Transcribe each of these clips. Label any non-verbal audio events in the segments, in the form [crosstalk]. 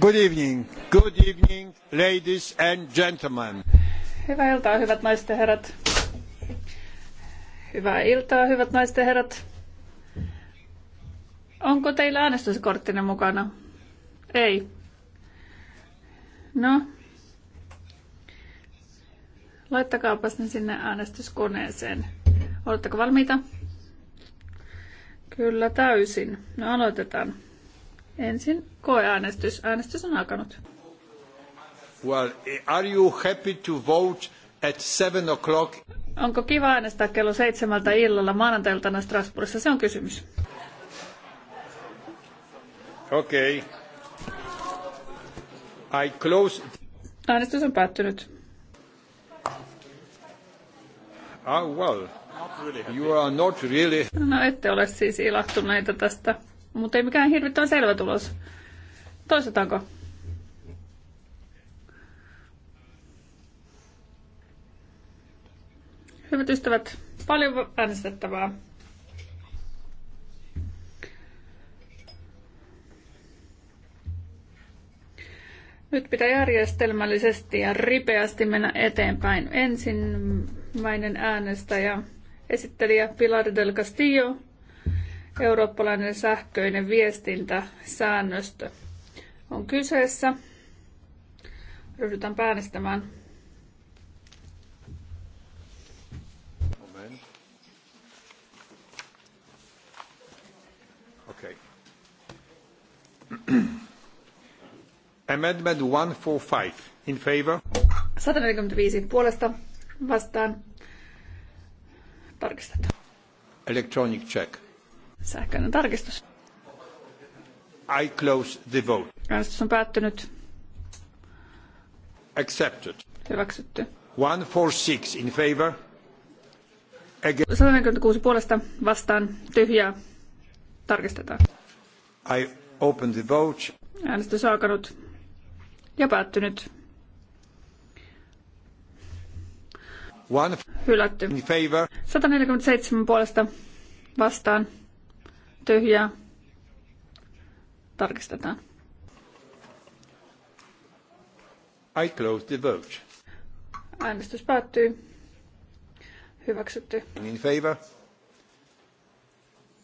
Good evening. Good evening, ladies and gentlemen. Hyvää iltaa, hyvät naiset ja herrat. Hyvää iltaa, hyvät naiset ja herrat. Onko teillä äänestyskorttina mukana? Ei. No. Laittakaapas ne sinne äänestyskoneeseen. Oletteko valmiita? Kyllä täysin. No aloitetaan. Ensin koeäänestys. Äänestys on alkanut. Well, are you happy to vote at seven o'clock? Onko kiva äänestää kello seitsemältä illalla maanantailtana Strasbourgissa? Se on kysymys. Okei. Okay. I close. Äänestys on päättynyt. Ah, well. You are not really. No ette ole siis ilahtuneita tästä mutta ei mikään hirvittävän selvä tulos. Toistetaanko? Hyvät ystävät, paljon äänestettävää. Nyt pitää järjestelmällisesti ja ripeästi mennä eteenpäin. Ensimmäinen äänestäjä, esittelijä Pilar del Castillo, eurooppalainen sähköinen viestintäsäännöstö on kyseessä. Ryhdytään päänestämään. Okay. [clears throat] Amendment 145 in favor. 145 puolesta vastaan. Tarkistetaan. Electronic check. Sähköinen tarkistus. I close the vote. Äänestys on päättynyt. Accepted. Hyväksytty. 146 in favor. Against. 146 puolesta vastaan tyhjää. Tarkistetaan. I open the vote. Äänestys alkanut ja päättynyt. One Hylätty. In favor. 147 puolesta vastaan tyhjää. Tarkistetaan. I close the vote. Äänestys päättyy. Hyväksytty. In favor.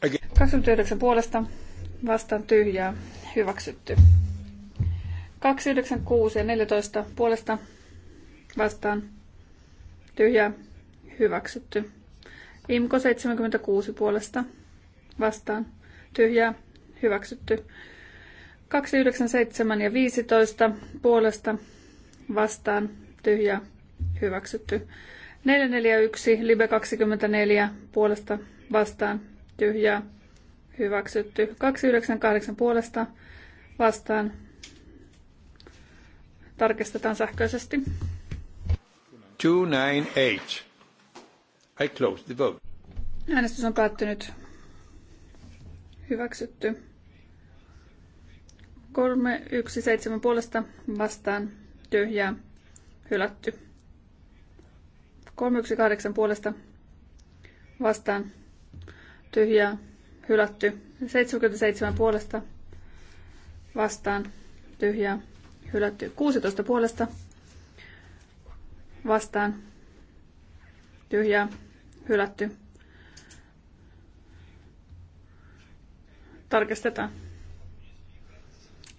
Again. 29 puolesta vastaan tyhjää. Hyväksytty. 296 ja 14 puolesta vastaan tyhjää. Hyväksytty. Imko 76 puolesta vastaan tyhjää hyväksytty. 297 ja 15 puolesta vastaan tyhjää hyväksytty. 441 Libe 24 puolesta vastaan tyhjää hyväksytty. 298 puolesta vastaan tarkistetaan sähköisesti. 298. I close the vote. Äänestys on päättynyt. Hyväksytty. 317 puolesta vastaan tyhjää. Hylätty. 318 puolesta vastaan tyhjää. Hylätty. 77 puolesta vastaan tyhjää. Hylätty. 16 puolesta vastaan tyhjää. Hylätty. Tarkistetaan.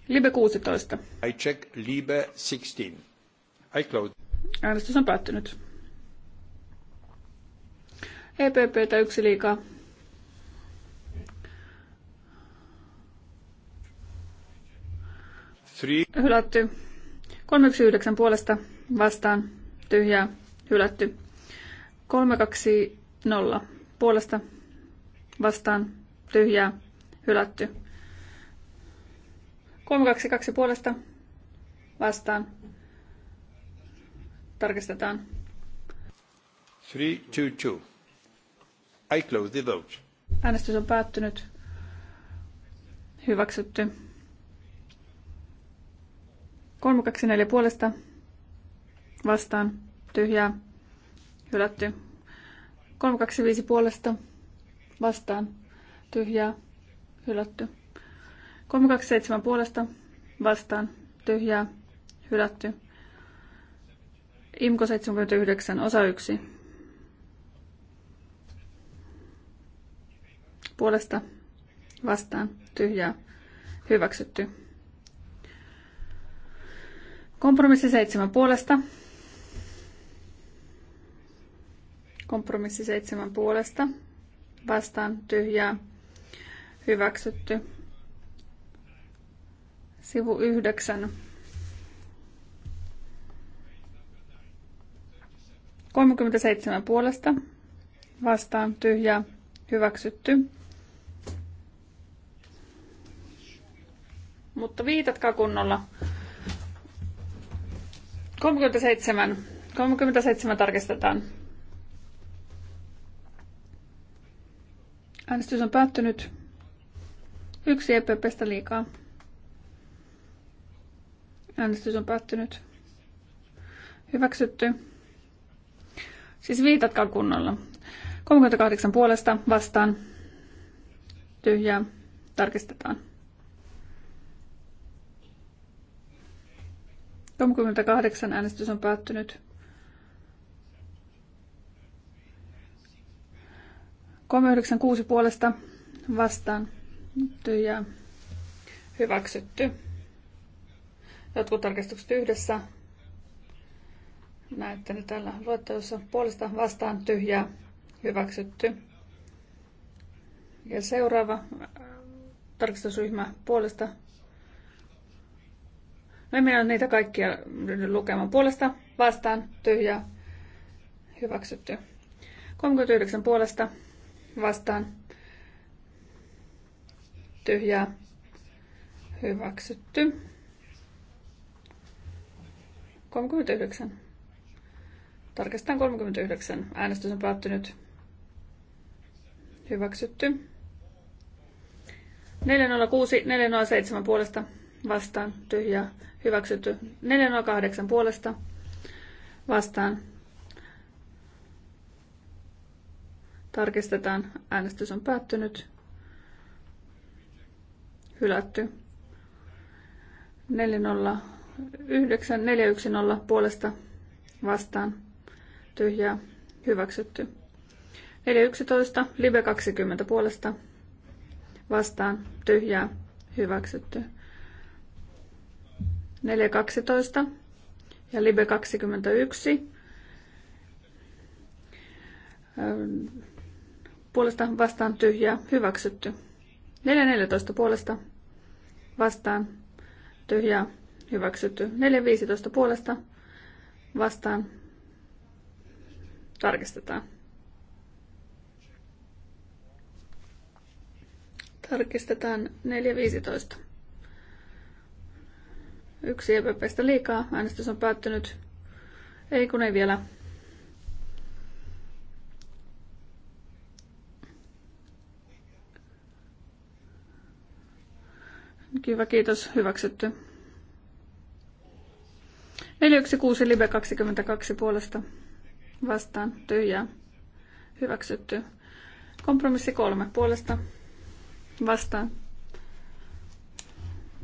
Libe 16. I check Libe 16. I close. Äänestys on päättynyt. EPPtä yksi liikaa. Three. Hylätty. 319 puolesta vastaan. Tyhjää. Hylätty. 320 puolesta vastaan. Tyhjää. Hylätty. 322 puolesta vastaan. Tarkistetaan. 322. I close the vote. Äänestys on päättynyt. Hyväksytty. 324 puolesta vastaan. Tyhjää. Hylätty. 325 puolesta vastaan. Tyhjää hylätty. 327 puolesta vastaan tyhjää hylätty. Imko 79 osa 1 puolesta vastaan tyhjää hyväksytty. Kompromissi 7 puolesta kompromissi 7 puolesta. Vastaan tyhjää Hyväksytty. Sivu 9. 37 puolesta. Vastaan tyhjä. Hyväksytty. Mutta viitatkaa kunnolla. 37. 37 tarkistetaan. Äänestys on päättynyt. Yksi EPPstä liikaa. Äänestys on päättynyt. Hyväksytty. Siis viitatkaa kunnolla. 38 puolesta vastaan. Tyhjää. Tarkistetaan. 38 äänestys on päättynyt. 396 puolesta vastaan ja hyväksytty. Jotkut tarkistukset yhdessä. Näette ne täällä luettelossa puolesta vastaan tyhjää hyväksytty. Ja seuraava tarkistusryhmä puolesta. Me no, minä nyt niitä kaikkia ryhdy lukemaan. Puolesta, vastaan, tyhjä, hyväksytty. 39 puolesta, vastaan, ja hyväksytty. 39. Tarkistetaan 39. Äänestys on päättynyt. Hyväksytty. 406, 407 puolesta vastaan, tyhjä hyväksytty. 408 puolesta vastaan. Tarkistetaan, äänestys on päättynyt hylätty. 409, 410 puolesta vastaan tyhjää hyväksytty. 411, live 20 puolesta vastaan tyhjää hyväksytty. 412 ja live 21 puolesta vastaan tyhjää hyväksytty. 4.14 puolesta vastaan tyhjää hyväksytty. 4.15 puolesta vastaan tarkistetaan. Tarkistetaan 4.15. Yksi EPPstä liikaa. Äänestys on päättynyt. Ei kun ei vielä. Kiva, kiitos. Hyväksytty. 416 Libe 22 puolesta vastaan tyhjää. Hyväksytty. Kompromissi kolme puolesta vastaan.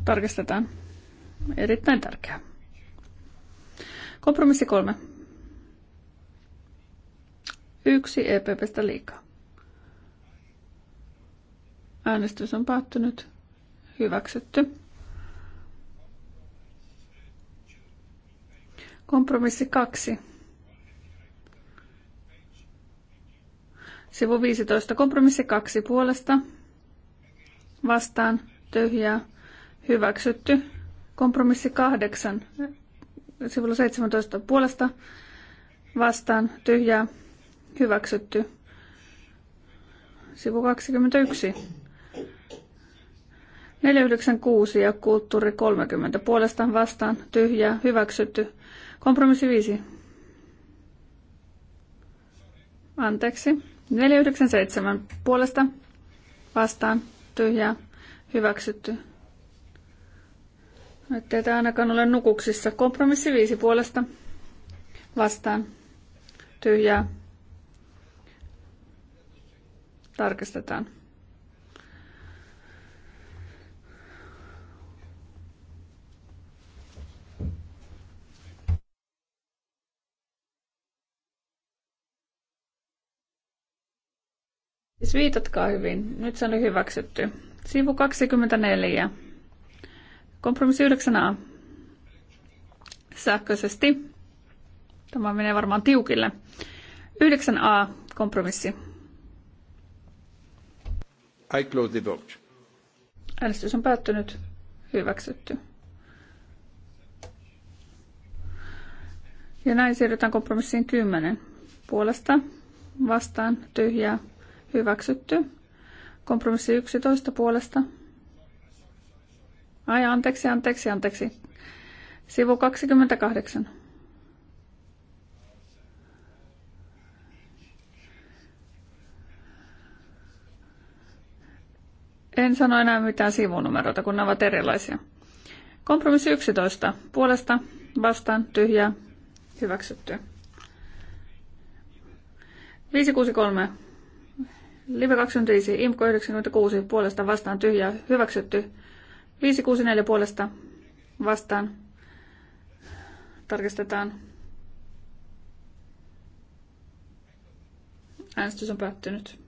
Tarkistetaan. Erittäin tärkeää. Kompromissi kolme. Yksi EPPstä liikaa. Äänestys on päättynyt. Hyväksytty. Kompromissi kaksi. Sivu 15. Kompromissi kaksi puolesta. Vastaan. Tyhjää. Hyväksytty. Kompromissi kahdeksan. Sivulla 17 puolesta. Vastaan. Tyhjää. Hyväksytty. Sivu 21 496 ja kulttuuri 30. Puolestaan vastaan tyhjää hyväksytty. Kompromissi 5. Anteeksi. 497 puolesta vastaan tyhjää hyväksytty. Ettei tämä ainakaan ole nukuksissa. Kompromissi 5 puolesta vastaan tyhjää tarkistetaan. Siis viitatkaa hyvin. Nyt se oli hyväksytty. Sivu 24. Kompromissi 9a. Sähköisesti. Tämä menee varmaan tiukille. 9a. Kompromissi. I close the vote. Äänestys on päättynyt. Hyväksytty. Ja näin siirrytään kompromissiin 10. Puolesta vastaan tyhjää Hyväksytty. Kompromissi 11 puolesta. Ai anteeksi, anteeksi, anteeksi. Sivu 28. En sano enää mitään sivunumeroita, kun ne ovat erilaisia. Kompromissi 11. Puolesta, vastaan, tyhjää, hyväksytty. 563 Live 25, IMKO 96 puolesta vastaan tyhjä, hyväksytty. 564 puolesta vastaan tarkistetaan. Äänestys on päättynyt.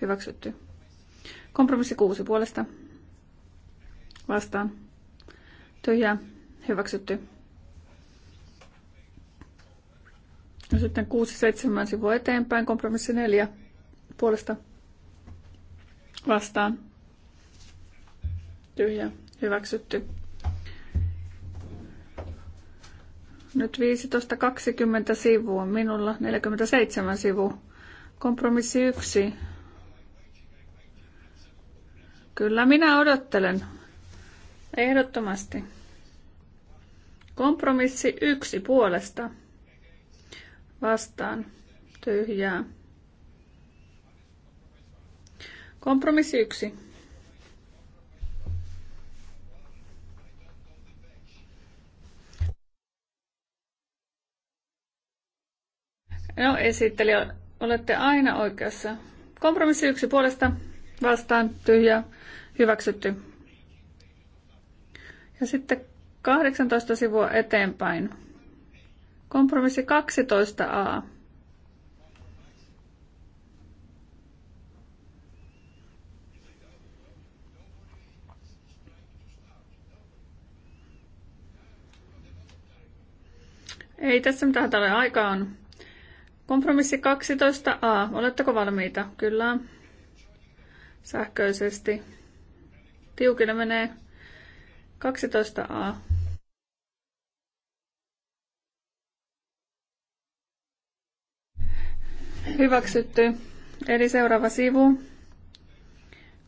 Hyväksytty. Kompromissi 6 puolesta vastaan Tyhjä, hyväksytty. Ja no sitten 6-7 sivua eteenpäin, kompromissi 4 puolesta vastaan tyhjä hyväksytty. Nyt 15-20 sivua, minulla 47 sivu. Kompromissi 1. Kyllä minä odottelen. Ehdottomasti. Kompromissi 1 puolesta. Vastaan. Tyhjää. Kompromissi yksi. No esittelijä, olette aina oikeassa. Kompromissi yksi puolesta vastaan tyhjä hyväksytty. Ja sitten 18 sivua eteenpäin. Kompromissi 12a. Ei tässä mitään tälle aikaan. Kompromissi 12a. Oletteko valmiita? Kyllä. Sähköisesti. Tiukille menee 12a. Hyväksytty. Eli seuraava sivu.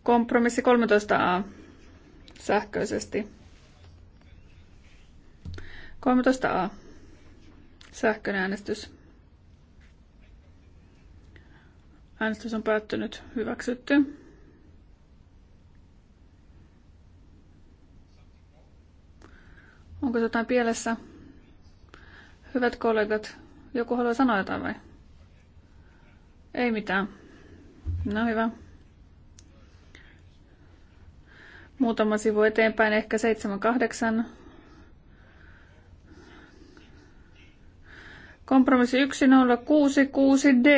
Kompromissi 13a. Sähköisesti. 13a. Sähköinen äänestys. Äänestys on päättynyt. Hyväksytty. Onko jotain pielessä? Hyvät kollegat, joku haluaa sanoa jotain vai? Ei mitään. No hyvä. Muutama sivu eteenpäin, ehkä 7-8. Kompromissi 1066D.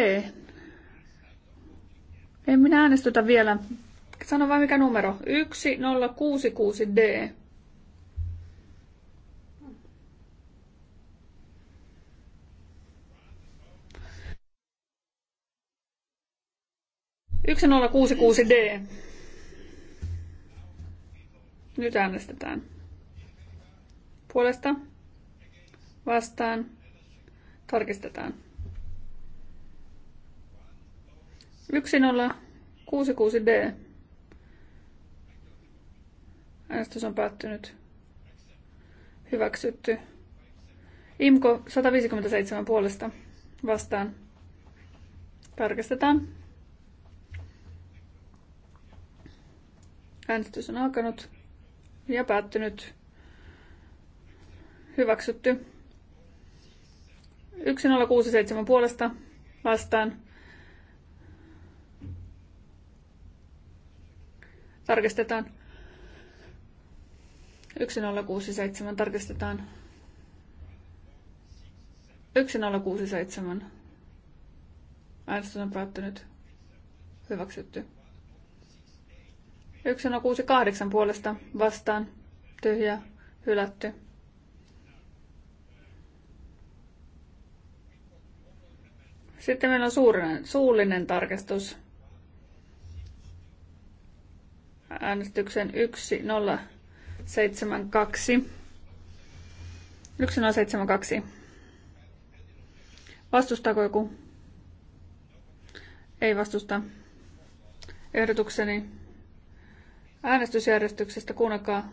En minä äänestytä vielä. Sano vain mikä numero. 1066D. Yksi nolla kuusi kuusi D. Nyt äänestetään. Puolesta. Vastaan. Tarkistetaan. 1066D. Äänestys on päättynyt. Hyväksytty. IMKO 157 puolesta vastaan. Tarkistetaan. Äänestys on alkanut ja päättynyt. Hyväksytty. 1067 puolesta vastaan. Tarkistetaan. 1067 tarkistetaan. 1067. Äänestys on päättynyt. Hyväksytty. 1068 puolesta vastaan. Tyhjä. Hylätty. Sitten meillä on suurinen, suullinen tarkastus äänestyksen 1072. 1072. Vastustaako joku? Ei vastusta. Ehdotukseni äänestysjärjestyksestä kuunnakaa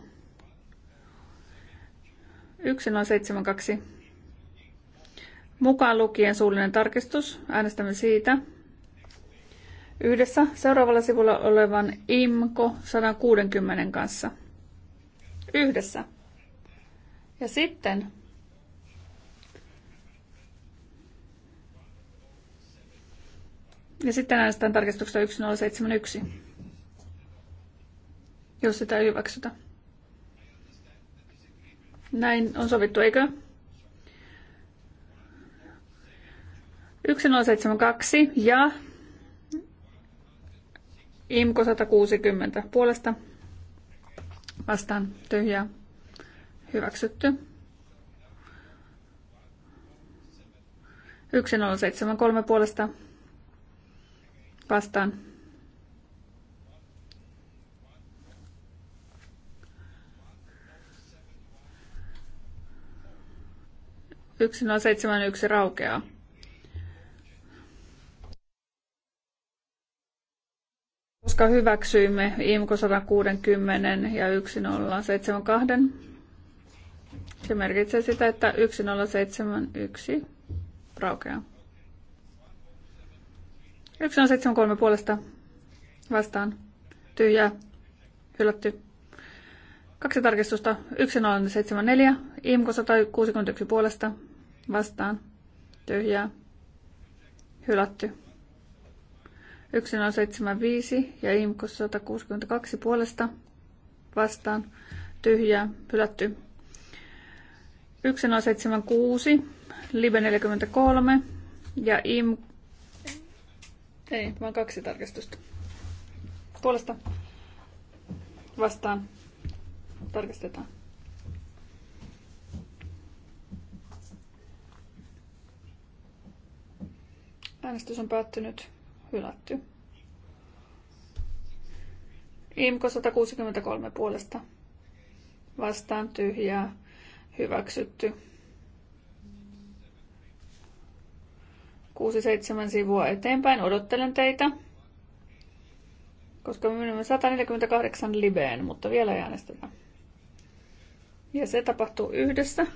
1072. Mukaan lukien suullinen tarkistus. Äänestämme siitä. Yhdessä seuraavalla sivulla olevan IMKO 160 kanssa. Yhdessä. Ja sitten Ja sitten äänestetään tarkistuksesta 1071, jos sitä ei hyväksytä. Näin on sovittu, eikö? 1072 ja IMKO 160 puolesta vastaan tyhjää hyväksytty. 1073 puolesta vastaan Yksi seitsemän yksi raukeaa. koska hyväksyimme IMCO 160 ja 1072. Se merkitsee sitä, että 1071 raukeaa. 1073 puolesta vastaan. Tyhjää. Hylätty. Kaksi tarkistusta. 1074. IMCO 161 puolesta. Vastaan. Tyhjää. Hylätty. 1075 ja IMKO 162 puolesta vastaan tyhjää hylätty. 1076, Libe 43 ja IM... Ei, vaan kaksi tarkistusta. Puolesta vastaan tarkistetaan. Äänestys on päättynyt. Hylätty. IMKO 163 puolesta. Vastaan tyhjää. Hyväksytty. 6-7 sivua eteenpäin. Odottelen teitä, koska me menemme 148 libeen, mutta vielä ei äänestetä. Ja se tapahtuu yhdessä.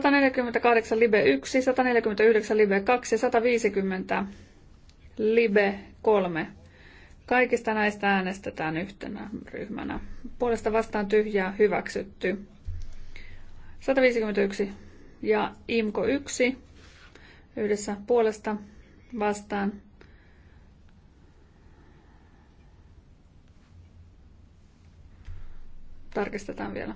148 Libe 1, 149 Libe 2 ja 150 Libe 3. Kaikista näistä äänestetään yhtenä ryhmänä. Puolesta vastaan tyhjää hyväksytty. 151 ja IMKO 1 yhdessä puolesta vastaan tarkistetaan vielä.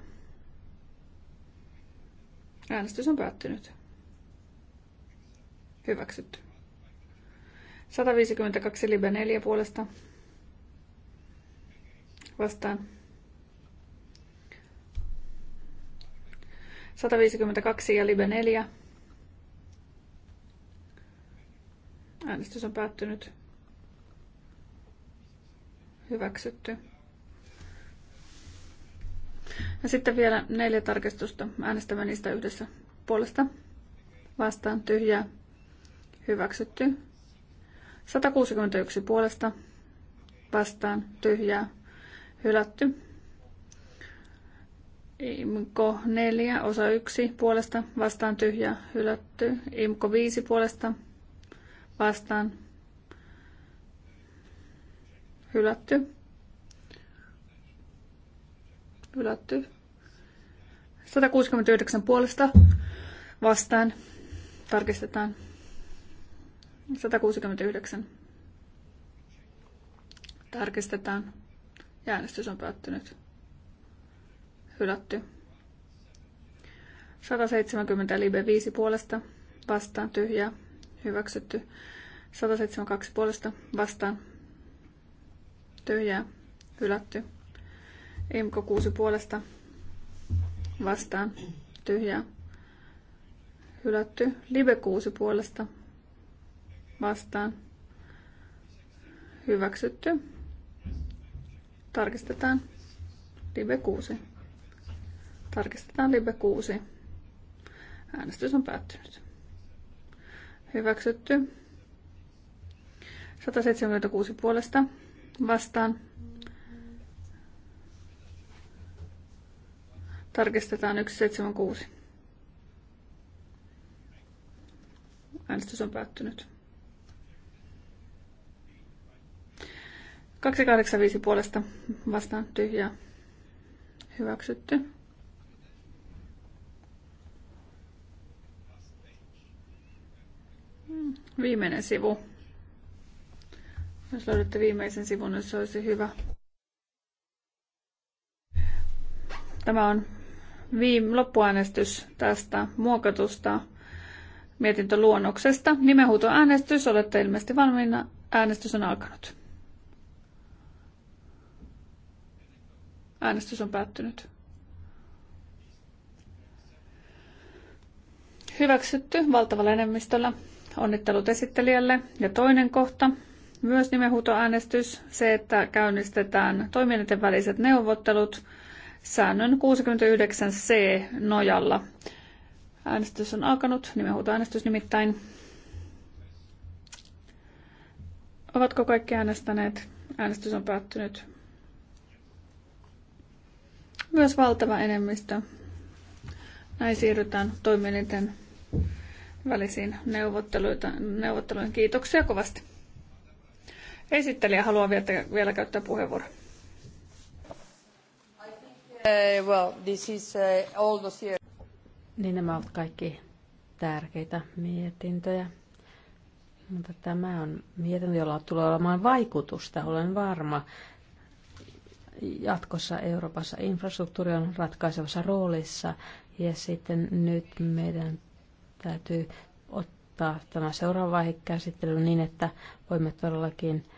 Äänestys on päättynyt. Hyväksytty. 152 libe 4 puolesta. Vastaan. 152 ja libe 4. Äänestys on päättynyt. Hyväksytty. Ja sitten vielä neljä tarkistusta. Äänestämme niistä yhdessä puolesta. Vastaan tyhjää. Hyväksytty. 161 puolesta. Vastaan tyhjää. Hylätty. IMKO 4 osa 1 puolesta. Vastaan tyhjää. Hylätty. IMKO 5 puolesta. Vastaan hylätty. Hylätty. 169 puolesta vastaan. Tarkistetaan. 169. Tarkistetaan. Ja äänestys on päättynyt. Hylätty. 170 libe 5 puolesta vastaan tyhjää. Hyväksytty. 172 puolesta vastaan tyhjää. Hylätty. Imko kuusi puolesta vastaan tyhjää hylätty. Live kuusi puolesta vastaan hyväksytty. Tarkistetaan Live 6. Tarkistetaan Live 6. Äänestys on päättynyt. Hyväksytty. 176 puolesta vastaan Tarkistetaan 176. Äänestys on päättynyt. 285 puolesta vastaan tyhjää. Hyväksytty. Viimeinen sivu. Jos löydätte viimeisen sivun, niin se olisi hyvä. Tämä on viime, loppuäänestys tästä muokatusta mietintöluonnoksesta. Nimenhuutoäänestys, olette ilmeisesti valmiina. Äänestys on alkanut. Äänestys on päättynyt. Hyväksytty valtavalla enemmistöllä. Onnittelut esittelijälle. Ja toinen kohta, myös nimenhuutoäänestys, se, että käynnistetään toimielinten väliset neuvottelut – säännön 69c nojalla. Äänestys on alkanut, nimenhuutoäänestys nimittäin. Ovatko kaikki äänestäneet? Äänestys on päättynyt. Myös valtava enemmistö. Näin siirrytään toimielinten välisiin neuvotteluihin. Kiitoksia kovasti. Esittelijä haluaa vielä käyttää puheenvuoron. Uh, well, this is uh, all the Niin nämä ovat kaikki tärkeitä mietintöjä. Mutta tämä on mietintö, jolla tulee olemaan vaikutusta, olen varma. Jatkossa Euroopassa infrastruktuuri on ratkaisevassa roolissa ja sitten nyt meidän täytyy ottaa tämä seuraava vaihe käsittelyyn niin, että voimme todellakin –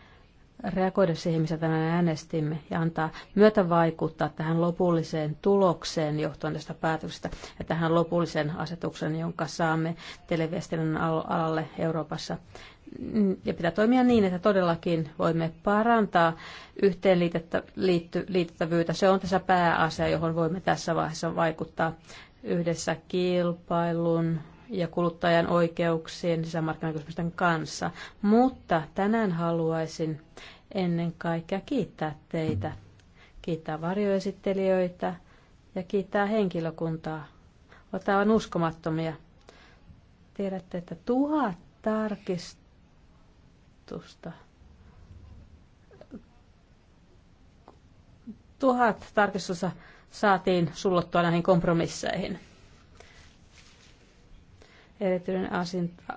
reagoida siihen, missä tänään äänestimme, ja antaa myötä vaikuttaa tähän lopulliseen tulokseen johtuen tästä päätöksestä ja tähän lopulliseen asetuksen, jonka saamme televiestinnän alalle Euroopassa. Ja pitää toimia niin, että todellakin voimme parantaa yhteenliitettävyyttä. Se on tässä pääasia, johon voimme tässä vaiheessa vaikuttaa yhdessä kilpailun ja kuluttajan oikeuksien sisämarkkinakysymysten kanssa. Mutta tänään haluaisin ennen kaikkea kiittää teitä, kiittää varjoesittelijöitä ja kiittää henkilökuntaa. Olette aivan uskomattomia. Tiedätte, että tuhat tarkistusta tuhat tarkistusta saatiin sullottua näihin kompromisseihin erityinen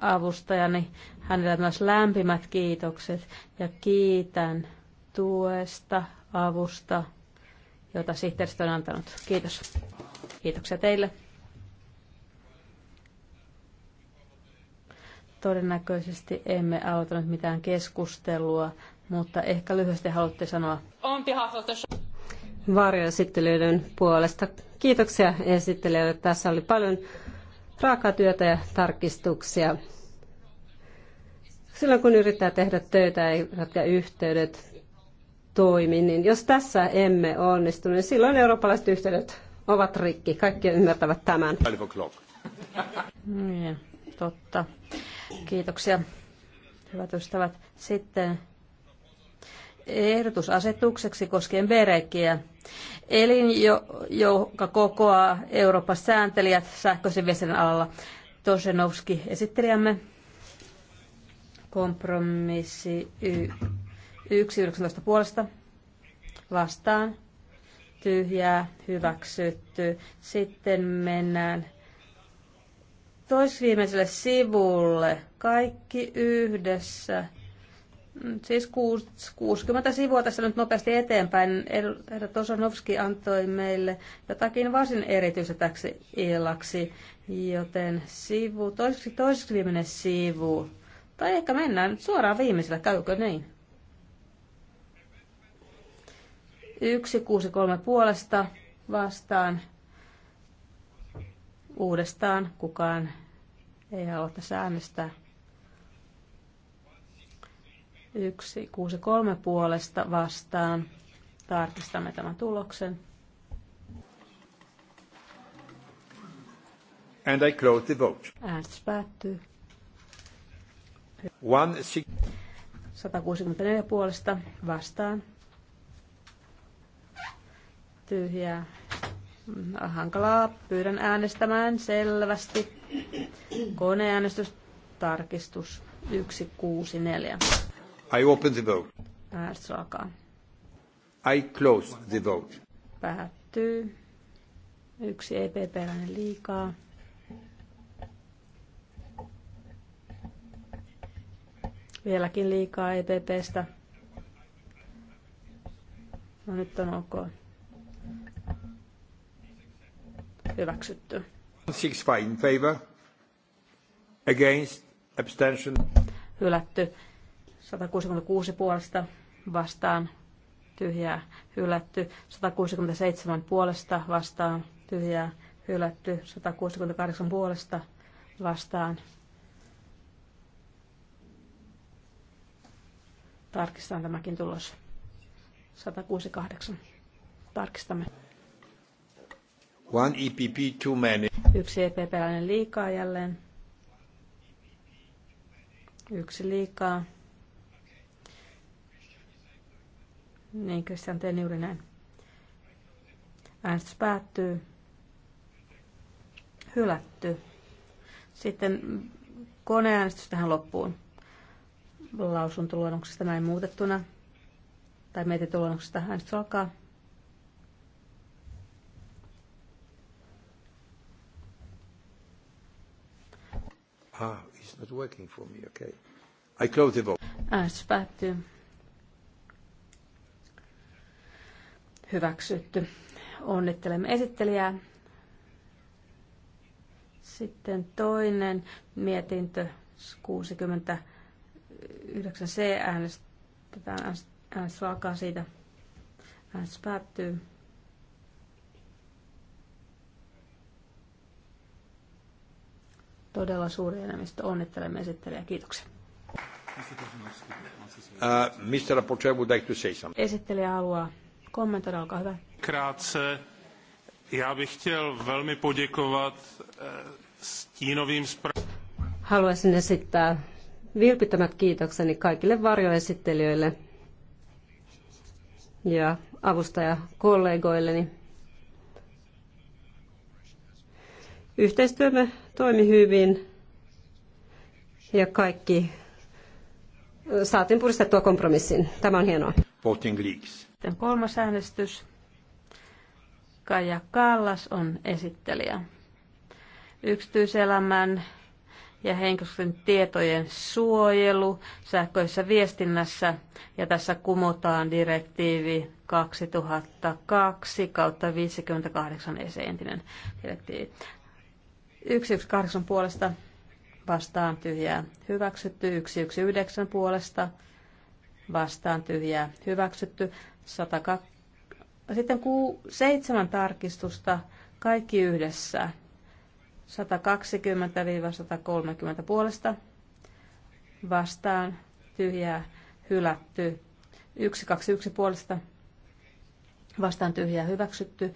avustajani. Hänellä myös lämpimät kiitokset ja kiitän tuesta, avusta, jota sihteeristö on antanut. Kiitos. Kiitoksia teille. Todennäköisesti emme aloittaneet mitään keskustelua, mutta ehkä lyhyesti haluatte sanoa. On Varjoesittelyiden puolesta. Kiitoksia esittelijöille. Tässä oli paljon raakatyötä ja tarkistuksia. Silloin kun yrittää tehdä töitä ja yhteydet toimi, niin jos tässä emme onnistu, niin silloin eurooppalaiset yhteydet ovat rikki. Kaikki ymmärtävät tämän. Niin, totta. Kiitoksia, hyvät ystävät. Sitten ehdotus asetukseksi koskien BEREKiä, elin, jo, joka kokoaa Euroopan sääntelijät sähköisen viestinnän alalla. Tosenovski esittelijämme. Kompromissi 1.19 puolesta vastaan. Tyhjää, hyväksytty. Sitten mennään toisviimeiselle sivulle. Kaikki yhdessä. Siis 60 sivua tässä nyt nopeasti eteenpäin. Herra Tosanovski antoi meille jotakin varsin erityistä täksi illaksi, joten sivu, toiseksi, toiseksi viimeinen sivu. Tai ehkä mennään suoraan viimeisellä, käykö niin? 163 puolesta vastaan uudestaan. Kukaan ei halua tässä äänestää. 163 puolesta vastaan. Tarkistamme tämän tuloksen. And I close the vote. Äänestys päättyy. 164 puolesta vastaan. Tyhjää. Hankalaa. Pyydän äänestämään selvästi. Koneäänestys. Tarkistus 164. I open the vote. I close the vote. Päättyy. Yksi epp liikaa. Vieläkin liikaa EPPstä. No nyt on ok. Hyväksytty. five in favor. Against. Abstention. Hylätty. 166 puolesta vastaan tyhjää hylätty, 167 puolesta vastaan tyhjää hylätty, 168 puolesta vastaan. Tarkistetaan tämäkin tulos. 168. Tarkistamme. One EPP too many. Yksi EPP-läinen liikaa jälleen. Yksi liikaa. Niin, Kristian, teen juuri näin. Äänestys päättyy. Hylätty. Sitten koneäänestys tähän loppuun lausuntoluonnoksesta näin muutettuna. Tai mietintöluonnoksesta äänestys alkaa. Ah, it's not working for me, okay. I close the vote. Äänestys päättyy. hyväksytty. Onnittelemme esittelijää. Sitten toinen mietintö 69c äänestetään. Äänestys alkaa siitä. Äänestys päättyy. Todella suuri enemmistö. Onnittelemme esittelijää. Kiitoksia. Uh, Mr. Rapporteur would like to say something. Esittelijä haluaa kommentoida, olkaa hyvä. Krátce. Já bych chtěl velmi poděkovat eh, stínovým Haluaisin esittää vilpittömät kiitokseni kaikille varjoesittelijöille ja avustajakollegoilleni. Yhteistyömme toimi hyvin ja kaikki saatiin puristettua kompromissiin. Tämä on hienoa. Voting leaks. Sitten kolmas äänestys. Kaija Kallas on esittelijä. Yksityiselämän ja henkilöstön tietojen suojelu sähköisessä viestinnässä ja tässä kumotaan direktiivi 2002 kautta 58 esiintinen direktiivi. 118 puolesta vastaan tyhjää hyväksytty, 119 puolesta vastaan tyhjää hyväksytty, 102. Sitten 7 tarkistusta, kaikki yhdessä. 120-130 puolesta vastaan tyhjää hylätty. 121 puolesta vastaan tyhjää hyväksytty.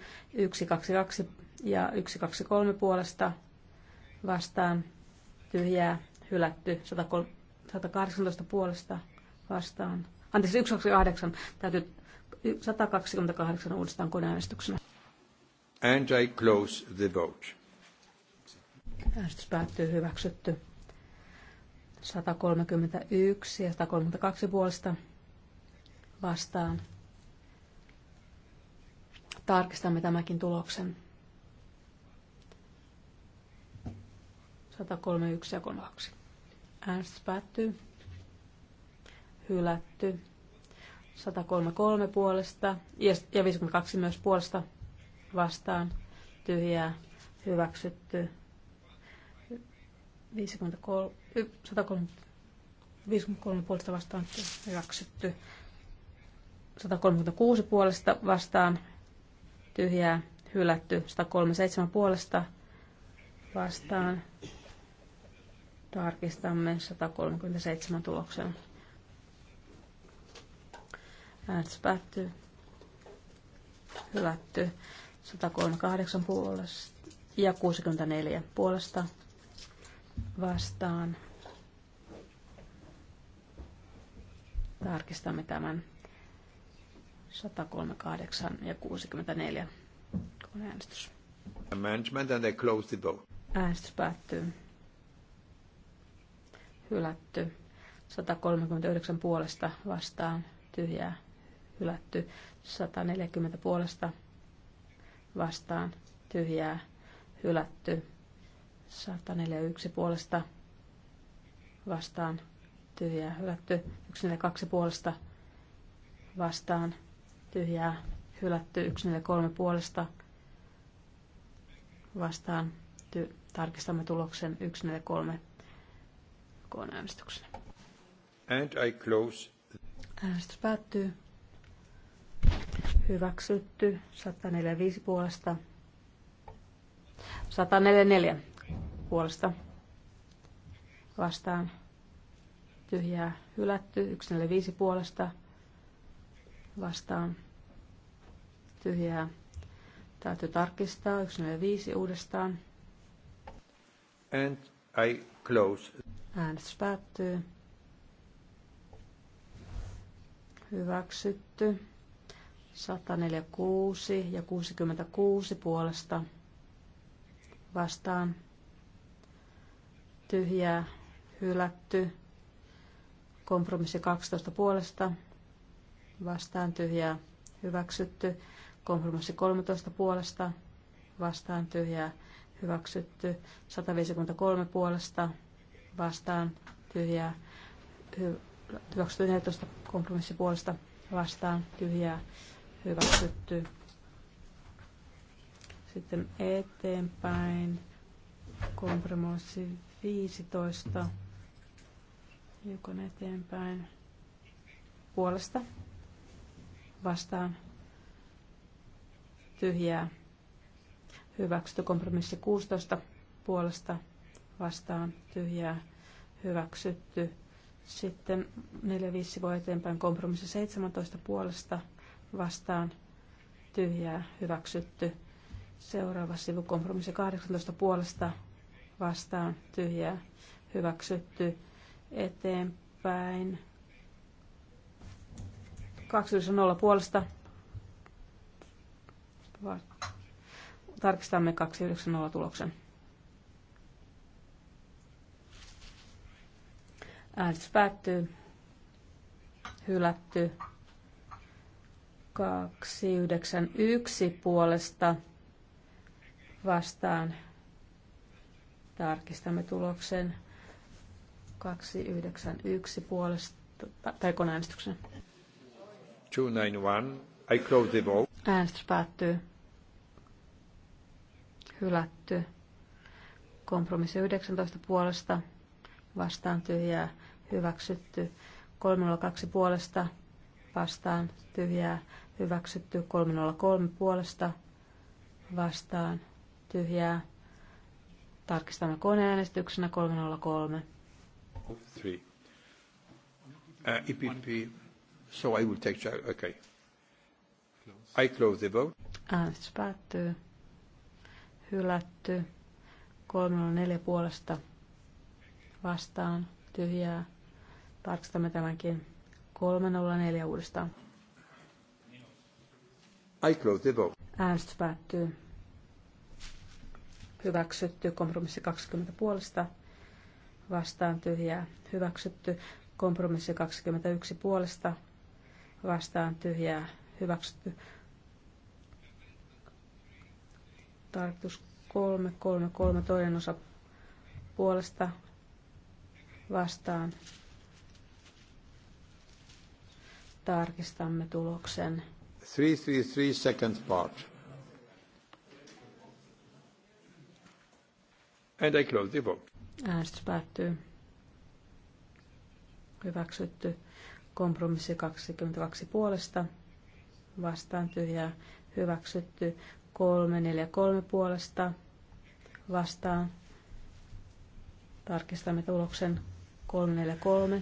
122 ja 123 puolesta vastaan tyhjää hylätty. 118 puolesta vastaan. Anteeksi, 128 täytyy 128 uudestaan koneäänestyksenä. And I close the vote. Äänestys päättyy hyväksytty. 131 ja 132 puolesta vastaan. Tarkistamme tämäkin tuloksen. 131 ja 32. Äänestys päättyy. Hylätty. 133 puolesta ja 52 myös puolesta vastaan tyhjää hyväksytty. 53, puolesta vastaan hyväksytty. 136 puolesta vastaan tyhjää hylätty. 137 puolesta vastaan tarkistamme 137 tuloksen. Äänestys päättyy. Hylätty. 138 puolesta ja 64 puolesta vastaan. Tarkistamme tämän 138 ja 64 kun äänestys. management and they close the vote. Äänestys päättyy. Hylätty. 139 puolesta vastaan tyhjää hylätty 140 puolesta vastaan tyhjää hylätty 141 puolesta vastaan tyhjää hylätty 142 puolesta vastaan tyhjää hylätty 143 puolesta vastaan ty- tarkistamme tuloksen 143 koneäänestyksenä. And I close. Äänestys päättyy hyväksytty 145 puolesta, 144 puolesta vastaan tyhjää hylätty 145 puolesta vastaan tyhjää. Täytyy tarkistaa 145 uudestaan. And I close. Äänestys päättyy. Hyväksytty. 146 ja 66 puolesta vastaan tyhjää hylätty. Kompromissi 12 puolesta vastaan tyhjää hyväksytty. Kompromissi 13 puolesta vastaan tyhjää hyväksytty. 153 puolesta vastaan tyhjää hyväksytty. 14 kompromissi puolesta vastaan tyhjää hyväksytty. Sitten eteenpäin kompromissi 15, hiukan eteenpäin puolesta vastaan tyhjää. Hyväksytty kompromissi 16 puolesta vastaan tyhjää hyväksytty. Sitten 4-5 voi eteenpäin kompromissi 17 puolesta vastaan tyhjää hyväksytty. Seuraava sivu kompromissi 18 puolesta vastaan tyhjää hyväksytty eteenpäin. 290 puolesta. Tarkistamme 290 tuloksen. Äänestys päättyy. Hylätty. 291 puolesta vastaan. Tarkistamme tuloksen. 291 puolesta, tai koneäänestyksen. 291. I close the vote. Äänestys päättyy. Hylätty. Kompromissi 19 puolesta. Vastaan tyhjää. Hyväksytty. 302 puolesta. Vastaan tyhjää hyväksytty 303 puolesta vastaan tyhjää. Tarkistamme koneäänestyksenä 303. Three. Uh, EPP. So I will take charge. Okay. I close the vote. Äänestys päättyy. Hylätty. 304 puolesta vastaan tyhjää. Tarkistamme tämänkin. 304 uudestaan. I close the vote. Äänestys päättyy. Hyväksytty. Kompromissi 20 puolesta. Vastaan tyhjää. Hyväksytty. Kompromissi 21 puolesta. Vastaan tyhjää. Hyväksytty. Tarkoitus 333 toinen osa puolesta vastaan. Tarkistamme tuloksen. 333 second part. And I close the vote. Äänestys päättyy. Hyväksytty. Kompromissi 22 puolesta. Vastaan tyhjää. Hyväksytty. 343 puolesta. Vastaan. Tarkistamme tuloksen 343.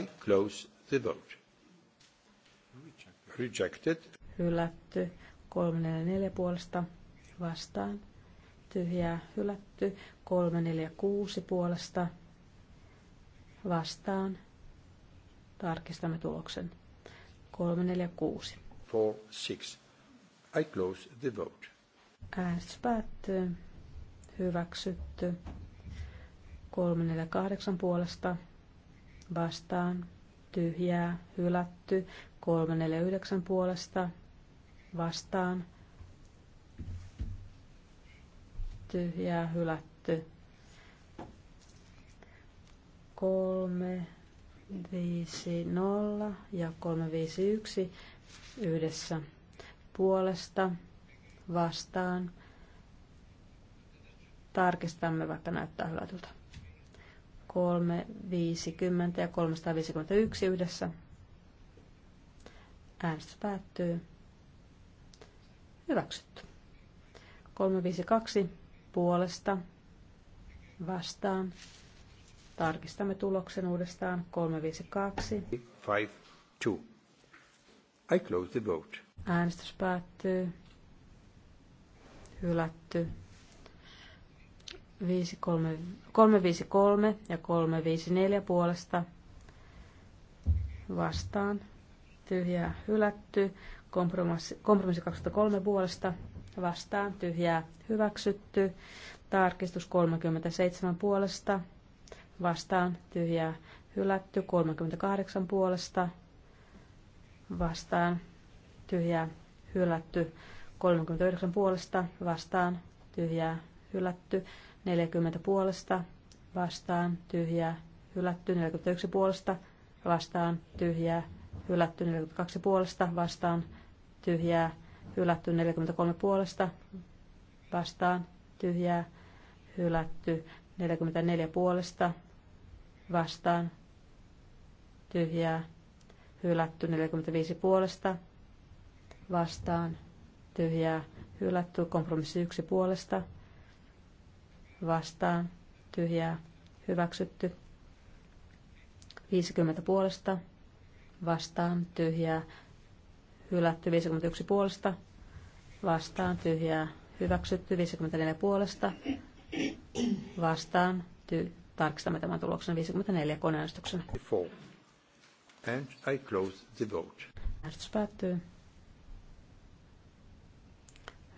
I close the vote. Rejected. Hylätty. 344 puolesta vastaan. Tyhjää hylätty. 346 puolesta vastaan. Tarkistamme tuloksen. 346. 46. I close the vote. Äänestys päättyy. Hyväksytty. 348 puolesta vastaan. Tyhjää. Hylätty. 349 puolesta vastaan. Tyhjää hylätty. 350 ja 351 yhdessä puolesta vastaan. Tarkistamme, vaikka näyttää hylätyltä. 350 ja 351 yhdessä Äänestys päättyy. Hyväksytty. 352 puolesta vastaan. Tarkistamme tuloksen uudestaan. 352. I close the vote. Äänestys päättyy. Hylätty. 353 ja 354 puolesta vastaan tyhjää hylätty, kompromissi, kompromissi 23 puolesta vastaan tyhjää hyväksytty, tarkistus 37 puolesta vastaan tyhjää hylätty, 38 puolesta vastaan tyhjää hylätty, 39 puolesta vastaan tyhjää hylätty, 40 puolesta vastaan tyhjää hylätty, 41 puolesta vastaan tyhjää hylätty 42 puolesta vastaan tyhjää, hylätty 43 puolesta vastaan tyhjää, hylätty 44 puolesta vastaan tyhjää, hylätty 45 puolesta vastaan tyhjää, hylätty kompromissi 1 puolesta vastaan tyhjää, hyväksytty 50 puolesta vastaan vastaan tyhjää, hylätty 51 puolesta, vastaan tyhjää, hyväksytty 54 puolesta, vastaan ty- tarkistamme tämän tuloksen 54 koneäänestyksen. And I close the vote. Äänestys päättyy.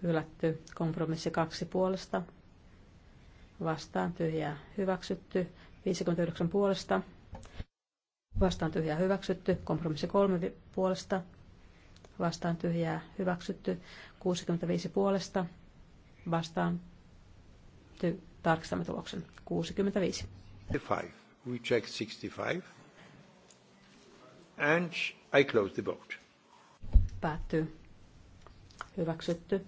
Hylätty kompromissi kaksi puolesta, vastaan tyhjää, hyväksytty 59 puolesta, Vastaan tyhjää hyväksytty. Kompromissi 3 puolesta. Vastaan tyhjää hyväksytty. 65 puolesta. Vastaan ty- tarkistamme tuloksen. 65. 65. We check 65. And I close the vote. Päättyy. Hyväksytty.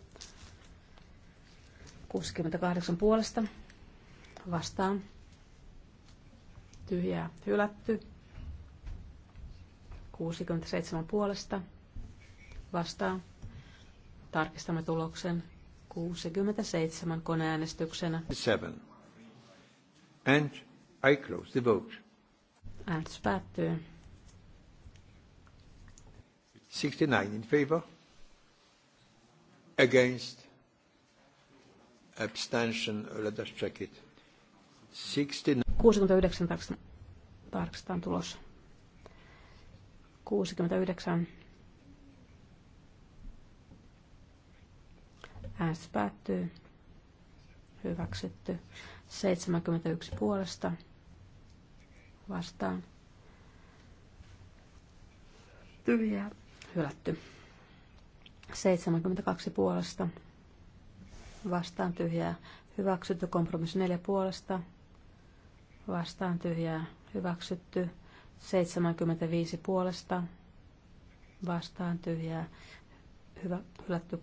68 puolesta. Vastaan. Tyhjää hylätty. 67 puolesta vastaan. Tarkistamme tuloksen 67 koneäänestyksenä. Seven. And I close the vote. Äänestys päättyy. 69 in favor. Against. Abstention. Let us check it. 69. 69 tarkistetaan tulos. 69. S päättyy. Hyväksytty. 71 puolesta. Vastaan. Tyhjää. Hylätty. 72 puolesta. Vastaan tyhjää. Hyväksytty. Kompromissi 4 puolesta. Vastaan tyhjää. Hyväksytty. 75 puolesta vastaan tyhjää, hyvä, hylätty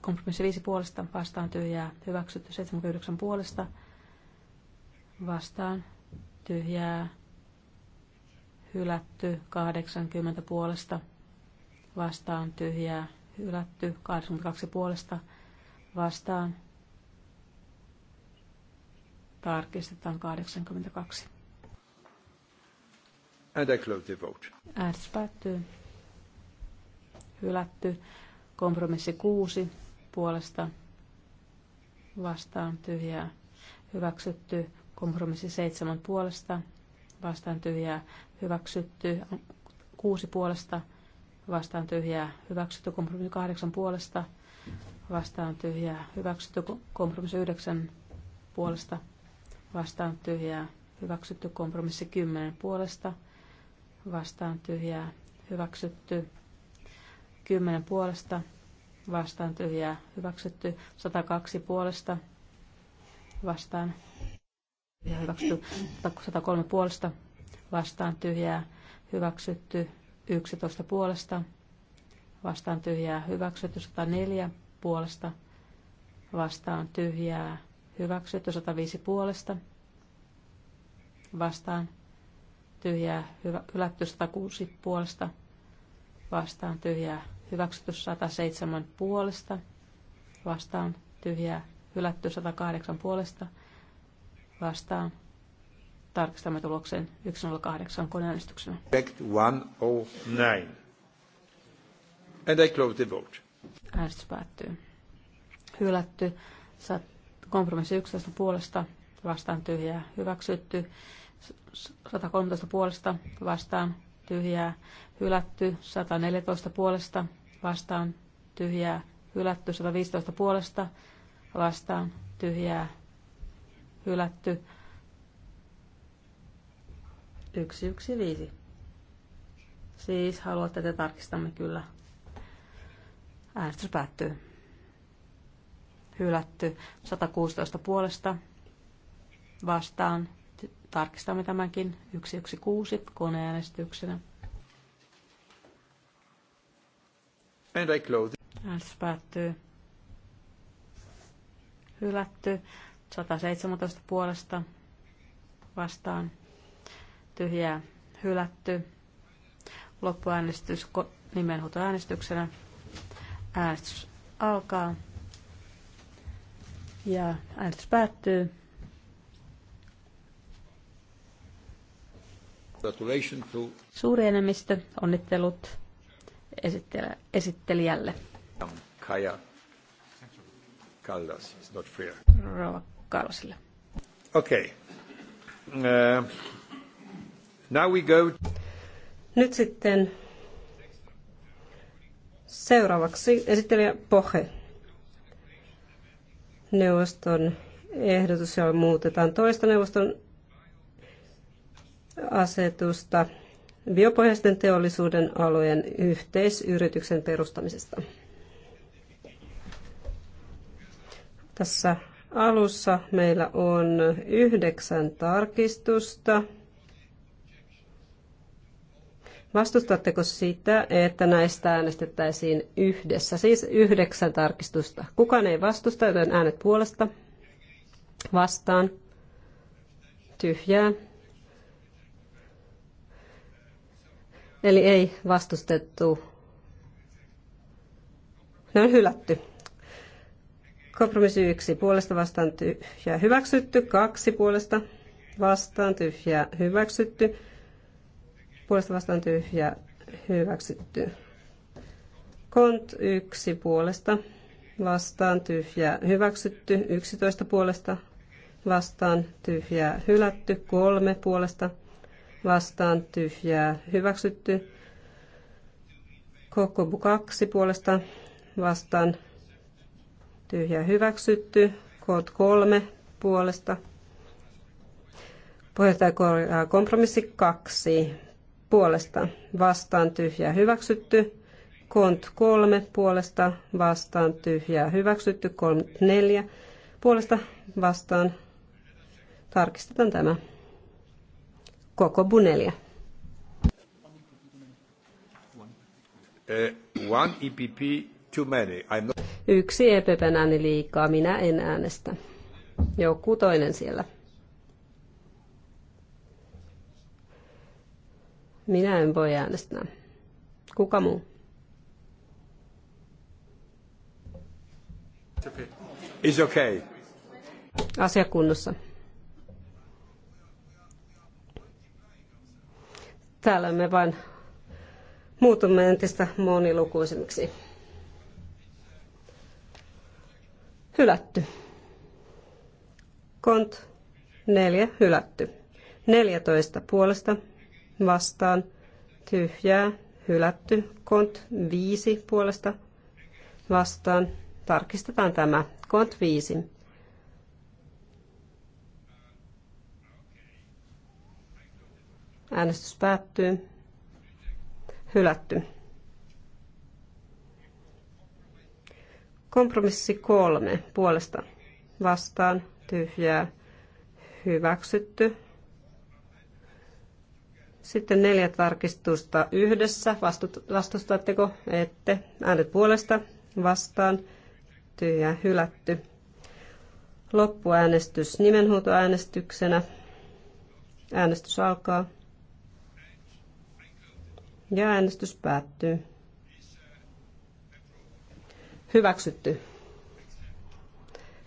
kompromissi 5 puolesta vastaan tyhjää, hyväksytty 79 puolesta vastaan tyhjää, hylätty 80 puolesta vastaan tyhjää, hylätty 82 puolesta vastaan tarkistetaan 82. And I close the vote. Äänestys päättyy. Hylätty. Kompromissi kuusi puolesta vastaan tyhjää. Hyväksytty. Kompromissi seitsemän puolesta vastaan tyhjää. Hyväksytty. Kuusi puolesta vastaan tyhjää. Hyväksytty. Kompromissi kahdeksan puolesta vastaan tyhjää. Hyväksytty. Kompromissi yhdeksän puolesta vastaan tyhjää. Hyväksytty. Kompromissi kymmenen puolesta vastaan tyhjää hyväksytty. 10 puolesta vastaan tyhjää hyväksytty. 102 puolesta vastaan tyhjää hyväksytty. 103 puolesta vastaan tyhjää hyväksytty. 11 puolesta vastaan tyhjää hyväksytty. 104 puolesta vastaan tyhjää hyväksytty. 105 puolesta vastaan tyhjää, hyvä, hylätty 106 puolesta, vastaan tyhjää, hyväksytty 107 puolesta, vastaan tyhjää, hylätty 108 puolesta, vastaan tarkistamme tuloksen 108 koneäänestyksenä. Back 109. And I close the vote. Äänestys päättyy. Hylätty. Kompromissi 11 puolesta vastaan tyhjää hyväksytty. 113 puolesta vastaan tyhjää hylätty, 114 puolesta vastaan tyhjää hylätty, 115 puolesta vastaan tyhjää hylätty, 115. Siis haluatte, että tarkistamme kyllä. Äänestys päättyy. Hylätty 116 puolesta vastaan Tarkistamme tämänkin 116 koneäänestyksenä. And I close. Äänestys päättyy. Hylätty. 117 puolesta vastaan. Tyhjää. Hylätty. Loppuäänestys nimenhuutoäänestyksenä. Äänestys alkaa. Ja äänestys päättyy. Suuri enemmistö, onnittelut esittelijälle. Um, Kaja Kallas, it's not fair. Rova Kallasille. Okay. Uh, now we go... Nyt sitten seuraavaksi esittelijä Pohe. Neuvoston ehdotus, jolla muutetaan toista neuvoston asetusta biopohjaisten teollisuuden alojen yhteisyrityksen perustamisesta. Tässä alussa meillä on yhdeksän tarkistusta. Vastustatteko sitä, että näistä äänestettäisiin yhdessä? Siis yhdeksän tarkistusta. Kukaan ei vastusta, joten äänet puolesta. Vastaan. Tyhjää. Eli ei vastustettu. Ne on hylätty. Kompromissi yksi puolesta vastaan tyhjää hyväksytty. Kaksi puolesta vastaan tyhjää hyväksytty. Puolesta vastaan tyhjää hyväksytty. Kont yksi puolesta vastaan tyhjää hyväksytty. Yksitoista puolesta vastaan tyhjää hylätty. Kolme puolesta vastaan tyhjää hyväksytty. Kokobu 2 puolesta vastaan tyhjää hyväksytty. Koot 3 puolesta. Puheenjohtaja korjaa äh, kompromissi 2 puolesta vastaan tyhjää hyväksytty. Kont 3 puolesta vastaan tyhjää hyväksytty. Kont 4 puolesta vastaan. Tarkistetaan tämä koko Bunelia. Eh, one EPP too many. I'm not... Yksi EPPn ääni liikaa, minä en äänestä. Joku toinen siellä. Minä en voi äänestää. Kuka muu? It's okay. Asia kunnossa. Täällä me vain muutumme entistä monilukuisemmiksi. Hylätty. Kont 4 hylätty. 14 puolesta vastaan tyhjää hylätty. Kont 5 puolesta vastaan. Tarkistetaan tämä. Kont 5. Äänestys päättyy. Hylätty. Kompromissi kolme puolesta vastaan tyhjää hyväksytty. Sitten neljä tarkistusta yhdessä. Vastustatteko? Ette. Äänet puolesta vastaan. Tyhjää hylätty. Loppuäänestys nimenhuutoäänestyksenä. Äänestys alkaa. Ja äänestys päättyy. Hyväksytty.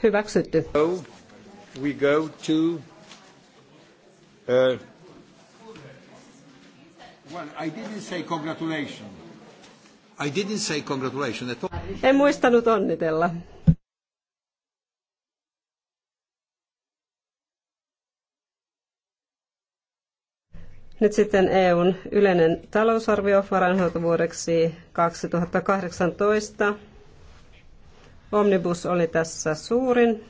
Hyväksytty. So We go to uh, well, I didn't say congratulations. I didn't say congratulations at all. En muistanut onnitella. Nyt sitten EUn yleinen talousarvio varainhoitovuodeksi 2018. Omnibus oli tässä suurin.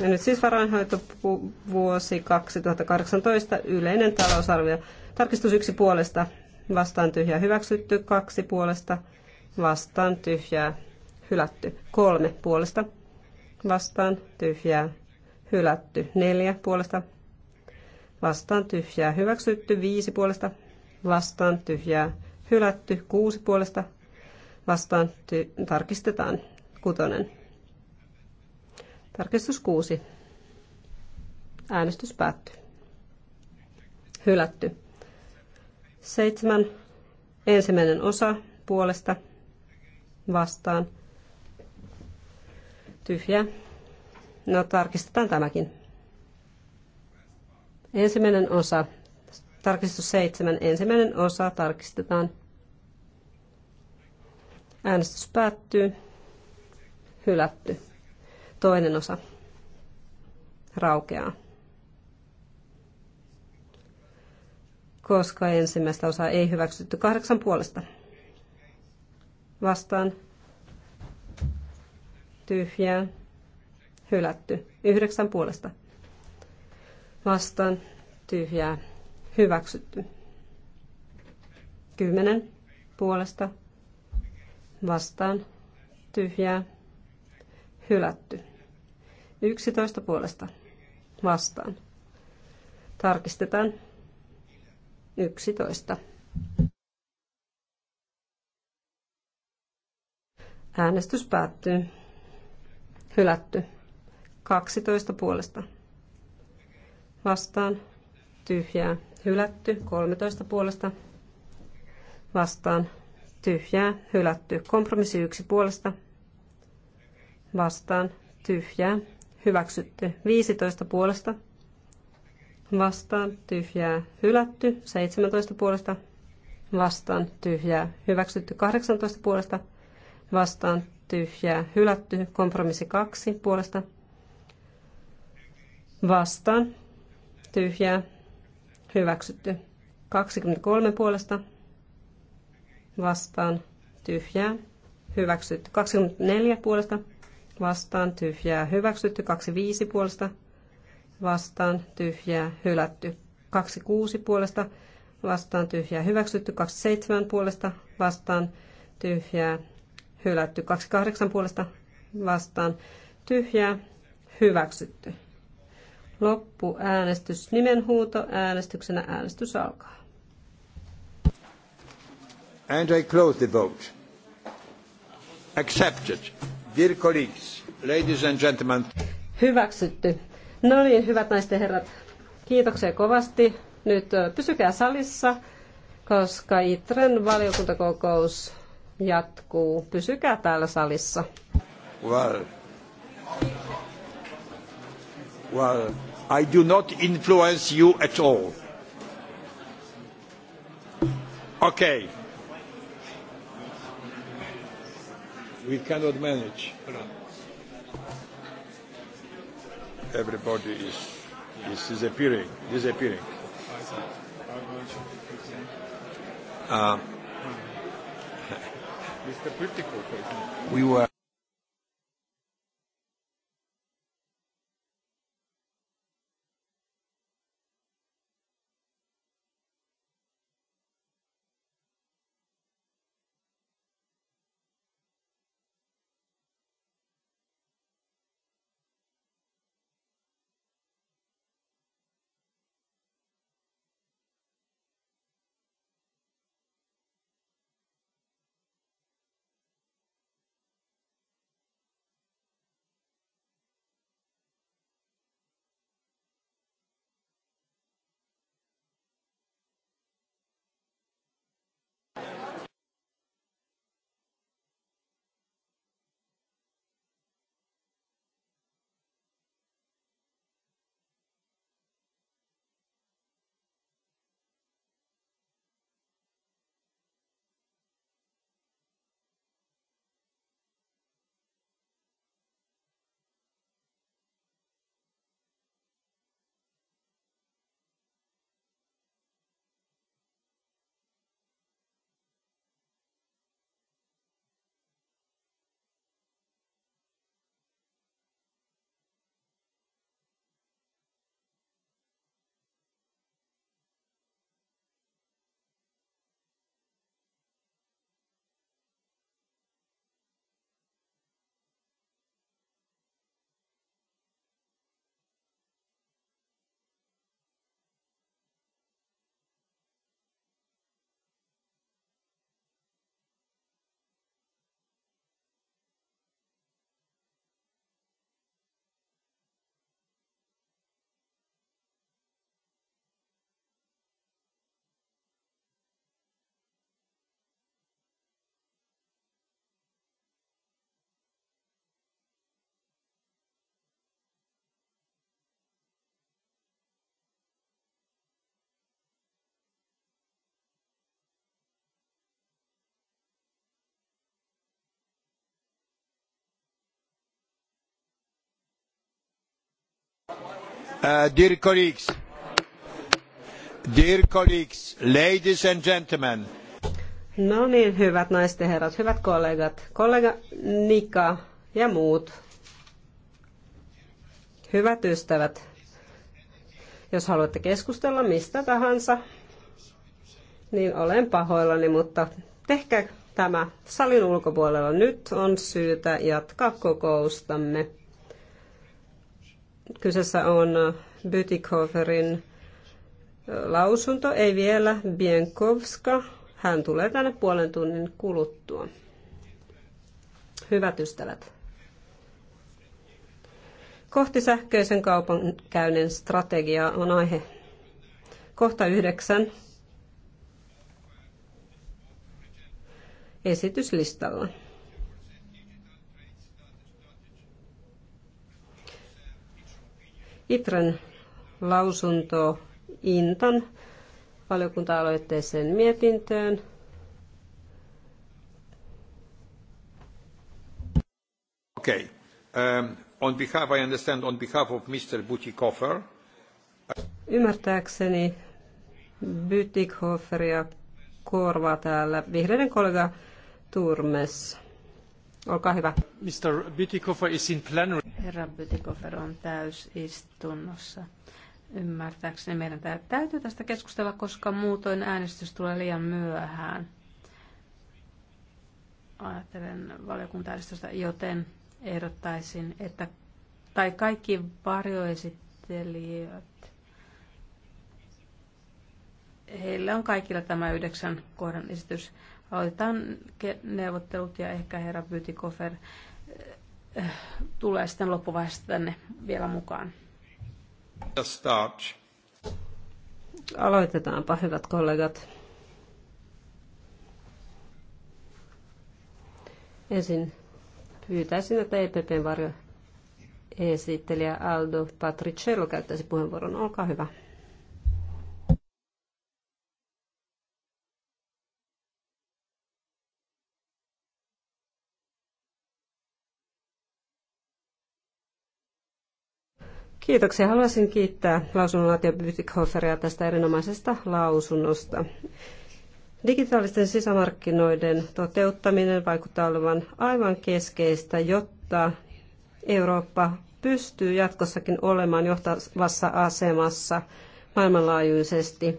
Ja nyt siis varainhoitovuosi 2018 yleinen talousarvio. Tarkistus yksi puolesta vastaan tyhjää hyväksytty, kaksi puolesta vastaan tyhjää hylätty, kolme puolesta vastaan tyhjää hylätty, neljä puolesta vastaan tyhjää hyväksytty, viisi puolesta vastaan tyhjää hylätty, kuusi puolesta vastaan ty- tarkistetaan kutonen. Tarkistus kuusi. Äänestys päättyy. Hylätty. Seitsemän. Ensimmäinen osa puolesta vastaan. Tyhjä. No tarkistetaan tämäkin. Ensimmäinen osa, tarkistus seitsemän, ensimmäinen osa tarkistetaan. Äänestys päättyy. Hylätty. Toinen osa raukeaa. Koska ensimmäistä osaa ei hyväksytty kahdeksan puolesta. Vastaan. Tyhjää. Hylätty. Yhdeksän puolesta vastaan tyhjää hyväksytty. Kymmenen puolesta vastaan tyhjää hylätty. Yksitoista puolesta vastaan. Tarkistetaan Yksitoista. Äänestys päättyy. Hylätty. 12 puolesta vastaan, tyhjää, hylätty. 13 puolesta vastaan, tyhjää, hylätty. Kompromissi 1 puolesta vastaan, tyhjää, hyväksytty. 15 puolesta vastaan, tyhjää, hylätty. 17 puolesta vastaan, tyhjää, hyväksytty. 18 puolesta vastaan, tyhjää, hylätty. Kompromissi 2 puolesta vastaan, tyhjää, hyväksytty. 23 puolesta vastaan tyhjää, hyväksytty. 24 puolesta vastaan tyhjää, hyväksytty. 25 puolesta vastaan tyhjää, hylätty. 26 puolesta vastaan tyhjää, hyväksytty. 27 puolesta vastaan tyhjää, hylätty. 28 puolesta vastaan tyhjää, hyväksytty. Loppuäänestys nimenhuuto äänestyksenä äänestys alkaa. And I close the vote. Accepted. Dear colleagues, ladies and gentlemen. Hyväksytty. No niin, hyvät naisten herrat, kiitoksia kovasti. Nyt pysykää salissa, koska ITREN valiokuntakokous jatkuu. Pysykää täällä salissa. Well. Well. I do not influence you at all. Okay. We cannot manage. Everybody is, is disappearing. disappearing. Uh, we were Uh, dear colleagues, dear colleagues, ladies and gentlemen. No niin, hyvät naiset, herrat, hyvät kollegat, kollega Nika ja muut. Hyvät ystävät, jos haluatte keskustella mistä tahansa, niin olen pahoillani, mutta tehkää tämä salin ulkopuolella. Nyt on syytä jatkaa kokoustamme. Kyseessä on Bytikoferin lausunto, ei vielä Bienkovska. Hän tulee tänne puolen tunnin kuluttua. Hyvät ystävät. Kohti sähköisen kaupankäynnin strategiaa on aihe. Kohta yhdeksän. Esityslistalla. Itran lausunto Intan valiokunta-aloitteeseen mietintöön. Okay. Um, on behalf, I understand, on behalf of Mr. Butikoffer. Ymmärtääkseni Butikofferia korvaa täällä vihreiden kollega Turmes. Olkaa hyvä. Mr. Butikoffer is in plenary. Herra Pytikofer on täysistunnossa. Ymmärtääkseni meidän täytyy tästä keskustella, koska muutoin äänestys tulee liian myöhään. Ajattelen valiokuntaäänestystä, joten ehdottaisin, että tai kaikki varjoesittelijät, heillä on kaikilla tämä yhdeksän kohdan esitys. Aloitetaan neuvottelut ja ehkä herra Bytikofer tulee sitten loppuvaiheessa tänne vielä mukaan. Aloitetaanpa, hyvät kollegat. Ensin pyytäisin, että EPPn varjo esittelijä Aldo Patricello käyttäisi puheenvuoron. Olkaa hyvä. Kiitoksia. Haluaisin kiittää lausunnonlaatio Bytikhoferia tästä erinomaisesta lausunnosta. Digitaalisten sisämarkkinoiden toteuttaminen vaikuttaa olevan aivan keskeistä, jotta Eurooppa pystyy jatkossakin olemaan johtavassa asemassa maailmanlaajuisesti.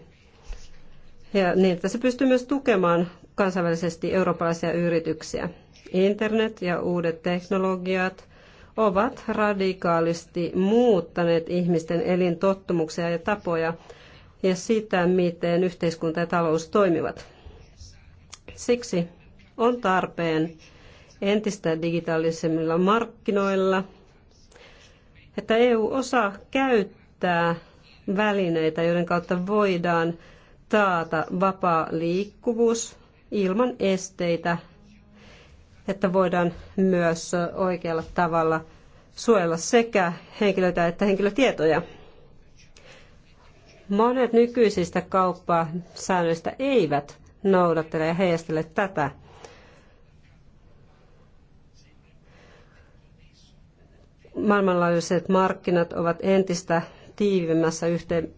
Ja niin, että se pystyy myös tukemaan kansainvälisesti eurooppalaisia yrityksiä. Internet ja uudet teknologiat ovat radikaalisti muuttaneet ihmisten elintottumuksia ja tapoja ja sitä, miten yhteiskunta ja talous toimivat. Siksi on tarpeen entistä digitaalisemmilla markkinoilla, että EU osaa käyttää välineitä, joiden kautta voidaan taata vapaa liikkuvuus ilman esteitä että voidaan myös oikealla tavalla suojella sekä henkilöitä että henkilötietoja. Monet nykyisistä kauppasäännöistä säännöistä eivät noudattele ja heijastele tätä. Maailmanlaajuiset markkinat ovat entistä tiivimmässä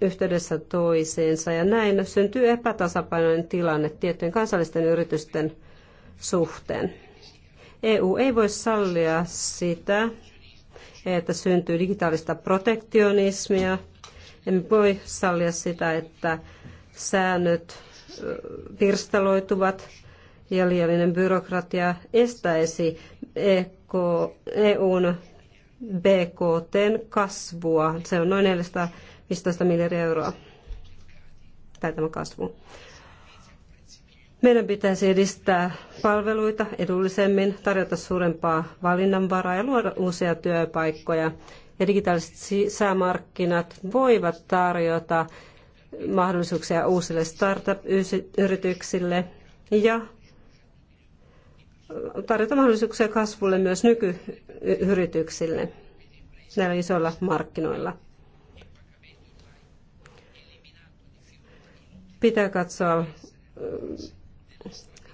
yhteydessä toisiinsa ja näin syntyy epätasapainoinen tilanne tiettyjen kansallisten yritysten suhteen. EU ei voi sallia sitä, että syntyy digitaalista protektionismia. Emme voi sallia sitä, että säännöt pirstaloituvat ja liiallinen byrokratia estäisi EUn e BKTn kasvua. Se on noin 415 miljardia euroa, tai tämä kasvu. Meidän pitäisi edistää palveluita edullisemmin, tarjota suurempaa valinnanvaraa ja luoda uusia työpaikkoja. Ja digitaaliset sisämarkkinat voivat tarjota mahdollisuuksia uusille startup-yrityksille ja tarjota mahdollisuuksia kasvulle myös nykyyrityksille näillä isoilla markkinoilla. Pitää katsoa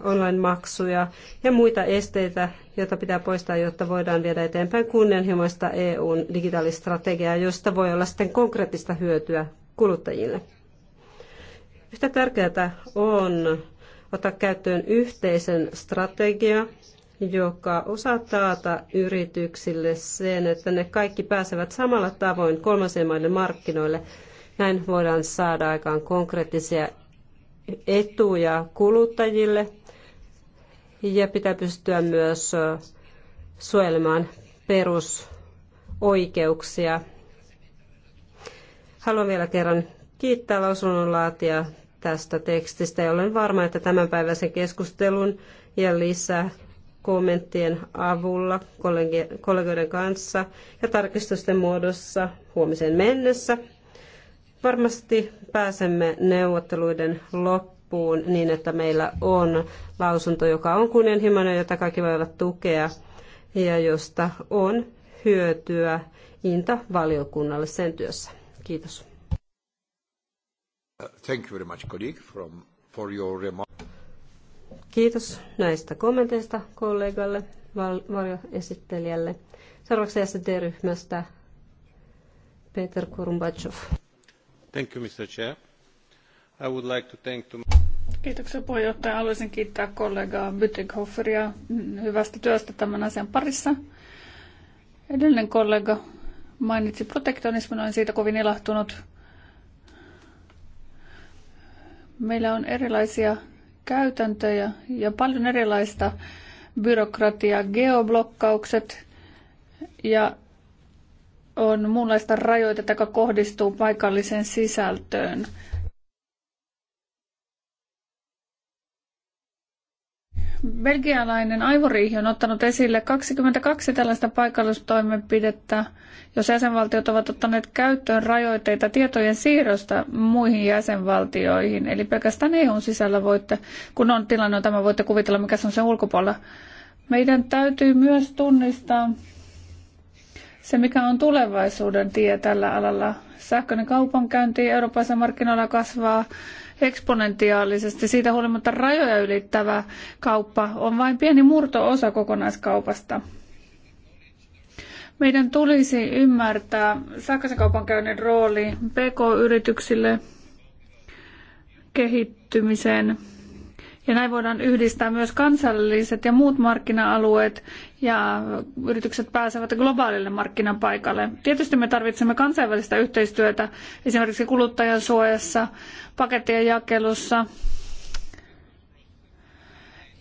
online-maksuja ja muita esteitä, joita pitää poistaa, jotta voidaan viedä eteenpäin kunnianhimoista EUn digitaalistrategiaa, josta voi olla sitten konkreettista hyötyä kuluttajille. Yhtä tärkeää on ottaa käyttöön yhteisen strategia, joka osaa taata yrityksille sen, että ne kaikki pääsevät samalla tavoin kolmansien maiden markkinoille. Näin voidaan saada aikaan konkreettisia etuja kuluttajille ja pitää pystyä myös suojelemaan perusoikeuksia. Haluan vielä kerran kiittää lausunnonlaatia tästä tekstistä ja olen varma, että tämänpäiväisen keskustelun ja lisää kommenttien avulla kollegoiden kanssa ja tarkistusten muodossa huomiseen mennessä Varmasti pääsemme neuvotteluiden loppuun niin, että meillä on lausunto, joka on kunnianhimoinen, jota kaikki voivat tukea ja josta on hyötyä Inta-valiokunnalle sen työssä. Kiitos. Thank you very much, colleague, from, for your remark. Kiitos näistä kommenteista kollegalle, val- varjoesittelijälle. Seuraavaksi ryhmästä Peter Kurumbachev. Kiitoksia puheenjohtaja. Haluaisin kiittää kollegaa Bütikofferia hyvästä työstä tämän asian parissa. Edellinen kollega mainitsi protektionismin, olen siitä kovin ilahtunut. Meillä on erilaisia käytäntöjä ja paljon erilaista byrokratiaa, geoblokkaukset ja on muunlaista rajoitetta, joka kohdistuu paikalliseen sisältöön. belgialainen aivoriihi on ottanut esille 22 tällaista paikallistoimenpidettä, jos jäsenvaltiot ovat ottaneet käyttöön rajoitteita tietojen siirrosta muihin jäsenvaltioihin. Eli pelkästään EUn sisällä voitte, kun on tilanne, tämä voitte kuvitella, mikä se on sen ulkopuolella. Meidän täytyy myös tunnistaa se, mikä on tulevaisuuden tie tällä alalla. Sähköinen kaupankäynti Euroopassa markkinoilla kasvaa eksponentiaalisesti. Siitä huolimatta rajoja ylittävä kauppa on vain pieni murto-osa kokonaiskaupasta. Meidän tulisi ymmärtää sähköisen kaupankäynnin rooli PK-yrityksille kehittymiseen ja näin voidaan yhdistää myös kansalliset ja muut markkina-alueet ja yritykset pääsevät globaalille markkinapaikalle. Tietysti me tarvitsemme kansainvälistä yhteistyötä esimerkiksi kuluttajansuojassa, pakettien jakelussa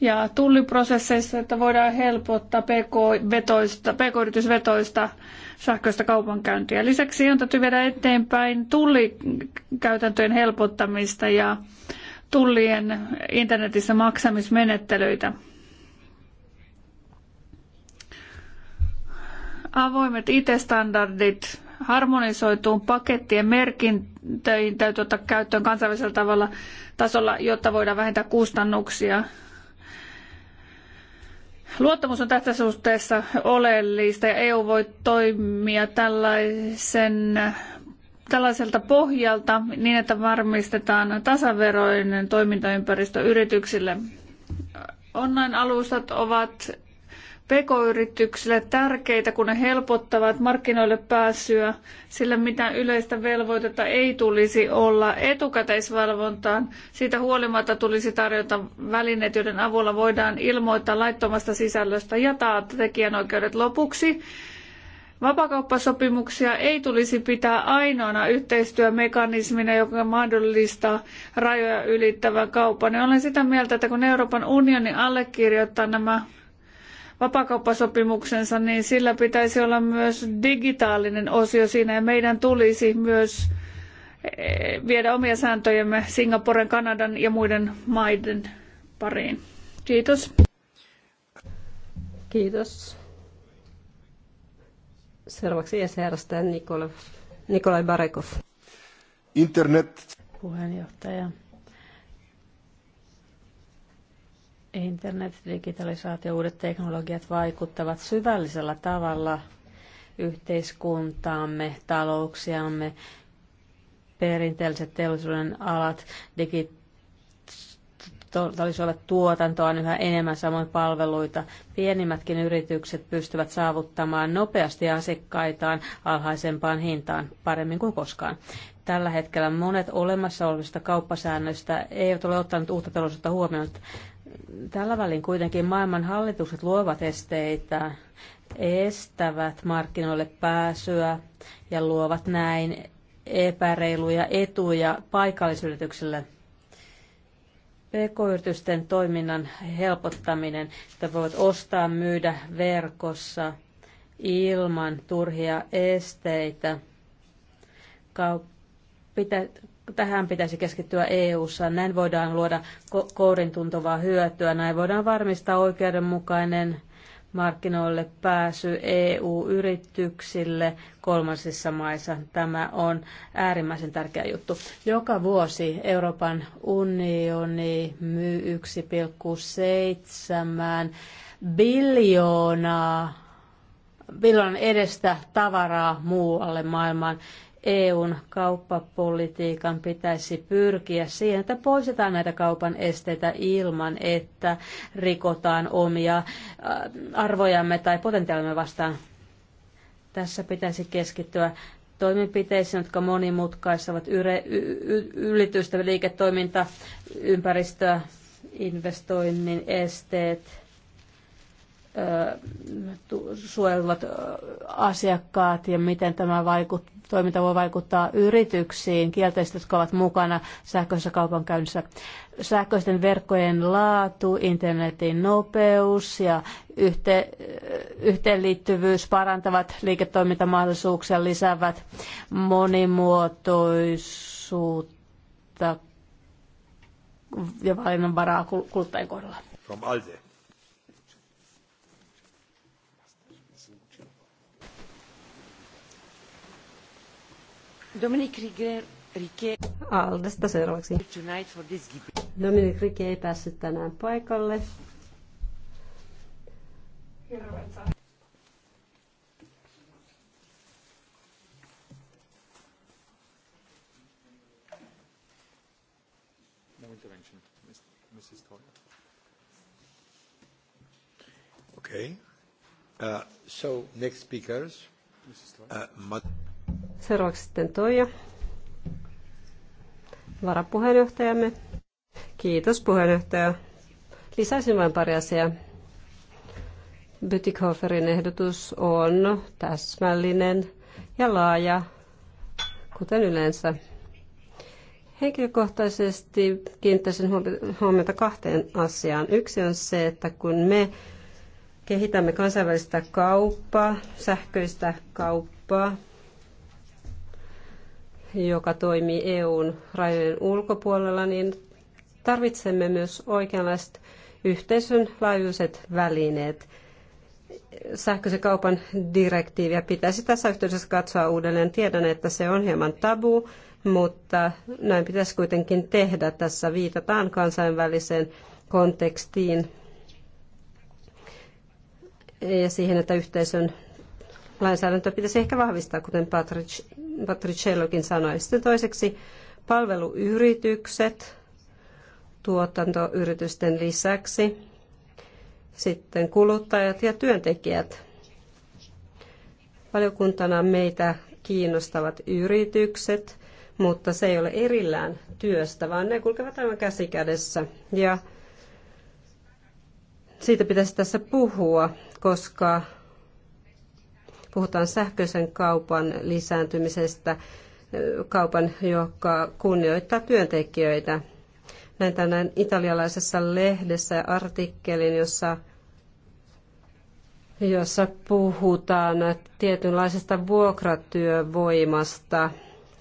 ja tulliprosesseissa, että voidaan helpottaa pk-vetoista, pk-yritysvetoista sähköistä kaupankäyntiä. Lisäksi on täytyy viedä eteenpäin tullikäytäntöjen helpottamista ja tullien internetissä maksamismenettelyitä. Avoimet IT-standardit harmonisoituun pakettien merkintöihin täytyy ottaa käyttöön kansainvälisellä tavalla tasolla, jotta voidaan vähentää kustannuksia. Luottamus on tässä suhteessa oleellista ja EU voi toimia tällaisen tällaiselta pohjalta niin, että varmistetaan tasaveroinen toimintaympäristö yrityksille. Online-alustat ovat PK-yrityksille tärkeitä, kun ne helpottavat markkinoille pääsyä, sillä mitään yleistä velvoitetta ei tulisi olla etukäteisvalvontaan. Siitä huolimatta tulisi tarjota välineet, joiden avulla voidaan ilmoittaa laittomasta sisällöstä ja taata tekijänoikeudet lopuksi. Vapakauppasopimuksia ei tulisi pitää ainoana yhteistyömekanismina, joka mahdollistaa rajoja ylittävän kaupan. Ja olen sitä mieltä, että kun Euroopan unioni allekirjoittaa nämä vapakauppasopimuksensa, niin sillä pitäisi olla myös digitaalinen osio siinä ja meidän tulisi myös eh, viedä omia sääntöjämme Singaporen, Kanadan ja muiden maiden pariin. Kiitos. Kiitos. Seuraavaksi ECRstä Nikola, Nikolai Barekov. Internet. Puheenjohtaja. Internet, digitalisaatio, uudet teknologiat vaikuttavat syvällisellä tavalla yhteiskuntaamme, talouksiamme, perinteiset teollisuuden alat, digit olla tuotantoa niin yhä enemmän samoin palveluita. Pienimmätkin yritykset pystyvät saavuttamaan nopeasti asiakkaitaan alhaisempaan hintaan paremmin kuin koskaan. Tällä hetkellä monet olemassa olevista kauppasäännöistä eivät ole ottaneet uutta teollisuutta huomioon. Tällä välin kuitenkin maailman hallitukset luovat esteitä, estävät markkinoille pääsyä ja luovat näin epäreiluja etuja paikallisyrityksille – PK-yritysten toiminnan helpottaminen, että voit ostaa, myydä verkossa ilman turhia esteitä. tähän pitäisi keskittyä EU-ssa. Näin voidaan luoda kourin tuntuvaa hyötyä. Näin voidaan varmistaa oikeudenmukainen markkinoille pääsy EU-yrityksille kolmansissa maissa. Tämä on äärimmäisen tärkeä juttu. Joka vuosi Euroopan unioni myy 1,7 biljoonaa biljoonan edestä tavaraa muualle maailmaan. EUn kauppapolitiikan pitäisi pyrkiä siihen, että poistetaan näitä kaupan esteitä ilman, että rikotaan omia äh, arvojamme tai potentiaalimme vastaan. Tässä pitäisi keskittyä toimenpiteisiin, jotka monimutkaistavat ylitystä liiketoiminta, ympäristöä, investoinnin esteet, suojelevat asiakkaat ja miten tämä vaikuttaa toiminta voi vaikuttaa yrityksiin, kielteiset, jotka ovat mukana sähköisessä kaupankäynnissä. Sähköisten verkkojen laatu, internetin nopeus ja yhte, yhteenliittyvyys parantavat liiketoimintamahdollisuuksia, lisäävät monimuotoisuutta ja valinnanvaraa kuluttajien kohdalla. From Alde. Dominic Riquet. Aldesta seuraavaksi. Dominic Riquet ei päässyt tänään paikalle. No okay. Uh, so next speakers. Uh, Seuraavaksi sitten Toija, varapuheenjohtajamme. Kiitos puheenjohtaja. Lisäisin vain pari asiaa. Bytikhoferin ehdotus on täsmällinen ja laaja, kuten yleensä. Henkilökohtaisesti kiinnittäisin huomiota kahteen asiaan. Yksi on se, että kun me kehitämme kansainvälistä kauppaa, sähköistä kauppaa, joka toimii EUn rajojen ulkopuolella, niin tarvitsemme myös oikeanlaiset yhteisön laajuiset välineet. Sähköisen kaupan direktiiviä pitäisi tässä yhteydessä katsoa uudelleen. Tiedän, että se on hieman tabu, mutta näin pitäisi kuitenkin tehdä. Tässä viitataan kansainväliseen kontekstiin ja siihen, että yhteisön lainsäädäntö pitäisi ehkä vahvistaa, kuten Patrick Patricellokin sanoi. Sitten toiseksi palveluyritykset tuotantoyritysten lisäksi. Sitten kuluttajat ja työntekijät. Valiokuntana meitä kiinnostavat yritykset, mutta se ei ole erillään työstä, vaan ne kulkevat aivan käsi kädessä. Ja siitä pitäisi tässä puhua, koska Puhutaan sähköisen kaupan lisääntymisestä, kaupan, joka kunnioittaa työntekijöitä. Näin tänään italialaisessa lehdessä artikkelin, jossa jossa puhutaan tietynlaisesta vuokratyövoimasta.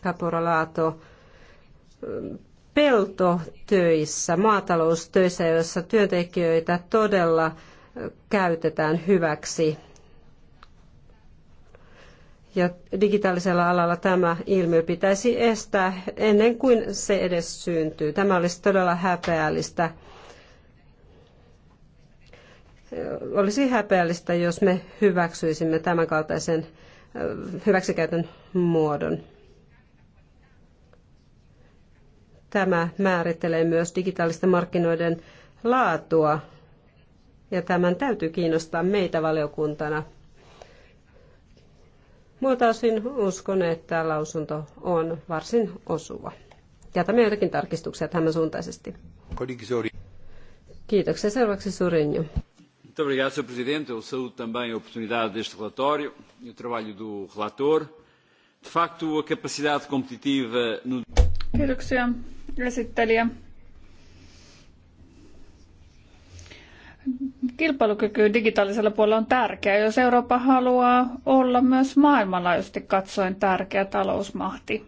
Caporalato peltotöissä, maataloustöissä, joissa työntekijöitä todella käytetään hyväksi. Ja digitaalisella alalla tämä ilmiö pitäisi estää ennen kuin se edes syntyy. Tämä olisi todella häpeällistä. Olisi häpeällistä, jos me hyväksyisimme tämän kaltaisen äh, hyväksikäytön muodon. Tämä määrittelee myös digitaalisten markkinoiden laatua, ja tämän täytyy kiinnostaa meitä valiokuntana – Muilta osin uskon, että lausunto on varsin osuva. Jätämme joitakin tarkistuksia tämän suuntaisesti. Kiitoksia. Seuraavaksi Surinjo. obrigado, Presidente. Eu saúdo também a oportunidade deste relatório e o trabalho do relator. De facto, a capacidade competitiva no... Kiitoksia, esittelijä kilpailukyky digitaalisella puolella on tärkeä, jos Eurooppa haluaa olla myös maailmanlaajuisesti katsoen tärkeä talousmahti.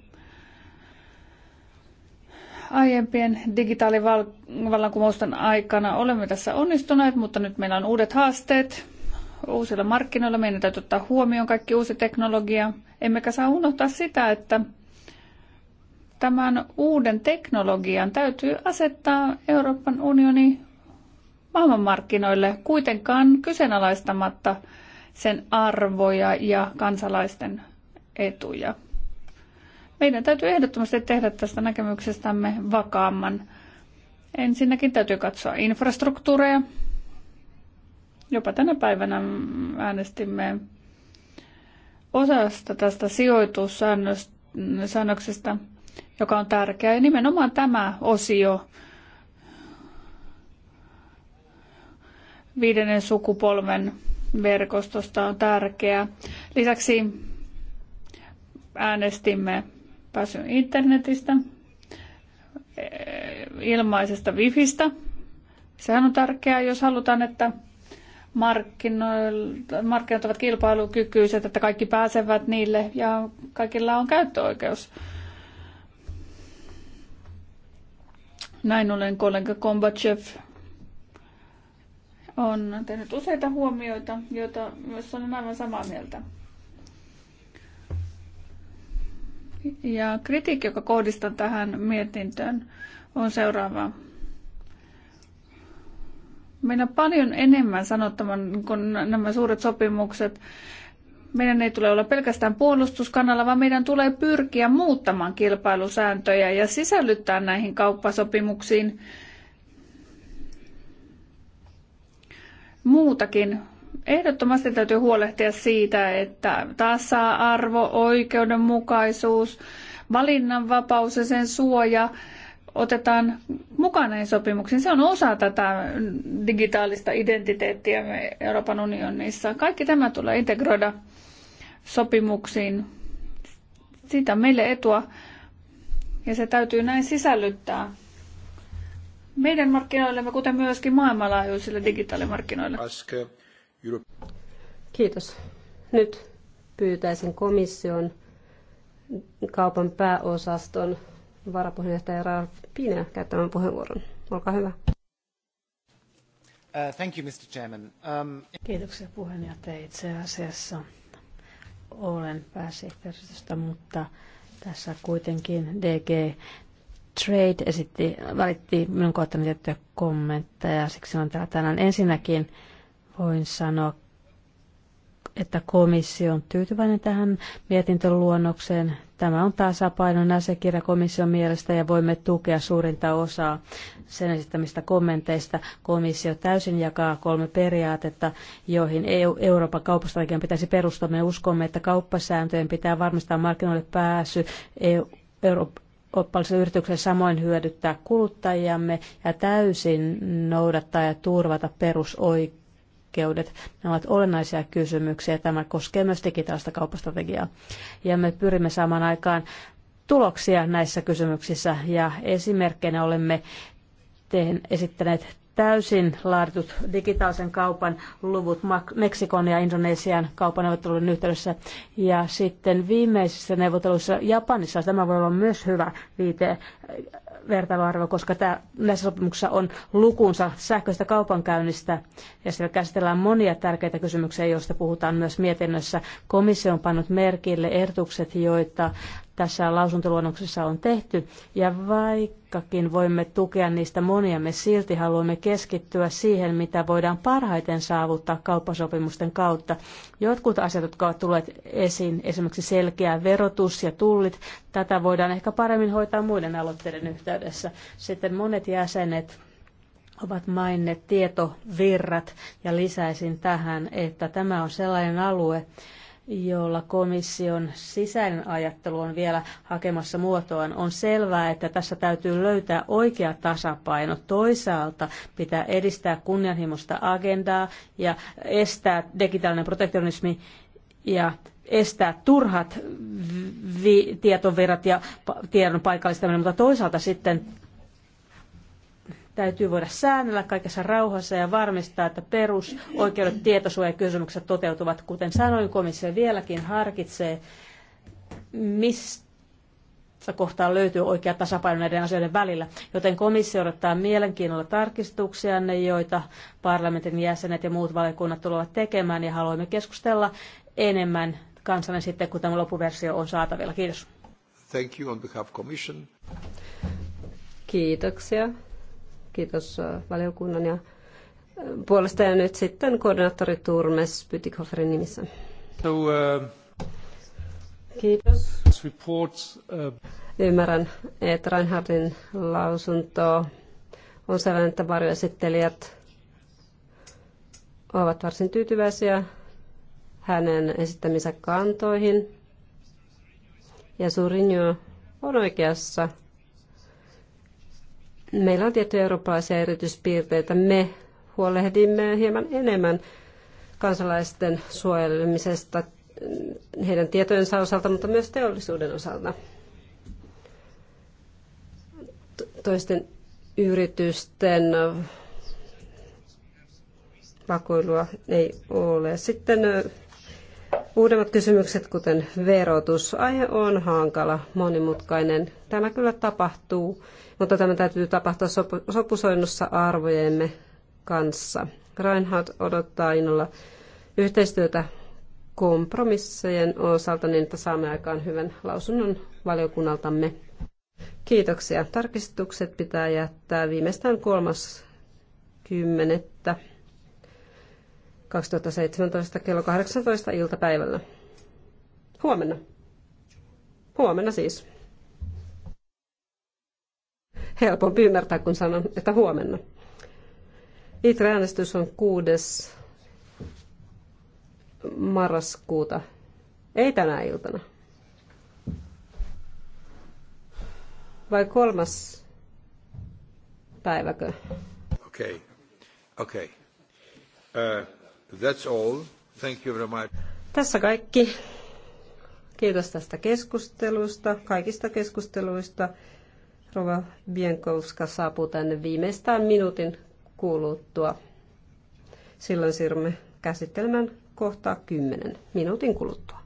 Aiempien digitaalivallankumousten aikana olemme tässä onnistuneet, mutta nyt meillä on uudet haasteet uusilla markkinoilla. Meidän täytyy ottaa huomioon kaikki uusi teknologia. Emmekä saa unohtaa sitä, että tämän uuden teknologian täytyy asettaa Euroopan unioni maailmanmarkkinoille kuitenkaan kyseenalaistamatta sen arvoja ja kansalaisten etuja. Meidän täytyy ehdottomasti tehdä tästä näkemyksestämme vakaamman. Ensinnäkin täytyy katsoa infrastruktuureja. Jopa tänä päivänä äänestimme osasta tästä sijoitussäännöksestä, joka on tärkeä. Ja nimenomaan tämä osio viidennen sukupolven verkostosta on tärkeä. Lisäksi äänestimme pääsyn internetistä, eh, ilmaisesta wifistä. Sehän on tärkeää, jos halutaan, että markkinat ovat kilpailukykyiset, että kaikki pääsevät niille ja kaikilla on käyttöoikeus. Näin ollen kollega Kombachev on tehnyt useita huomioita, joita myös olen aivan samaa mieltä. Ja kritiikki, joka kohdistan tähän mietintöön, on seuraava. Meillä on paljon enemmän sanottavan kuin nämä suuret sopimukset. Meidän ei tule olla pelkästään puolustuskanalla, vaan meidän tulee pyrkiä muuttamaan kilpailusääntöjä ja sisällyttää näihin kauppasopimuksiin muutakin. Ehdottomasti täytyy huolehtia siitä, että tasa-arvo, oikeudenmukaisuus, valinnanvapaus ja sen suoja otetaan mukaan näihin sopimuksiin. Se on osa tätä digitaalista identiteettiä Euroopan unionissa. Kaikki tämä tulee integroida sopimuksiin. Siitä on meille etua ja se täytyy näin sisällyttää meidän markkinoillemme, kuten myöskin maailmanlaajuisille digitaalimarkkinoille. Kiitos. Nyt pyytäisin komission kaupan pääosaston varapuheenjohtaja Ralf Pina käyttämään puheenvuoron. Olkaa hyvä. Uh, thank you, Mr. Chairman. Um... Kiitoksia puheenjohtaja. Itse asiassa olen pääsihteeristöstä, mutta tässä kuitenkin DG Trade esitti, valitti minun kohtani tiettyjä kommentteja, siksi on täällä tänään. Ensinnäkin voin sanoa, että komissio on tyytyväinen tähän mietintöluonnokseen. Tämä on tasapainon asiakirja komission mielestä ja voimme tukea suurinta osaa sen esittämistä kommenteista. Komissio täysin jakaa kolme periaatetta, joihin EU, Euroopan kauppastrategian pitäisi perustua. Me uskomme, että kauppasääntöjen pitää varmistaa markkinoille pääsy EU, Euroopan kaupallisille yrityksille samoin hyödyttää kuluttajiamme ja täysin noudattaa ja turvata perusoikeudet. Nämä ovat olennaisia kysymyksiä. Tämä koskee myös digitaalista kauppastrategiaa. Ja me pyrimme saamaan aikaan tuloksia näissä kysymyksissä ja esimerkkeinä olemme esittäneet täysin laaditut digitaalisen kaupan luvut Meksikon ja Indonesian kaupaneuvottelujen yhteydessä. Ja sitten viimeisissä neuvotteluissa Japanissa tämä voi olla myös hyvä viite äh, vertailuarvo, koska tämä, näissä sopimuksissa on lukunsa sähköistä kaupankäynnistä ja siellä käsitellään monia tärkeitä kysymyksiä, joista puhutaan myös mietinnössä. Komissio on pannut merkille ehdotukset, joita tässä lausuntoluonnoksessa on tehty. Ja vaikkakin voimme tukea niistä monia, me silti haluamme keskittyä siihen, mitä voidaan parhaiten saavuttaa kauppasopimusten kautta. Jotkut asiat, jotka ovat tulleet esiin, esimerkiksi selkeä verotus ja tullit, tätä voidaan ehkä paremmin hoitaa muiden aloitteiden yhteydessä. Sitten monet jäsenet ovat mainneet tietovirrat ja lisäisin tähän, että tämä on sellainen alue, jolla komission sisäinen ajattelu on vielä hakemassa muotoaan, on selvää, että tässä täytyy löytää oikea tasapaino. Toisaalta pitää edistää kunnianhimoista agendaa ja estää digitaalinen protektionismi ja estää turhat vi- tietovirrat ja tiedon paikallistaminen, mutta toisaalta sitten täytyy voida säännellä kaikessa rauhassa ja varmistaa, että perusoikeudet tietosuojakysymykset toteutuvat. Kuten sanoin, komissio vieläkin harkitsee, mistä kohtaa löytyy oikea tasapaino näiden asioiden välillä, joten komissio odottaa mielenkiinnolla tarkistuksianne, joita parlamentin jäsenet ja muut valiokunnat tulevat tekemään, ja haluamme keskustella enemmän kanssanne sitten, kun tämä loppuversio on saatavilla. Kiitos. Thank you on behalf of commission. Kiitoksia. Kiitos äh, valiokunnan ja äh, puolesta ja nyt sitten koordinaattori Turmes Pytikhoferin nimissä. So, uh... Kiitos. Report, uh... Ymmärrän, että Reinhardin lausunto on sellainen, että varjoesittelijät ovat varsin tyytyväisiä hänen esittäminsä kantoihin. Ja Surinjo on oikeassa meillä on tiettyjä eurooppalaisia erityispiirteitä. Me huolehdimme hieman enemmän kansalaisten suojelemisesta heidän tietojensa osalta, mutta myös teollisuuden osalta. Toisten yritysten vakoilua ei ole. Sitten Uudemmat kysymykset, kuten verotus, aihe on hankala, monimutkainen. Tämä kyllä tapahtuu, mutta tämä täytyy tapahtua sopusoinnussa arvojemme kanssa. Reinhard odottaa innolla yhteistyötä kompromissejen osalta niin, että saamme aikaan hyvän lausunnon valiokunnaltamme. Kiitoksia. Tarkistukset pitää jättää viimeistään kolmas kymmenet. 2017 kello 18 iltapäivällä. Huomenna. Huomenna siis. Helpompi ymmärtää, kun sanon, että huomenna. Itreäänestys on 6. marraskuuta. Ei tänä iltana. Vai kolmas päiväkö? Okei, okay. okei. Okay. Uh. That's all. Thank you very much. Tässä kaikki. Kiitos tästä keskustelusta, kaikista keskusteluista. Rova Bienkowska saapuu tänne viimeistään minuutin kuluttua. Silloin siirrymme käsittelemään kohtaa 10 minuutin kuluttua.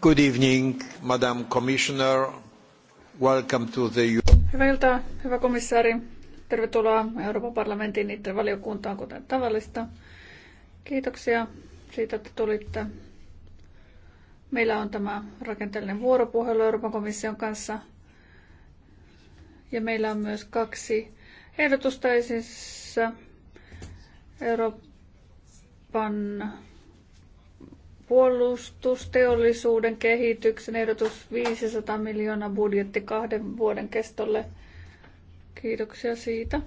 Good evening, Madam Commissioner. Welcome to the... Hyvää iltaa, hyvä komissaari. Tervetuloa Euroopan parlamentin niiden valiokuntaan, kuten tavallista. Kiitoksia siitä, että tulitte. Meillä on tämä rakenteellinen vuoropuhelu Euroopan komission kanssa. Ja meillä on myös kaksi ehdotusta esissä Euroopan Puolustusteollisuuden kehityksen ehdotus 500 miljoonaa budjetti kahden vuoden kestolle. Kiitoksia siitä.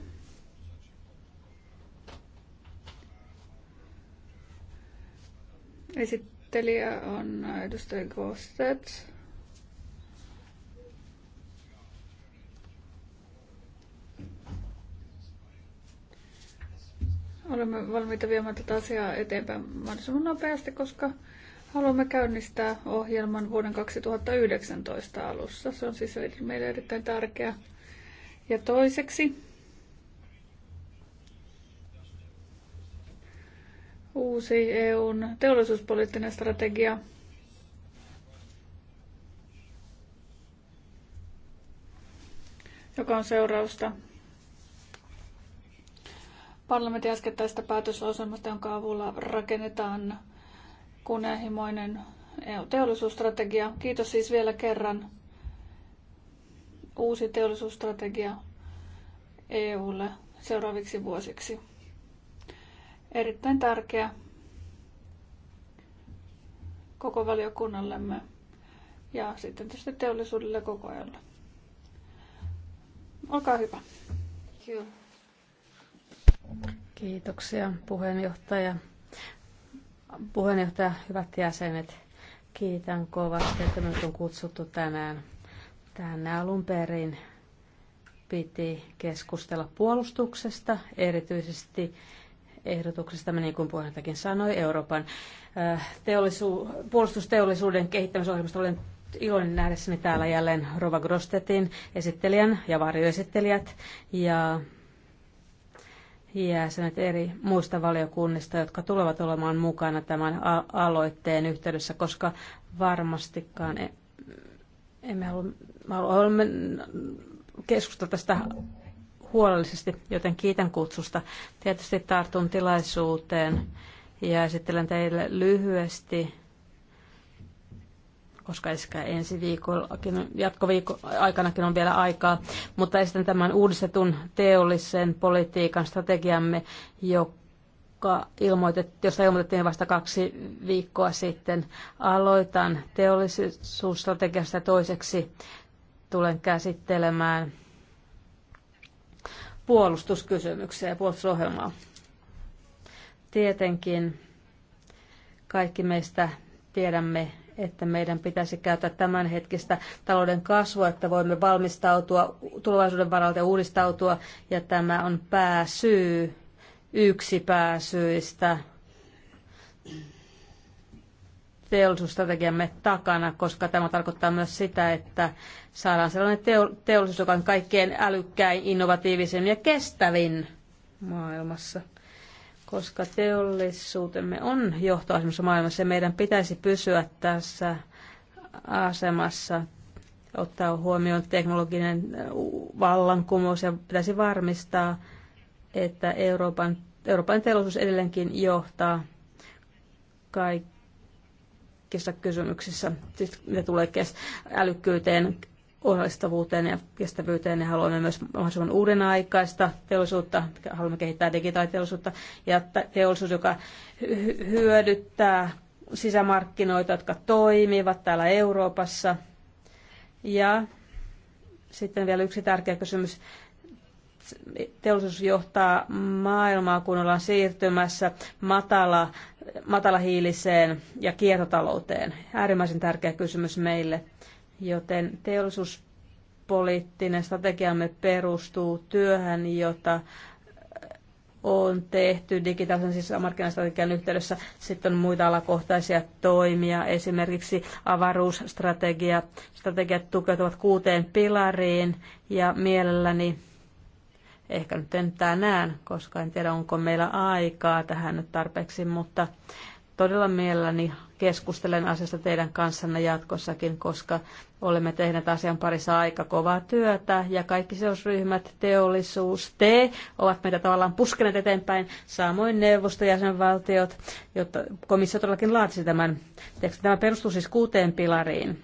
Esittelijä on edustaja Gostet. olemme valmiita viemään tätä asiaa eteenpäin mahdollisimman nopeasti, koska haluamme käynnistää ohjelman vuoden 2019 alussa. Se on siis meille erittäin tärkeä. Ja toiseksi uusi EUn teollisuuspoliittinen strategia. joka on seurausta parlamentin äskettäistä päätöslauselmasta, jonka avulla rakennetaan kunnianhimoinen EU-teollisuusstrategia. Kiitos siis vielä kerran. Uusi teollisuusstrategia EUlle seuraaviksi vuosiksi. Erittäin tärkeä koko valiokunnallemme ja sitten tietysti teollisuudelle koko ajan. Olkaa hyvä. Kiitos. Kiitoksia puheenjohtaja. Puheenjohtaja, hyvät jäsenet, kiitän kovasti, että minut on kutsuttu tänään. Tänään alun perin piti keskustella puolustuksesta, erityisesti ehdotuksesta, niin kuin puheenjohtajakin sanoi, Euroopan äh, teollisu- puolustusteollisuuden kehittämisohjelmasta olen iloinen nähdessäni täällä jälleen Rova Grostetin esittelijän ja varjoesittelijät ja jäsenet eri muista valiokunnista, jotka tulevat olemaan mukana tämän aloitteen yhteydessä, koska varmastikaan e- emme halua, keskustella tästä huolellisesti, joten kiitän kutsusta. Tietysti tartun tilaisuuteen ja esittelen teille lyhyesti koska ensi viikollakin, jatkoviikko aikanakin on vielä aikaa, mutta esitän tämän uudistetun teollisen politiikan strategiamme, joka ilmoitettiin, josta ilmoitettiin vasta kaksi viikkoa sitten. Aloitan teollisuusstrategiasta toiseksi tulen käsittelemään puolustuskysymyksiä ja puolustusohjelmaa. Tietenkin kaikki meistä tiedämme että meidän pitäisi käyttää tämänhetkistä talouden kasvua, että voimme valmistautua tulevaisuuden varalta ja uudistautua. Ja tämä on pääsyy, yksi pääsyistä teollisuusstrategiamme takana, koska tämä tarkoittaa myös sitä, että saadaan sellainen teollisuus, joka on kaikkein älykkäin, innovatiivisin ja kestävin maailmassa koska teollisuutemme on johtoasemassa maailmassa ja meidän pitäisi pysyä tässä asemassa, ottaa huomioon teknologinen vallankumous ja pitäisi varmistaa, että Euroopan, Euroopan teollisuus edelleenkin johtaa kaikissa kysymyksissä, siis mitä tulee älykkyyteen, osallistavuuteen ja kestävyyteen ja haluamme myös mahdollisimman uuden aikaista teollisuutta, haluamme kehittää digitaaliteollisuutta ja teollisuus, joka hyödyttää sisämarkkinoita, jotka toimivat täällä Euroopassa. Ja sitten vielä yksi tärkeä kysymys. Teollisuus johtaa maailmaa, kun ollaan siirtymässä matala, matalahiiliseen ja kiertotalouteen. Äärimmäisen tärkeä kysymys meille joten teollisuuspoliittinen strategiamme perustuu työhön, jota on tehty digitaalisen sisämarkkinastrategian yhteydessä. Sitten on muita alakohtaisia toimia, esimerkiksi avaruusstrategia. Strategiat tukeutuvat kuuteen pilariin ja mielelläni ehkä nyt en tänään, koska en tiedä onko meillä aikaa tähän nyt tarpeeksi, mutta todella mielelläni keskustelen asiasta teidän kanssanne jatkossakin, koska olemme tehneet asian parissa aika kovaa työtä ja kaikki seosryhmät, teollisuus, te ovat meitä tavallaan puskeneet eteenpäin, samoin neuvostojäsenvaltiot, jotta komissio todellakin laatisi tämän tekstin. Tämä perustuu siis kuuteen pilariin.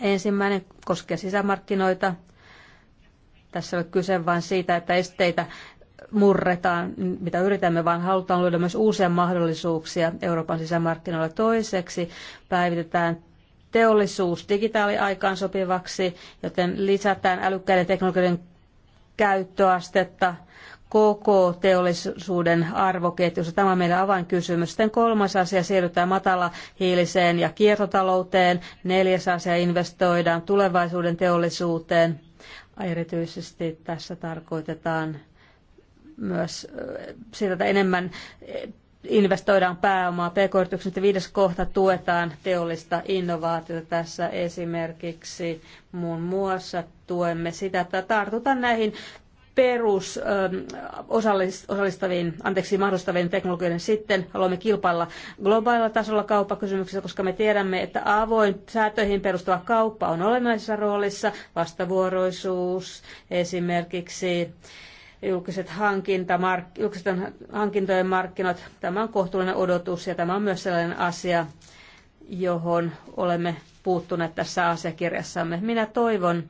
Ensimmäinen koskee sisämarkkinoita. Tässä on kyse vain siitä, että esteitä murretaan, mitä yritämme, vaan halutaan luoda myös uusia mahdollisuuksia Euroopan sisämarkkinoilla toiseksi. Päivitetään teollisuus digitaaliaikaan sopivaksi, joten lisätään älykkäiden teknologioiden käyttöastetta koko teollisuuden arvoketjussa. Tämä on meidän avainkysymys. Sitten kolmas asia, siirrytään matala hiiliseen ja kiertotalouteen. Neljäs asia, investoidaan tulevaisuuden teollisuuteen. Erityisesti tässä tarkoitetaan myös sitä, että enemmän investoidaan pääomaa. PK-yritykset viides kohta tuetaan teollista innovaatiota tässä esimerkiksi muun muassa tuemme sitä, että tartutaan näihin perus osallistaviin, anteeksi, mahdollistaviin teknologioiden sitten haluamme kilpailla globaalilla tasolla kauppakysymyksissä, koska me tiedämme, että avoin säätöihin perustuva kauppa on olennaisessa roolissa, vastavuoroisuus esimerkiksi julkiset hankintamark, julkisten hankintojen markkinat. Tämä on kohtuullinen odotus ja tämä on myös sellainen asia, johon olemme puuttuneet tässä asiakirjassamme. Minä toivon,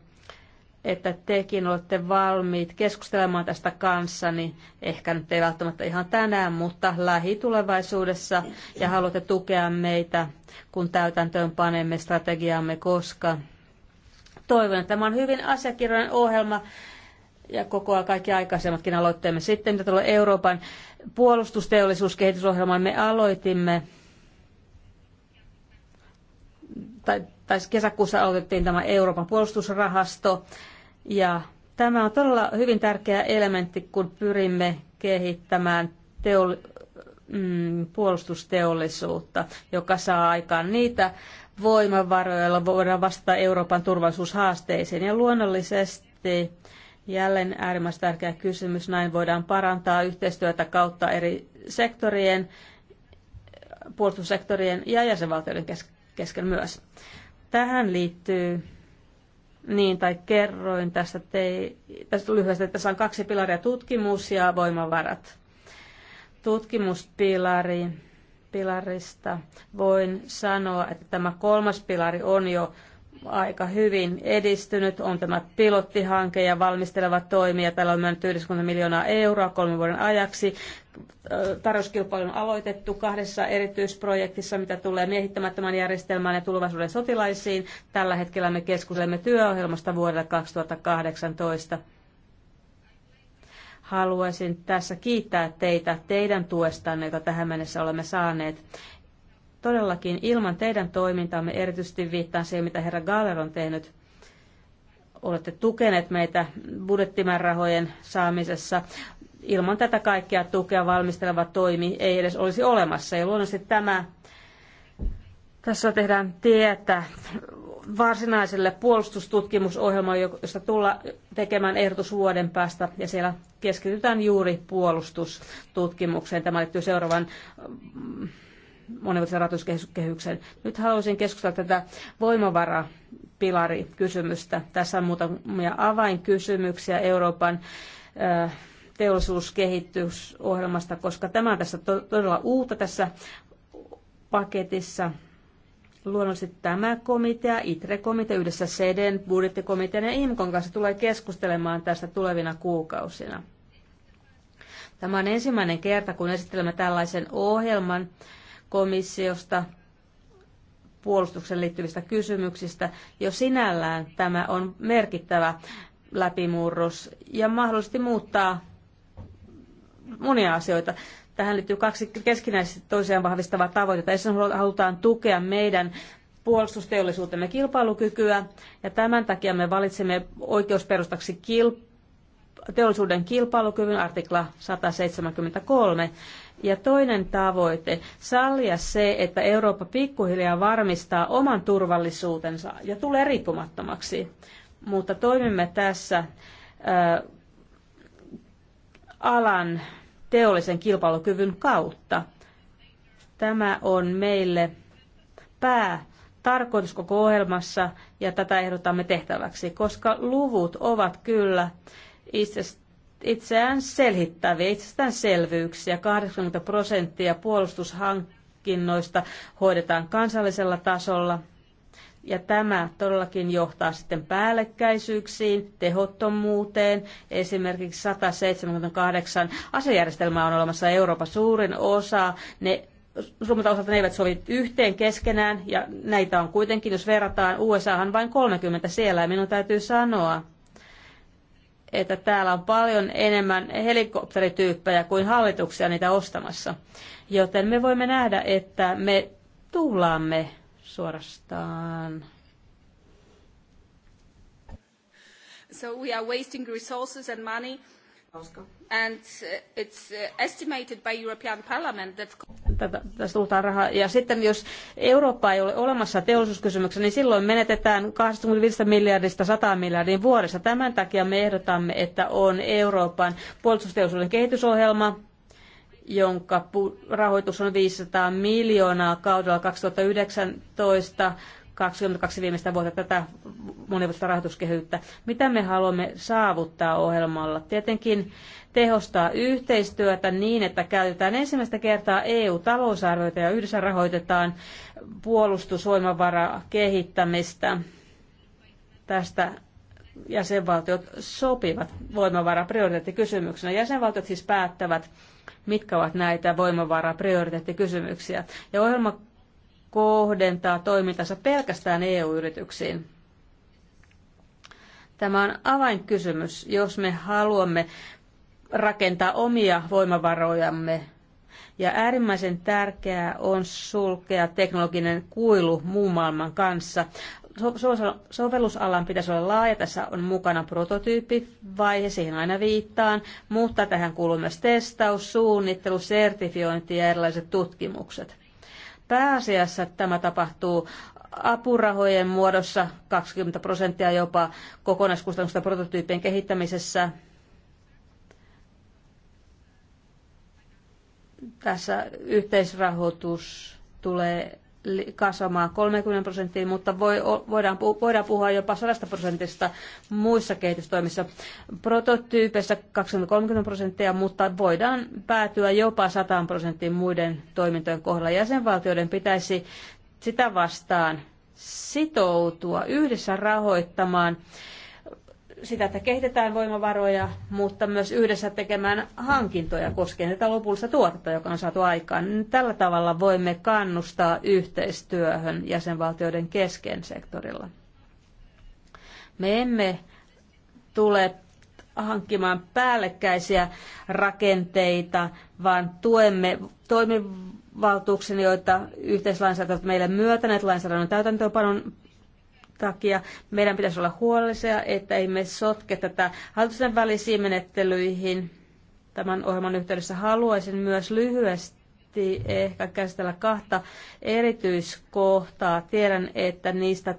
että tekin olette valmiit keskustelemaan tästä kanssani, ehkä nyt ei välttämättä ihan tänään, mutta lähitulevaisuudessa, ja haluatte tukea meitä, kun täytäntöön panemme strategiaamme, koska toivon, että tämä on hyvin asiakirjoinen ohjelma, ja koko ajan kaikki aikaisemmatkin aloitteemme. Sitten mitä Euroopan puolustusteollisuuskehitysohjelman me aloitimme, tai, tai kesäkuussa aloitettiin tämä Euroopan puolustusrahasto, ja tämä on todella hyvin tärkeä elementti, kun pyrimme kehittämään teoll mm, puolustusteollisuutta, joka saa aikaan niitä voimavaroja, joilla voidaan vastata Euroopan turvallisuushaasteisiin. Ja luonnollisesti Jälleen äärimmäisen tärkeä kysymys. Näin voidaan parantaa yhteistyötä kautta eri sektorien, puolustussektorien ja jäsenvaltioiden kesken myös. Tähän liittyy niin, tai kerroin tästä, te, tästä lyhyesti, että tässä on kaksi pilaria, tutkimus ja voimavarat. Tutkimuspilari, pilarista voin sanoa, että tämä kolmas pilari on jo aika hyvin edistynyt. On tämä pilottihanke ja valmisteleva toimi, ja täällä on myönnetty 90 miljoonaa euroa kolmen vuoden ajaksi. Tarjouskilpailu on aloitettu kahdessa erityisprojektissa, mitä tulee miehittämättömän järjestelmään ja tulevaisuuden sotilaisiin. Tällä hetkellä me keskustelemme työohjelmasta vuodelle 2018 haluaisin tässä kiittää teitä teidän tuestanne, jota tähän mennessä olemme saaneet. Todellakin ilman teidän toimintaamme erityisesti viittaan siihen, mitä herra Galler on tehnyt. Olette tukeneet meitä budjettimäärärahojen saamisessa. Ilman tätä kaikkea tukea valmisteleva toimi ei edes olisi olemassa. Ja luonnollisesti tämä, tässä tehdään tietä varsinaiselle puolustustutkimusohjelmalle, josta tulla tekemään ehdotus vuoden päästä, ja siellä keskitytään juuri puolustustutkimukseen. Tämä liittyy seuraavan mm, monivuotisen rahoituskehyksen. Nyt haluaisin keskustella tätä voimavarapilari-kysymystä. Tässä on muutamia avainkysymyksiä Euroopan teollisuuskehitysohjelmasta, koska tämä on tässä todella uutta tässä paketissa. Luonnollisesti tämä komitea, ITRE-komitea, yhdessä SEDEN, budjettikomitean ja IMKon kanssa tulee keskustelemaan tästä tulevina kuukausina. Tämä on ensimmäinen kerta, kun esittelemme tällaisen ohjelman, komissiosta puolustuksen liittyvistä kysymyksistä. Jo sinällään tämä on merkittävä läpimurros ja mahdollisesti muuttaa monia asioita. Tähän liittyy kaksi keskinäisesti toisiaan vahvistavaa tavoitetta. Ensinnäkin halutaan tukea meidän puolustusteollisuutemme kilpailukykyä ja tämän takia me valitsemme oikeusperustaksi kil- teollisuuden kilpailukyvyn artikla 173 ja toinen tavoite, sallia se, että Eurooppa pikkuhiljaa varmistaa oman turvallisuutensa ja tulee riippumattomaksi. Mutta toimimme tässä alan teollisen kilpailukyvyn kautta. Tämä on meille pää tarkoitus koko ohjelmassa ja tätä ehdotamme tehtäväksi, koska luvut ovat kyllä itse itseään selhittäviä, itsestäänselvyyksiä. 80 prosenttia puolustushankinnoista hoidetaan kansallisella tasolla. Ja tämä todellakin johtaa sitten päällekkäisyyksiin, tehottomuuteen. Esimerkiksi 178 asejärjestelmää on olemassa Euroopan suurin osa. Ne Suomalta osalta ne eivät sovi yhteen keskenään, ja näitä on kuitenkin, jos verrataan, USAhan vain 30 siellä, ja minun täytyy sanoa, että täällä on paljon enemmän helikopterityyppejä kuin hallituksia niitä ostamassa. Joten me voimme nähdä, että me tuhlaamme suorastaan So we are wasting resources and money tästä puhutaan rahaa. Ja sitten jos Eurooppa ei ole olemassa teollisuuskysymyksessä, niin silloin menetetään 25 miljardista 100 miljardiin vuodessa. Tämän takia me ehdotamme, että on Euroopan puolustusteollisuuden kehitysohjelma, jonka rahoitus on 500 miljoonaa kaudella 2019 22 viimeistä vuotta tätä monivuotista rahoituskehyttä. Mitä me haluamme saavuttaa ohjelmalla? Tietenkin tehostaa yhteistyötä niin, että käytetään ensimmäistä kertaa eu talousarvoita ja yhdessä rahoitetaan puolustusvoimavara kehittämistä. Tästä jäsenvaltiot sopivat voimavaraprioriteettikysymyksenä. Jäsenvaltiot siis päättävät, mitkä ovat näitä voimavaraprioriteettikysymyksiä. Ja ohjelma kohdentaa toimintansa pelkästään EU-yrityksiin. Tämä on avainkysymys, jos me haluamme rakentaa omia voimavarojamme. Ja äärimmäisen tärkeää on sulkea teknologinen kuilu muun maailman kanssa. So- sovellusalan pitäisi olla laaja. Tässä on mukana prototyyppivaihe, siihen aina viittaan, mutta tähän kuuluu myös testaus, suunnittelu, sertifiointi ja erilaiset tutkimukset. Pääasiassa tämä tapahtuu apurahojen muodossa 20 prosenttia jopa kokonaiskustannusta prototyyppien kehittämisessä. Tässä yhteisrahoitus tulee kasvamaan 30 prosenttiin, mutta voi, voidaan, voidaan puhua jopa 100 prosentista muissa kehitystoimissa. Prototyypeissä 20-30 prosenttia, mutta voidaan päätyä jopa 100 prosenttiin muiden toimintojen kohdalla. Jäsenvaltioiden pitäisi sitä vastaan sitoutua yhdessä rahoittamaan sitä, että kehitetään voimavaroja, mutta myös yhdessä tekemään hankintoja koskien tätä lopullista tuotetta, joka on saatu aikaan. Tällä tavalla voimme kannustaa yhteistyöhön jäsenvaltioiden kesken sektorilla. Me emme tule hankkimaan päällekkäisiä rakenteita, vaan tuemme toimivaltuuksia, joita yhteislainsäädäntö meille myötäneet lainsäädännön täytäntöönpanon takia meidän pitäisi olla huolellisia, että emme sotke tätä hallitusten välisiin menettelyihin. Tämän ohjelman yhteydessä haluaisin myös lyhyesti ehkä käsitellä kahta erityiskohtaa. Tiedän, että niistä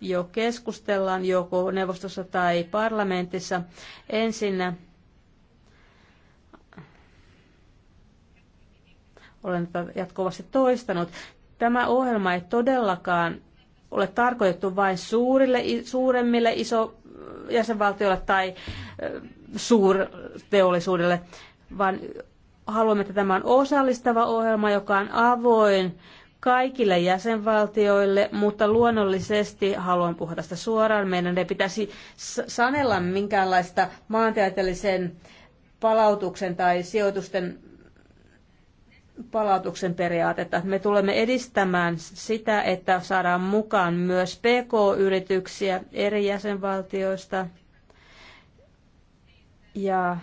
jo keskustellaan joko neuvostossa tai parlamentissa. ensin olen jatkuvasti toistanut. Tämä ohjelma ei todellakaan ole tarkoitettu vain suurille, suuremmille iso jäsenvaltioille tai suurteollisuudelle, vaan haluamme, että tämä on osallistava ohjelma, joka on avoin kaikille jäsenvaltioille, mutta luonnollisesti, haluan puhua tästä suoraan, meidän ei pitäisi sanella minkäänlaista maantieteellisen palautuksen tai sijoitusten palautuksen periaatetta. Me tulemme edistämään sitä, että saadaan mukaan myös PK-yrityksiä eri jäsenvaltioista. Ja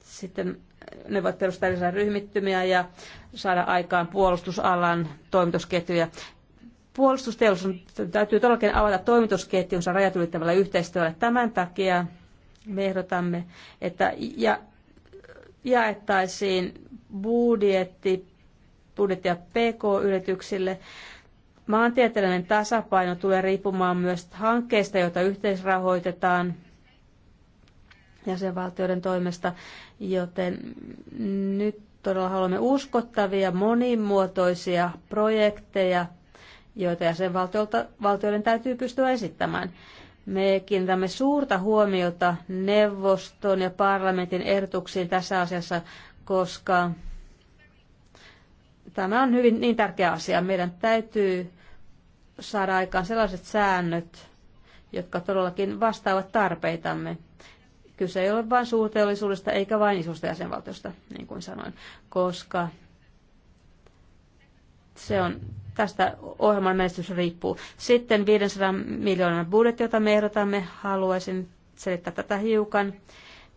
sitten ne voivat perustaa lisää ryhmittymiä ja saada aikaan puolustusalan toimitusketjuja. Puolustusteollisuus täytyy todellakin avata toimitusketjunsa rajat ylittävällä yhteistyöllä. Tämän takia me ehdotamme, että ja, jaettaisiin budjetti, budjettia PK-yrityksille. Maantieteellinen tasapaino tulee riippumaan myös hankkeista, joita yhteisrahoitetaan jäsenvaltioiden toimesta, joten nyt todella haluamme uskottavia, monimuotoisia projekteja, joita jäsenvaltioiden täytyy pystyä esittämään. Me kiinnitämme suurta huomiota neuvoston ja parlamentin ehdotuksiin tässä asiassa koska tämä on hyvin niin tärkeä asia. Meidän täytyy saada aikaan sellaiset säännöt, jotka todellakin vastaavat tarpeitamme. Kyse ei ole vain suurteollisuudesta eikä vain isosta jäsenvaltiosta, niin kuin sanoin, koska se on tästä ohjelman menestys riippuu. Sitten 500 miljoonan budjetti, jota me ehdotamme, haluaisin selittää tätä hiukan.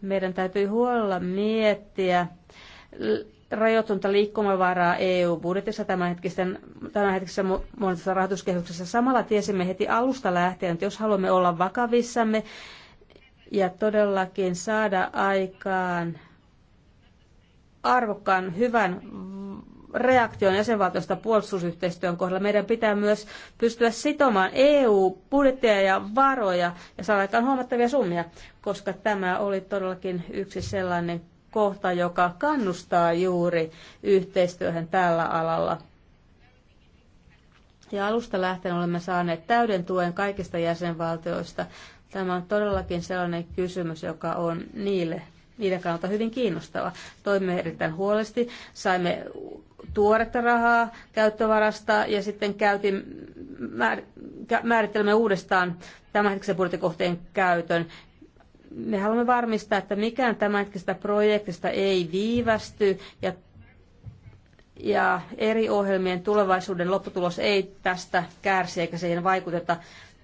Meidän täytyy huolella miettiä rajoitunta liikkumavaraa EU-budjetissa tämänhetkisten, tämänhetkisessä monessa rahoituskehyksessä. Samalla tiesimme heti alusta lähtien, että jos haluamme olla vakavissamme ja todellakin saada aikaan arvokkaan hyvän reaktion jäsenvaltiosta puolustusyhteistyön kohdalla. Meidän pitää myös pystyä sitomaan EU-budjettia ja varoja ja saada aikaan huomattavia summia, koska tämä oli todellakin yksi sellainen kohta, joka kannustaa juuri yhteistyöhön tällä alalla. Ja alusta lähtien olemme saaneet täyden tuen kaikista jäsenvaltioista. Tämä on todellakin sellainen kysymys, joka on niille niiden kannalta hyvin kiinnostava. Toimme erittäin huolesti, saimme tuoretta rahaa käyttövarasta ja sitten käytin, määr, määrittelemme uudestaan tämänhetkisen budjettikohteen käytön. Me haluamme varmistaa, että mikään tämänhetkisestä projektista ei viivästy ja, ja eri ohjelmien tulevaisuuden lopputulos ei tästä kärsi eikä siihen vaikuteta.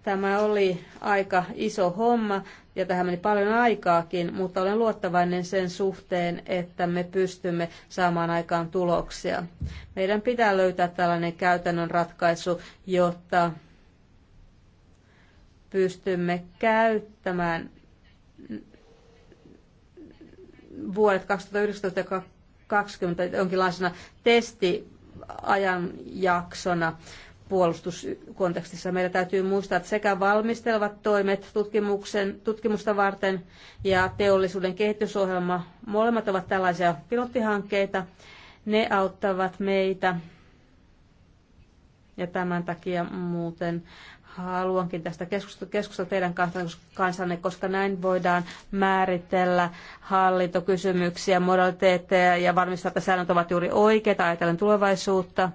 Tämä oli aika iso homma ja tähän meni paljon aikaakin, mutta olen luottavainen sen suhteen, että me pystymme saamaan aikaan tuloksia. Meidän pitää löytää tällainen käytännön ratkaisu, jotta pystymme käyttämään vuodet 2019 ja 2020 jonkinlaisena testiajanjaksona puolustuskontekstissa. Meidän täytyy muistaa, että sekä valmistelevat toimet tutkimuksen, tutkimusta varten ja teollisuuden kehitysohjelma, molemmat ovat tällaisia pilottihankkeita. Ne auttavat meitä ja tämän takia muuten haluankin tästä keskustella teidän kanssanne, koska näin voidaan määritellä hallintokysymyksiä, modaliteetteja ja varmistaa, että säännöt ovat juuri oikeita ajatellen tulevaisuutta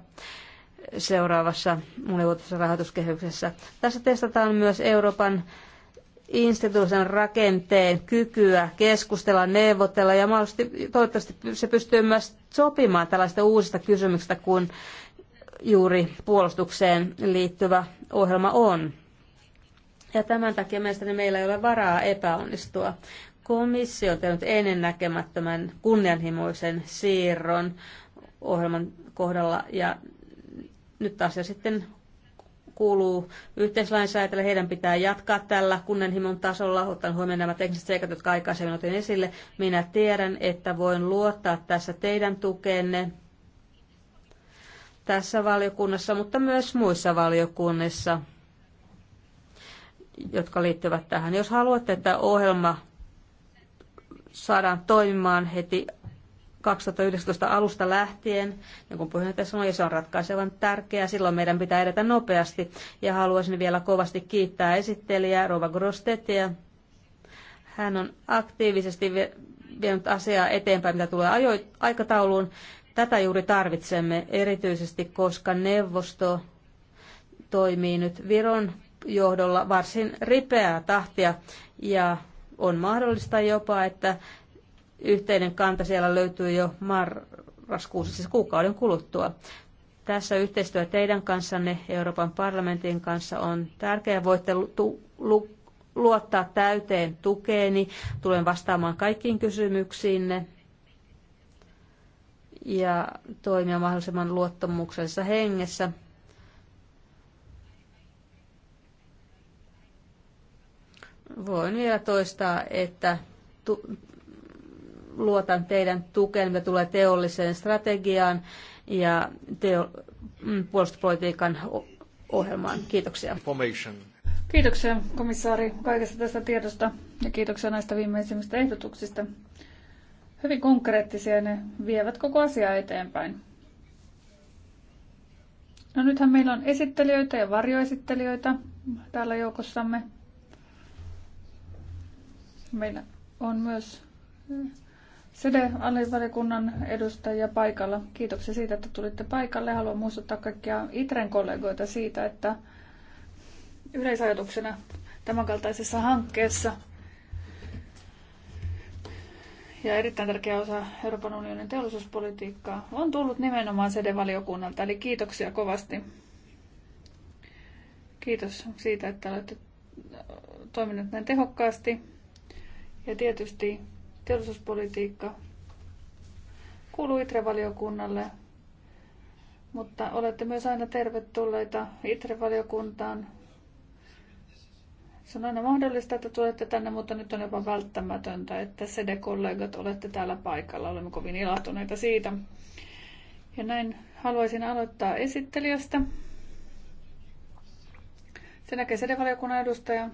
seuraavassa monivuotisessa rahoituskehyksessä. Tässä testataan myös Euroopan instituution rakenteen kykyä keskustella, neuvotella ja mahdollisesti toivottavasti se pystyy myös sopimaan tällaista uusista kysymyksistä, kun juuri puolustukseen liittyvä ohjelma on. Ja tämän takia mielestäni meillä ei ole varaa epäonnistua. Komissio on tehnyt ennennäkemättömän kunnianhimoisen siirron ohjelman kohdalla ja nyt asia sitten kuuluu yhteislainsäätäjille. Heidän pitää jatkaa tällä kunnianhimon tasolla, ottaen huomioon nämä tekniset seikat, jotka aikaisemmin otin esille. Minä tiedän, että voin luottaa tässä teidän tukeenne tässä valiokunnassa, mutta myös muissa valiokunnissa, jotka liittyvät tähän. Jos haluatte, että ohjelma saadaan toimimaan heti 2019 alusta lähtien, niin kuin puheenjohtaja sanoi, se on ratkaisevan tärkeää. Silloin meidän pitää edetä nopeasti. Ja haluaisin vielä kovasti kiittää esittelijää Rova Grostetia. Hän on aktiivisesti vienyt asiaa eteenpäin, mitä tulee aikatauluun. Tätä juuri tarvitsemme erityisesti, koska neuvosto toimii nyt Viron johdolla varsin ripeää tahtia ja on mahdollista jopa, että Yhteinen kanta siellä löytyy jo marraskuussa, siis kuukauden kuluttua. Tässä yhteistyö teidän kanssanne, Euroopan parlamentin kanssa, on tärkeää. Voitte luottaa täyteen tukeeni. Tulen vastaamaan kaikkiin kysymyksiinne ja toimia mahdollisimman luottamuksellisessa hengessä. Voin vielä toistaa, että luotan teidän tukeen, mitä tulee teolliseen strategiaan ja teo- mm, puolustuspolitiikan ohjelmaan. Kiitoksia. Kiitoksia komissaari kaikesta tästä tiedosta ja kiitoksia näistä viimeisimmistä ehdotuksista. Hyvin konkreettisia ne vievät koko asiaa eteenpäin. No nythän meillä on esittelijöitä ja varjoesittelijöitä täällä joukossamme. Meillä on myös sede alivalikunnan edustaja paikalla. Kiitoksia siitä, että tulitte paikalle. Haluan muistuttaa kaikkia ITREn kollegoita siitä, että yleisajatuksena tämänkaltaisessa hankkeessa ja erittäin tärkeä osa Euroopan unionin teollisuuspolitiikkaa on tullut nimenomaan SEDE-valiokunnalta, eli kiitoksia kovasti. Kiitos siitä, että olette toimineet näin tehokkaasti. Ja tietysti teollisuuspolitiikka kuuluu ITRE-valiokunnalle, mutta olette myös aina tervetulleita ITRE-valiokuntaan. Se on aina mahdollista, että tulette tänne, mutta nyt on jopa välttämätöntä, että SEDE-kollegat olette täällä paikalla. Olemme kovin ilahtuneita siitä. Ja näin haluaisin aloittaa esittelijästä. Se näkee SEDE-valiokunnan edustaja,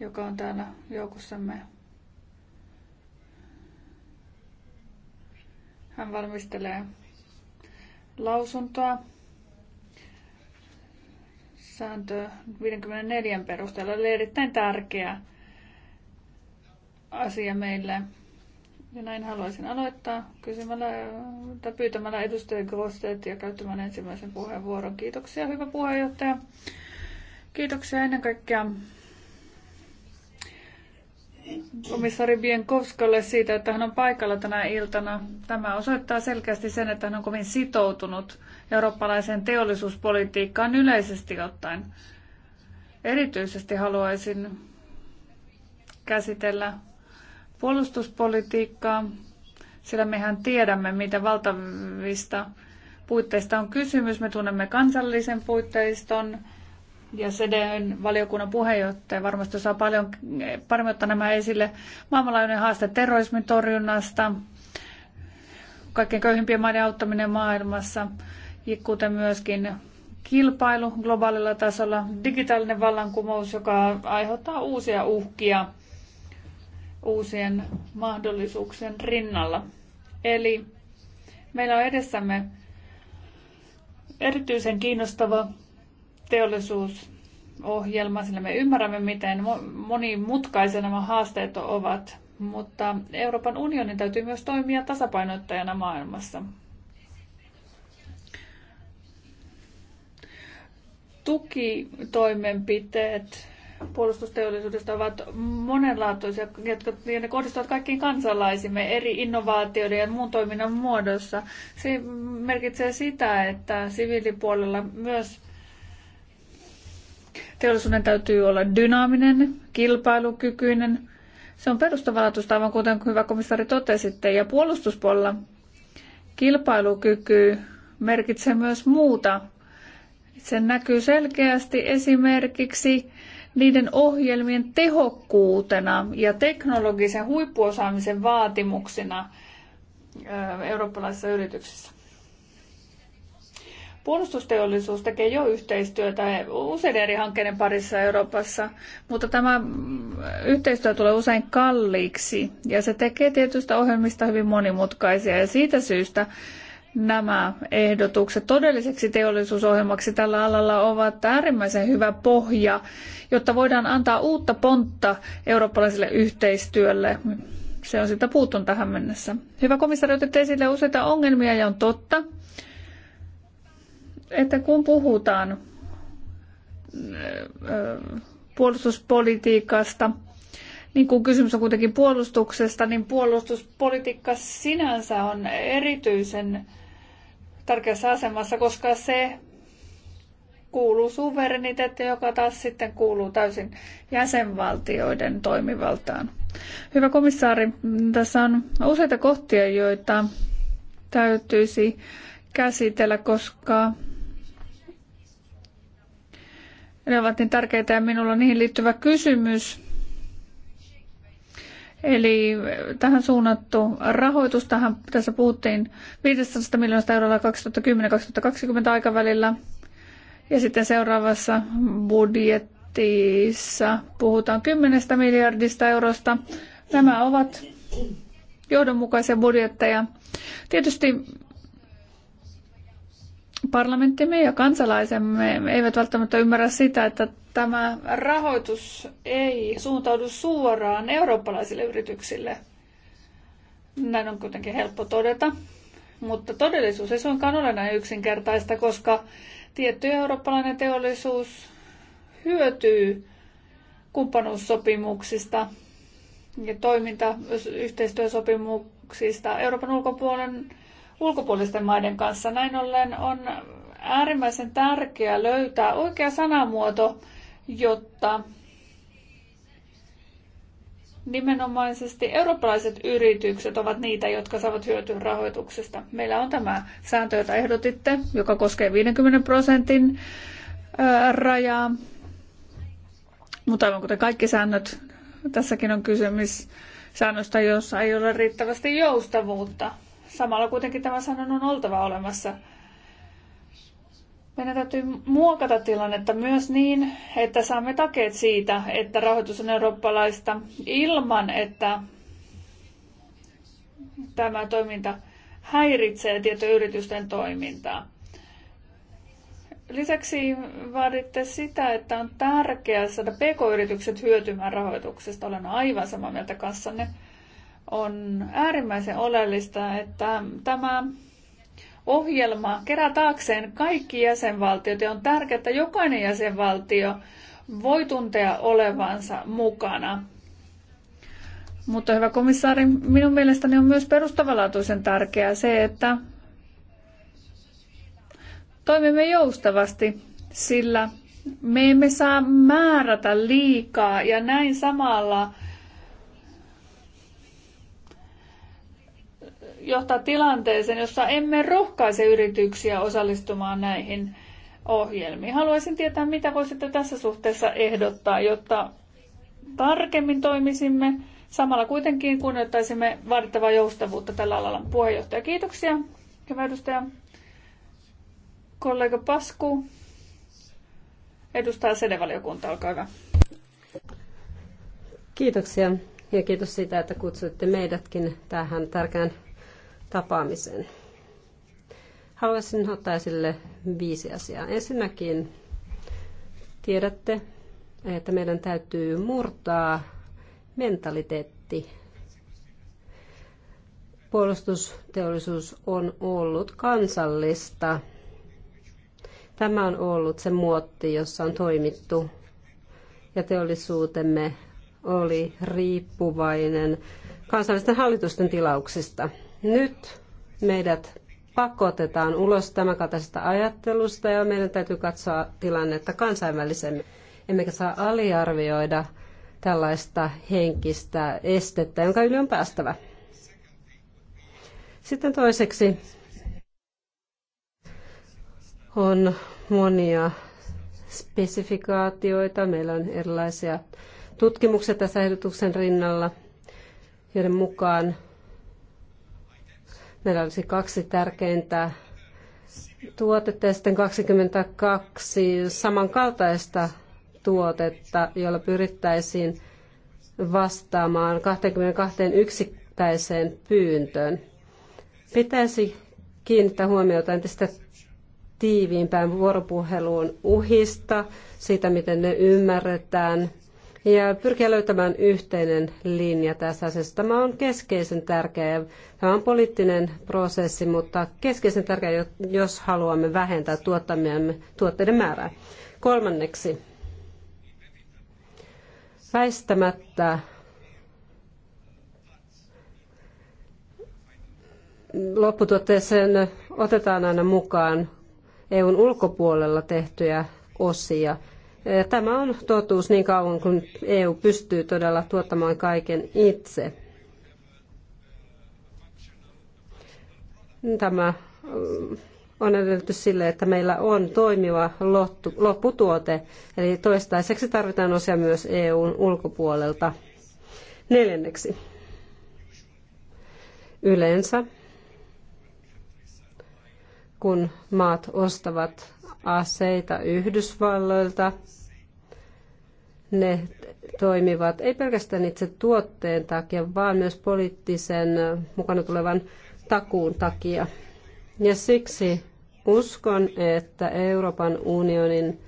joka on täällä joukossamme Hän valmistelee lausuntoa sääntö 54 perusteella Eli erittäin tärkeä asia meille. Ja näin haluaisin aloittaa kysymällä, tai pyytämällä edustaja Grosset ja käyttämään ensimmäisen puheenvuoron. Kiitoksia, hyvä puheenjohtaja. Kiitoksia ennen kaikkea komissaari Bienkovskalle siitä, että hän on paikalla tänä iltana. Tämä osoittaa selkeästi sen, että hän on kovin sitoutunut eurooppalaiseen teollisuuspolitiikkaan yleisesti ottaen. Erityisesti haluaisin käsitellä puolustuspolitiikkaa, sillä mehän tiedämme, mitä valtavista puitteista on kysymys. Me tunnemme kansallisen puitteiston, ja CDn valiokunnan puheenjohtaja varmasti saa paljon paremmin ottaa nämä esille. Maailmanlaajuinen haaste terrorismin torjunnasta, kaikkein köyhimpien maiden auttaminen maailmassa, kuten myöskin kilpailu globaalilla tasolla, digitaalinen vallankumous, joka aiheuttaa uusia uhkia uusien mahdollisuuksien rinnalla. Eli meillä on edessämme erityisen kiinnostava teollisuusohjelma, sillä me ymmärrämme, miten monimutkaisia nämä haasteet ovat, mutta Euroopan unionin täytyy myös toimia tasapainottajana maailmassa. Tukitoimenpiteet puolustusteollisuudesta ovat monenlaatuisia, jotka ne kohdistuvat kaikkiin kansalaisimme eri innovaatioiden ja muun toiminnan muodossa. Se merkitsee sitä, että siviilipuolella myös Teollisuuden täytyy olla dynaaminen, kilpailukykyinen. Se on perustavanlaatuista, aivan kuten hyvä komissaari totesitte. Ja puolustuspuolella kilpailukyky merkitsee myös muuta. Se näkyy selkeästi esimerkiksi niiden ohjelmien tehokkuutena ja teknologisen huippuosaamisen vaatimuksina eurooppalaisissa yrityksissä. Puolustusteollisuus tekee jo yhteistyötä useiden eri hankkeiden parissa Euroopassa, mutta tämä yhteistyö tulee usein kalliiksi ja se tekee tietystä ohjelmista hyvin monimutkaisia ja siitä syystä nämä ehdotukset todelliseksi teollisuusohjelmaksi tällä alalla ovat äärimmäisen hyvä pohja, jotta voidaan antaa uutta pontta eurooppalaiselle yhteistyölle. Se on sitä puuttunut tähän mennessä. Hyvä komissaari, otitte esille useita ongelmia ja on totta, että kun puhutaan äh, äh, puolustuspolitiikasta, niin kun kysymys on kuitenkin puolustuksesta, niin puolustuspolitiikka sinänsä on erityisen tärkeässä asemassa, koska se kuuluu suvereniteetti, joka taas sitten kuuluu täysin jäsenvaltioiden toimivaltaan. Hyvä komissaari, tässä on useita kohtia, joita täytyisi käsitellä, koska ne ovat niin tärkeitä ja minulla on niihin liittyvä kysymys. Eli tähän suunnattu rahoitus, tähän tässä puhuttiin 500 miljoonasta eurolla 2010-2020 aikavälillä. Ja sitten seuraavassa budjetissa puhutaan 10 miljardista eurosta. Nämä ovat johdonmukaisia budjetteja. Tietysti parlamenttimme ja kansalaisemme eivät välttämättä ymmärrä sitä, että tämä rahoitus ei suuntaudu suoraan eurooppalaisille yrityksille. Näin on kuitenkin helppo todeta, mutta todellisuus ei suinkaan ole näin yksinkertaista, koska tietty eurooppalainen teollisuus hyötyy kumppanuussopimuksista ja toimintayhteistyösopimuksista Euroopan ulkopuolen ulkopuolisten maiden kanssa. Näin ollen on äärimmäisen tärkeää löytää oikea sanamuoto, jotta nimenomaisesti eurooppalaiset yritykset ovat niitä, jotka saavat hyötyä rahoituksesta. Meillä on tämä sääntö, jota ehdotitte, joka koskee 50 prosentin rajaa. Mutta aivan kuten kaikki säännöt, tässäkin on kysymys säännöstä, jossa ei ole riittävästi joustavuutta. Samalla kuitenkin tämä sanan on oltava olemassa. Meidän täytyy muokata tilannetta myös niin, että saamme takeet siitä, että rahoitus on eurooppalaista ilman, että tämä toiminta häiritsee tietoyritysten toimintaa. Lisäksi vaaditte sitä, että on tärkeää saada pk-yritykset hyötymään rahoituksesta. Olen aivan samaa mieltä kanssanne on äärimmäisen oleellista, että tämä ohjelma kerää taakseen kaikki jäsenvaltiot ja on tärkeää, että jokainen jäsenvaltio voi tuntea olevansa mukana. Mutta hyvä komissaari, minun mielestäni on myös perustavanlaatuisen tärkeää se, että toimimme joustavasti, sillä me emme saa määrätä liikaa ja näin samalla johtaa tilanteeseen, jossa emme rohkaise yrityksiä osallistumaan näihin ohjelmiin. Haluaisin tietää, mitä voisitte tässä suhteessa ehdottaa, jotta tarkemmin toimisimme. Samalla kuitenkin kunnioittaisimme vaadittavaa joustavuutta tällä alalla. Puheenjohtaja, kiitoksia. Hyvä edustaja. Kollega Pasku edustaa sedevaliokunta, olkaa hyvä. Kiitoksia ja kiitos siitä, että kutsuitte meidätkin tähän tärkeään tapaamisen. Haluaisin ottaa esille viisi asiaa. Ensinnäkin tiedätte, että meidän täytyy murtaa mentaliteetti. Puolustusteollisuus on ollut kansallista. Tämä on ollut se muotti, jossa on toimittu ja teollisuutemme oli riippuvainen kansallisten hallitusten tilauksista. Nyt meidät pakotetaan ulos tämänkaltaisesta ajattelusta ja meidän täytyy katsoa tilannetta kansainvälisemmin. Emmekä saa aliarvioida tällaista henkistä estettä, jonka yli on päästävä. Sitten toiseksi on monia spesifikaatioita. Meillä on erilaisia tutkimuksia tässä ehdotuksen rinnalla, joiden mukaan Meillä olisi kaksi tärkeintä tuotetta ja sitten 22 samankaltaista tuotetta, jolla pyrittäisiin vastaamaan 22 yksittäiseen pyyntöön. Pitäisi kiinnittää huomiota entistä tiiviimpään vuoropuheluun uhista, siitä miten ne ymmärretään – ja pyrkiä löytämään yhteinen linja tässä asiassa. Tämä on keskeisen tärkeä, tämä on poliittinen prosessi, mutta keskeisen tärkeä, jos haluamme vähentää tuottamiamme tuotteiden määrää. Kolmanneksi, väistämättä lopputuotteeseen otetaan aina mukaan EUn ulkopuolella tehtyjä osia – Tämä on totuus niin kauan kuin EU pystyy todella tuottamaan kaiken itse. Tämä on edellytys sille, että meillä on toimiva lopputuote, eli toistaiseksi tarvitaan osia myös EUn ulkopuolelta. Neljänneksi. Yleensä, kun maat ostavat aseita Yhdysvalloilta. Ne toimivat ei pelkästään itse tuotteen takia, vaan myös poliittisen mukana tulevan takuun takia. Ja siksi uskon, että Euroopan unionin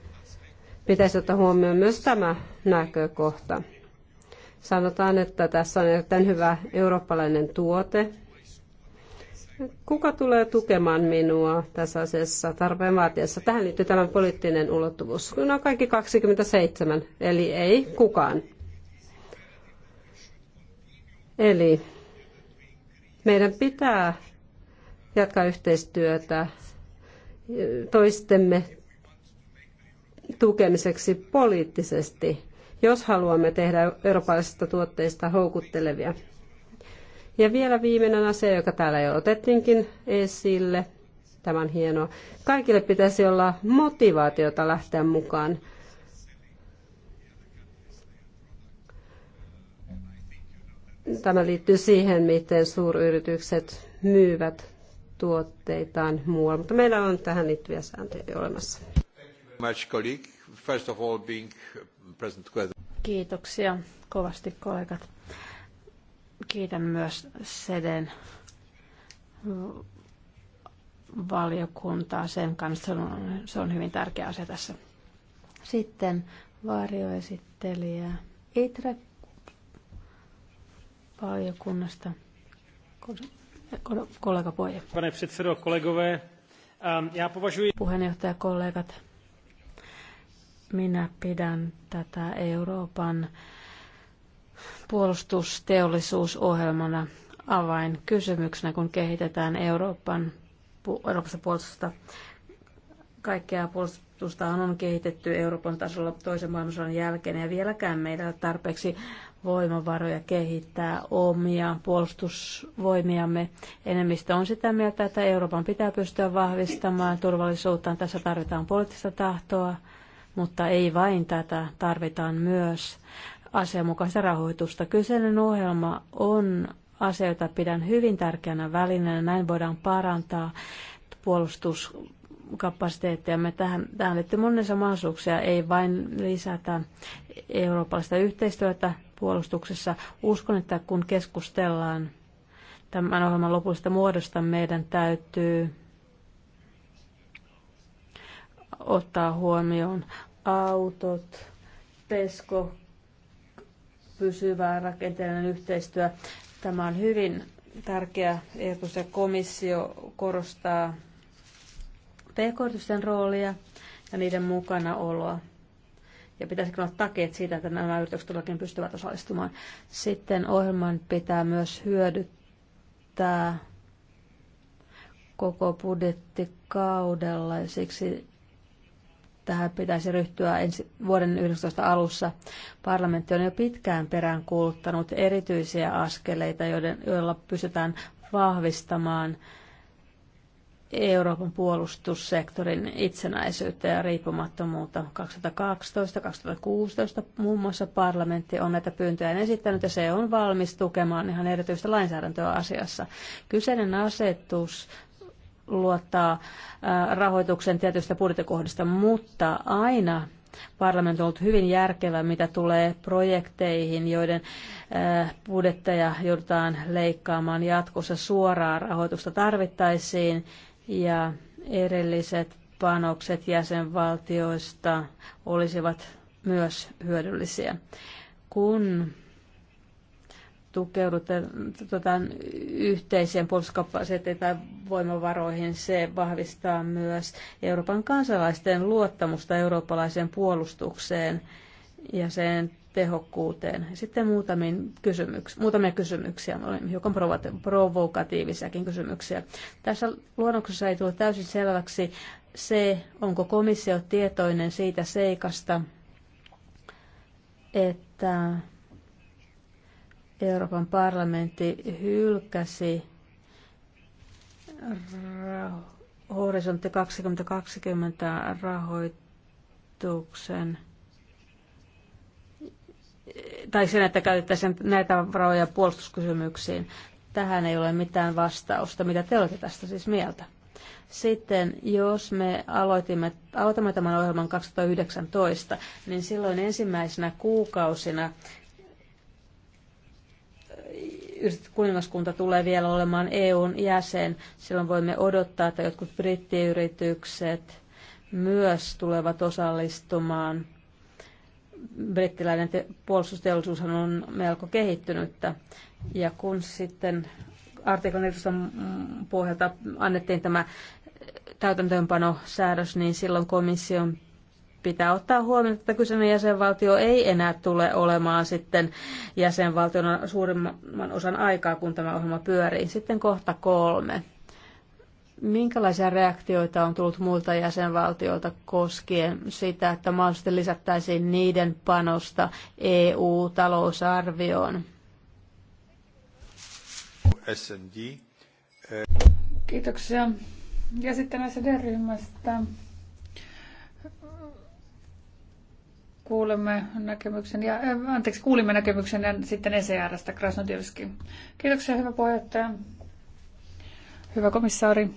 pitäisi ottaa huomioon myös tämä näkökohta. Sanotaan, että tässä on erittäin hyvä eurooppalainen tuote, Kuka tulee tukemaan minua tässä asiassa tarpeen vaatiessa? Tähän liittyy tämä poliittinen ulottuvuus. on kaikki 27, eli ei kukaan. Eli meidän pitää jatkaa yhteistyötä toistemme tukemiseksi poliittisesti, jos haluamme tehdä eurooppalaisista tuotteista houkuttelevia. Ja vielä viimeinen asia, joka täällä jo otettiinkin esille. Tämä on hienoa. Kaikille pitäisi olla motivaatiota lähteä mukaan. Tämä liittyy siihen, miten suuryritykset myyvät tuotteitaan muualla, mutta meillä on tähän liittyviä sääntöjä olemassa. Kiitoksia kovasti kollegat Kiitän myös Seden valiokuntaa sen kanssa. Se on hyvin tärkeä asia tässä. Sitten varjoesittelijä Itre valiokunnasta. Kollega Poje. Pane předsedo, kolegové, um, já považuji... Puheenjohtaja, kollegat, minä pidän tätä Euroopan puolustusteollisuusohjelmana avainkysymyksenä, kun kehitetään Euroopan, Euroopassa puolustusta. Kaikkea puolustusta on kehitetty Euroopan tasolla toisen maailmansodan jälkeen ja vieläkään meillä tarpeeksi voimavaroja kehittää omia puolustusvoimiamme. Enemmistö on sitä mieltä, että Euroopan pitää pystyä vahvistamaan turvallisuuttaan. Tässä tarvitaan poliittista tahtoa, mutta ei vain tätä, tarvitaan myös asianmukaista rahoitusta. Kyseinen ohjelma on asia, jota pidän hyvin tärkeänä välineenä. Näin voidaan parantaa puolustuskapasiteettiamme. Tähän, tähän liittyy monessa mahdollisuuksia. Ei vain lisätä eurooppalaista yhteistyötä puolustuksessa. Uskon, että kun keskustellaan tämän ohjelman lopullista muodosta, meidän täytyy ottaa huomioon autot, pesko, Pysyvää rakenteellinen yhteistyö. Tämä on hyvin tärkeä ehdotus ja komissio korostaa pk roolia ja niiden mukana oloa. Ja pitäisikö olla takeet siitä, että nämä yritykset todellakin pystyvät osallistumaan. Sitten ohjelman pitää myös hyödyttää koko budjettikaudella ja siksi tähän pitäisi ryhtyä ensi vuoden 19 alussa. Parlamentti on jo pitkään peräänkuuluttanut erityisiä askeleita, joiden, joilla pystytään vahvistamaan Euroopan puolustussektorin itsenäisyyttä ja riippumattomuutta. 2012-2016 muun muassa parlamentti on näitä pyyntöjä esittänyt ja se on valmis tukemaan ihan erityistä lainsäädäntöä asiassa. Kyseinen asetus luottaa äh, rahoituksen tietystä budjettikohdista, mutta aina parlamentti on ollut hyvin järkevä, mitä tulee projekteihin, joiden äh, budjetteja joudutaan leikkaamaan jatkossa suoraa rahoitusta tarvittaisiin ja erilliset panokset jäsenvaltioista olisivat myös hyödyllisiä. Kun tukeudutaan tuota, yhteiseen puolustuskapasiteettiin tai voimavaroihin, se vahvistaa myös Euroopan kansalaisten luottamusta eurooppalaiseen puolustukseen ja sen tehokkuuteen. Sitten muutamiin kysymyks- muutamia kysymyksiä, hiukan provokatiivisiakin kysymyksiä. Tässä luonnoksessa ei tule täysin selväksi se, onko komissio tietoinen siitä seikasta, että Euroopan parlamentti hylkäsi Horisontti 2020 rahoituksen tai sen, että käytettäisiin näitä varoja puolustuskysymyksiin. Tähän ei ole mitään vastausta. Mitä te olette tästä siis mieltä? Sitten jos me aloitimme, aloitamme tämän ohjelman 2019, niin silloin ensimmäisenä kuukausina kuningaskunta tulee vielä olemaan EUn jäsen, silloin voimme odottaa, että jotkut brittiyritykset myös tulevat osallistumaan. Brittiläinen te- puolustusteollisuushan on melko kehittynyttä. Ja kun sitten artiklan pohjalta annettiin tämä täytäntöönpanosäädös, niin silloin komission Pitää ottaa huomioon, että kyseinen jäsenvaltio ei enää tule olemaan sitten jäsenvaltiona suurimman osan aikaa, kun tämä ohjelma pyörii. Sitten kohta kolme. Minkälaisia reaktioita on tullut muilta jäsenvaltioilta koskien sitä, että mahdollisesti lisättäisiin niiden panosta EU-talousarvioon? Kiitoksia. Ja sitten näistä ryhmästä kuulemme näkemyksen ja, äh, anteeksi, kuulimme näkemyksen ja sitten ECRstä Krasnodilski. Kiitoksia, hyvä puheenjohtaja. Hyvä komissaari.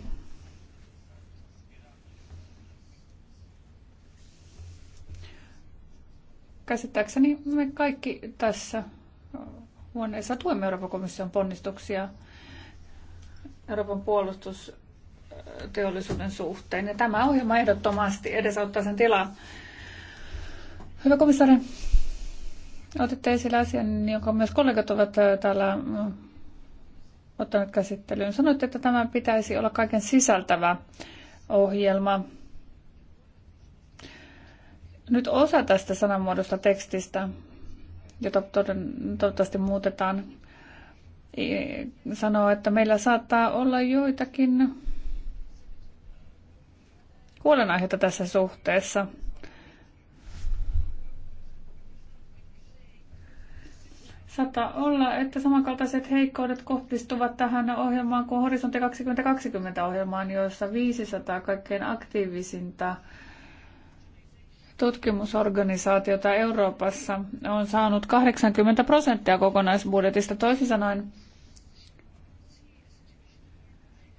Käsittääkseni me kaikki tässä huoneessa tuemme Euroopan komission ponnistuksia Euroopan puolustusteollisuuden suhteen. Ja tämä ohjelma ehdottomasti edesauttaa sen tilaa Hyvä komissaari, otitte esille asian, jonka myös kollegat ovat äh, täällä äh, ottaneet käsittelyyn. Sanoitte, että tämä pitäisi olla kaiken sisältävä ohjelma. Nyt osa tästä sanamuodosta tekstistä, jota toivottavasti muutetaan, sanoo, että meillä saattaa olla joitakin huolenaiheita tässä suhteessa – Saattaa olla, että samankaltaiset heikkoudet kohdistuvat tähän ohjelmaan kuin Horisontti 2020 ohjelmaan, jossa 500 kaikkein aktiivisinta tutkimusorganisaatiota Euroopassa on saanut 80 prosenttia kokonaisbudjetista. Toisin sanoen,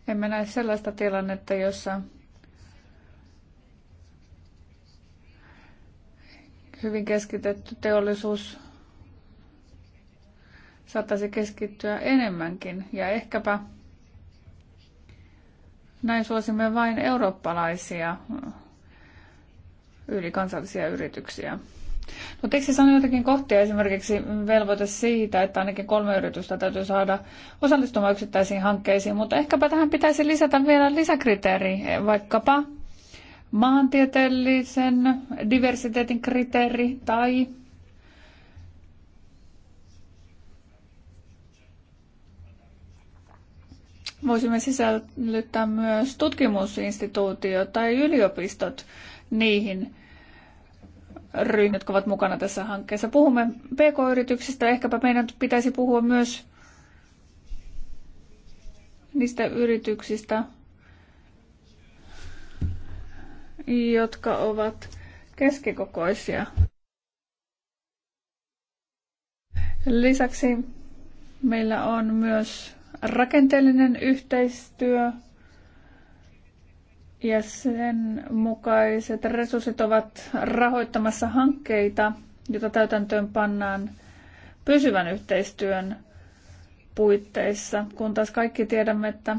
emme näe sellaista tilannetta, jossa hyvin keskitetty teollisuus saattaisi keskittyä enemmänkin ja ehkäpä näin suosimme vain eurooppalaisia mm, ylikansallisia yrityksiä. No tekstissä on jotakin kohtia, esimerkiksi velvoite siitä, että ainakin kolme yritystä täytyy saada osallistumaan yksittäisiin hankkeisiin, mutta ehkäpä tähän pitäisi lisätä vielä lisäkriteeri, vaikkapa maantieteellisen diversiteetin kriteeri tai voisimme sisällyttää myös tutkimusinstituutiot tai yliopistot niihin ryhmiin, jotka ovat mukana tässä hankkeessa. Puhumme pk-yrityksistä, ehkäpä meidän pitäisi puhua myös niistä yrityksistä, jotka ovat keskikokoisia. Lisäksi meillä on myös rakenteellinen yhteistyö ja sen mukaiset resurssit ovat rahoittamassa hankkeita, joita täytäntöön pannaan pysyvän yhteistyön puitteissa, kun taas kaikki tiedämme, että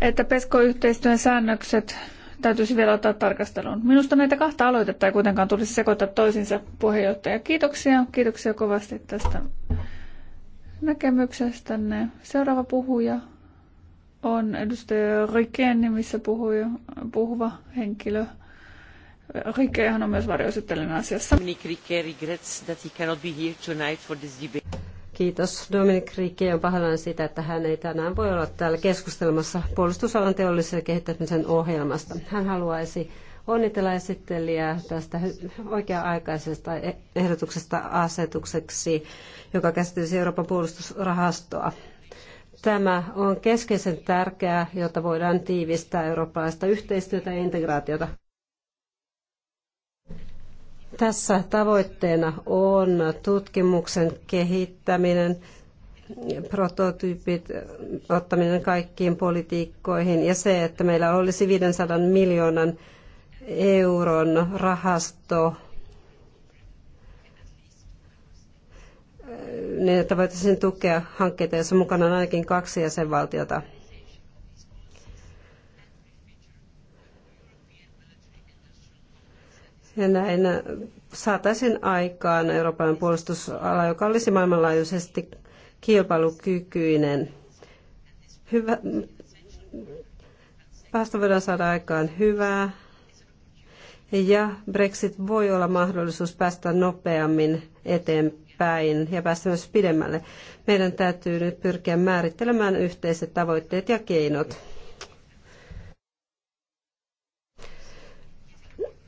että PESCO-yhteistyön säännökset täytyisi vielä ottaa tarkasteluun. Minusta näitä kahta aloitetta ei kuitenkaan tulisi sekoittaa toisiinsa puheenjohtaja. Kiitoksia, kiitoksia kovasti tästä näkemyksestänne. Seuraava puhuja on edustaja Riken nimissä puhuja, puhuva henkilö. Rikehän on myös varjoesittelijän asiassa. Dominic Rike regrets that he cannot be here tonight for this debate. Kiitos Dominik Riikki on pahoillani sitä, että hän ei tänään voi olla täällä keskustelemassa puolustusalan teollisen kehittämisen ohjelmasta. Hän haluaisi onnitella esittelijää tästä oikea-aikaisesta e- ehdotuksesta asetukseksi, joka käsittelisi Euroopan puolustusrahastoa. Tämä on keskeisen tärkeää, jotta voidaan tiivistää eurooppalaista yhteistyötä ja integraatiota. Tässä tavoitteena on tutkimuksen kehittäminen, prototyypit ottaminen kaikkiin politiikkoihin ja se, että meillä olisi 500 miljoonan euron rahasto, niin että voitaisiin tukea hankkeita, joissa mukana on ainakin kaksi jäsenvaltiota. Ja näin äh, saataisiin aikaan Euroopan puolustusala, joka olisi maailmanlaajuisesti kilpailukykyinen. Hyvä, päästä voidaan saada aikaan hyvää ja Brexit voi olla mahdollisuus päästä nopeammin eteenpäin ja päästä myös pidemmälle. Meidän täytyy nyt pyrkiä määrittelemään yhteiset tavoitteet ja keinot.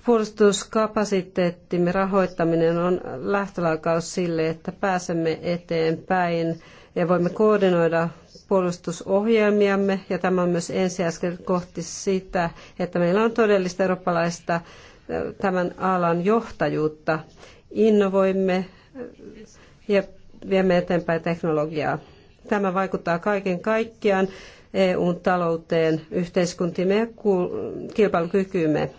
Puolustuskapasiteettimme rahoittaminen on lähtölaukaus sille, että pääsemme eteenpäin ja voimme koordinoida puolustusohjelmiamme ja tämä on myös ensiaskel kohti sitä, että meillä on todellista eurooppalaista tämän alan johtajuutta. Innovoimme ja viemme eteenpäin teknologiaa. Tämä vaikuttaa kaiken kaikkiaan EUn talouteen, yhteiskuntiimme ja kilpailukykyymme.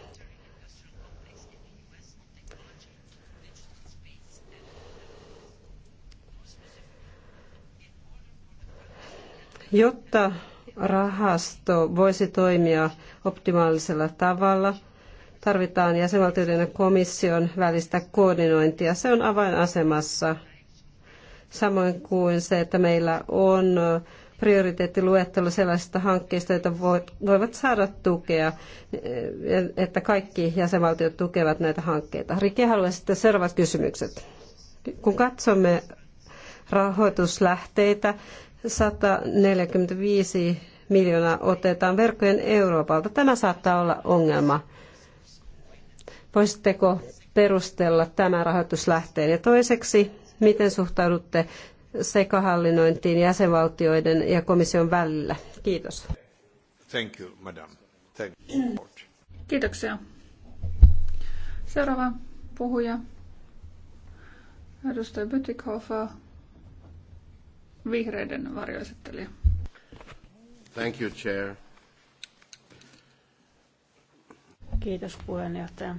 Jotta rahasto voisi toimia optimaalisella tavalla, tarvitaan jäsenvaltioiden ja komission välistä koordinointia. Se on avainasemassa, samoin kuin se, että meillä on prioriteettiluettelo sellaisista hankkeista, joita voivat saada tukea, että kaikki jäsenvaltiot tukevat näitä hankkeita. Rike haluaa sitten seuraavat kysymykset. Kun katsomme rahoituslähteitä, 145 miljoonaa otetaan verkkojen Euroopalta. Tämä saattaa olla ongelma. Voisitteko perustella tämän rahoituslähteen? Ja toiseksi, miten suhtaudutte sekahallinnointiin jäsenvaltioiden ja komission välillä? Kiitos. Thank you, madam. Thank you. Kiitoksia. Seuraava puhuja, edustaja Bütikhofer vihreiden varjoesittelijä. Thank you, Chair. Kiitos puheenjohtaja.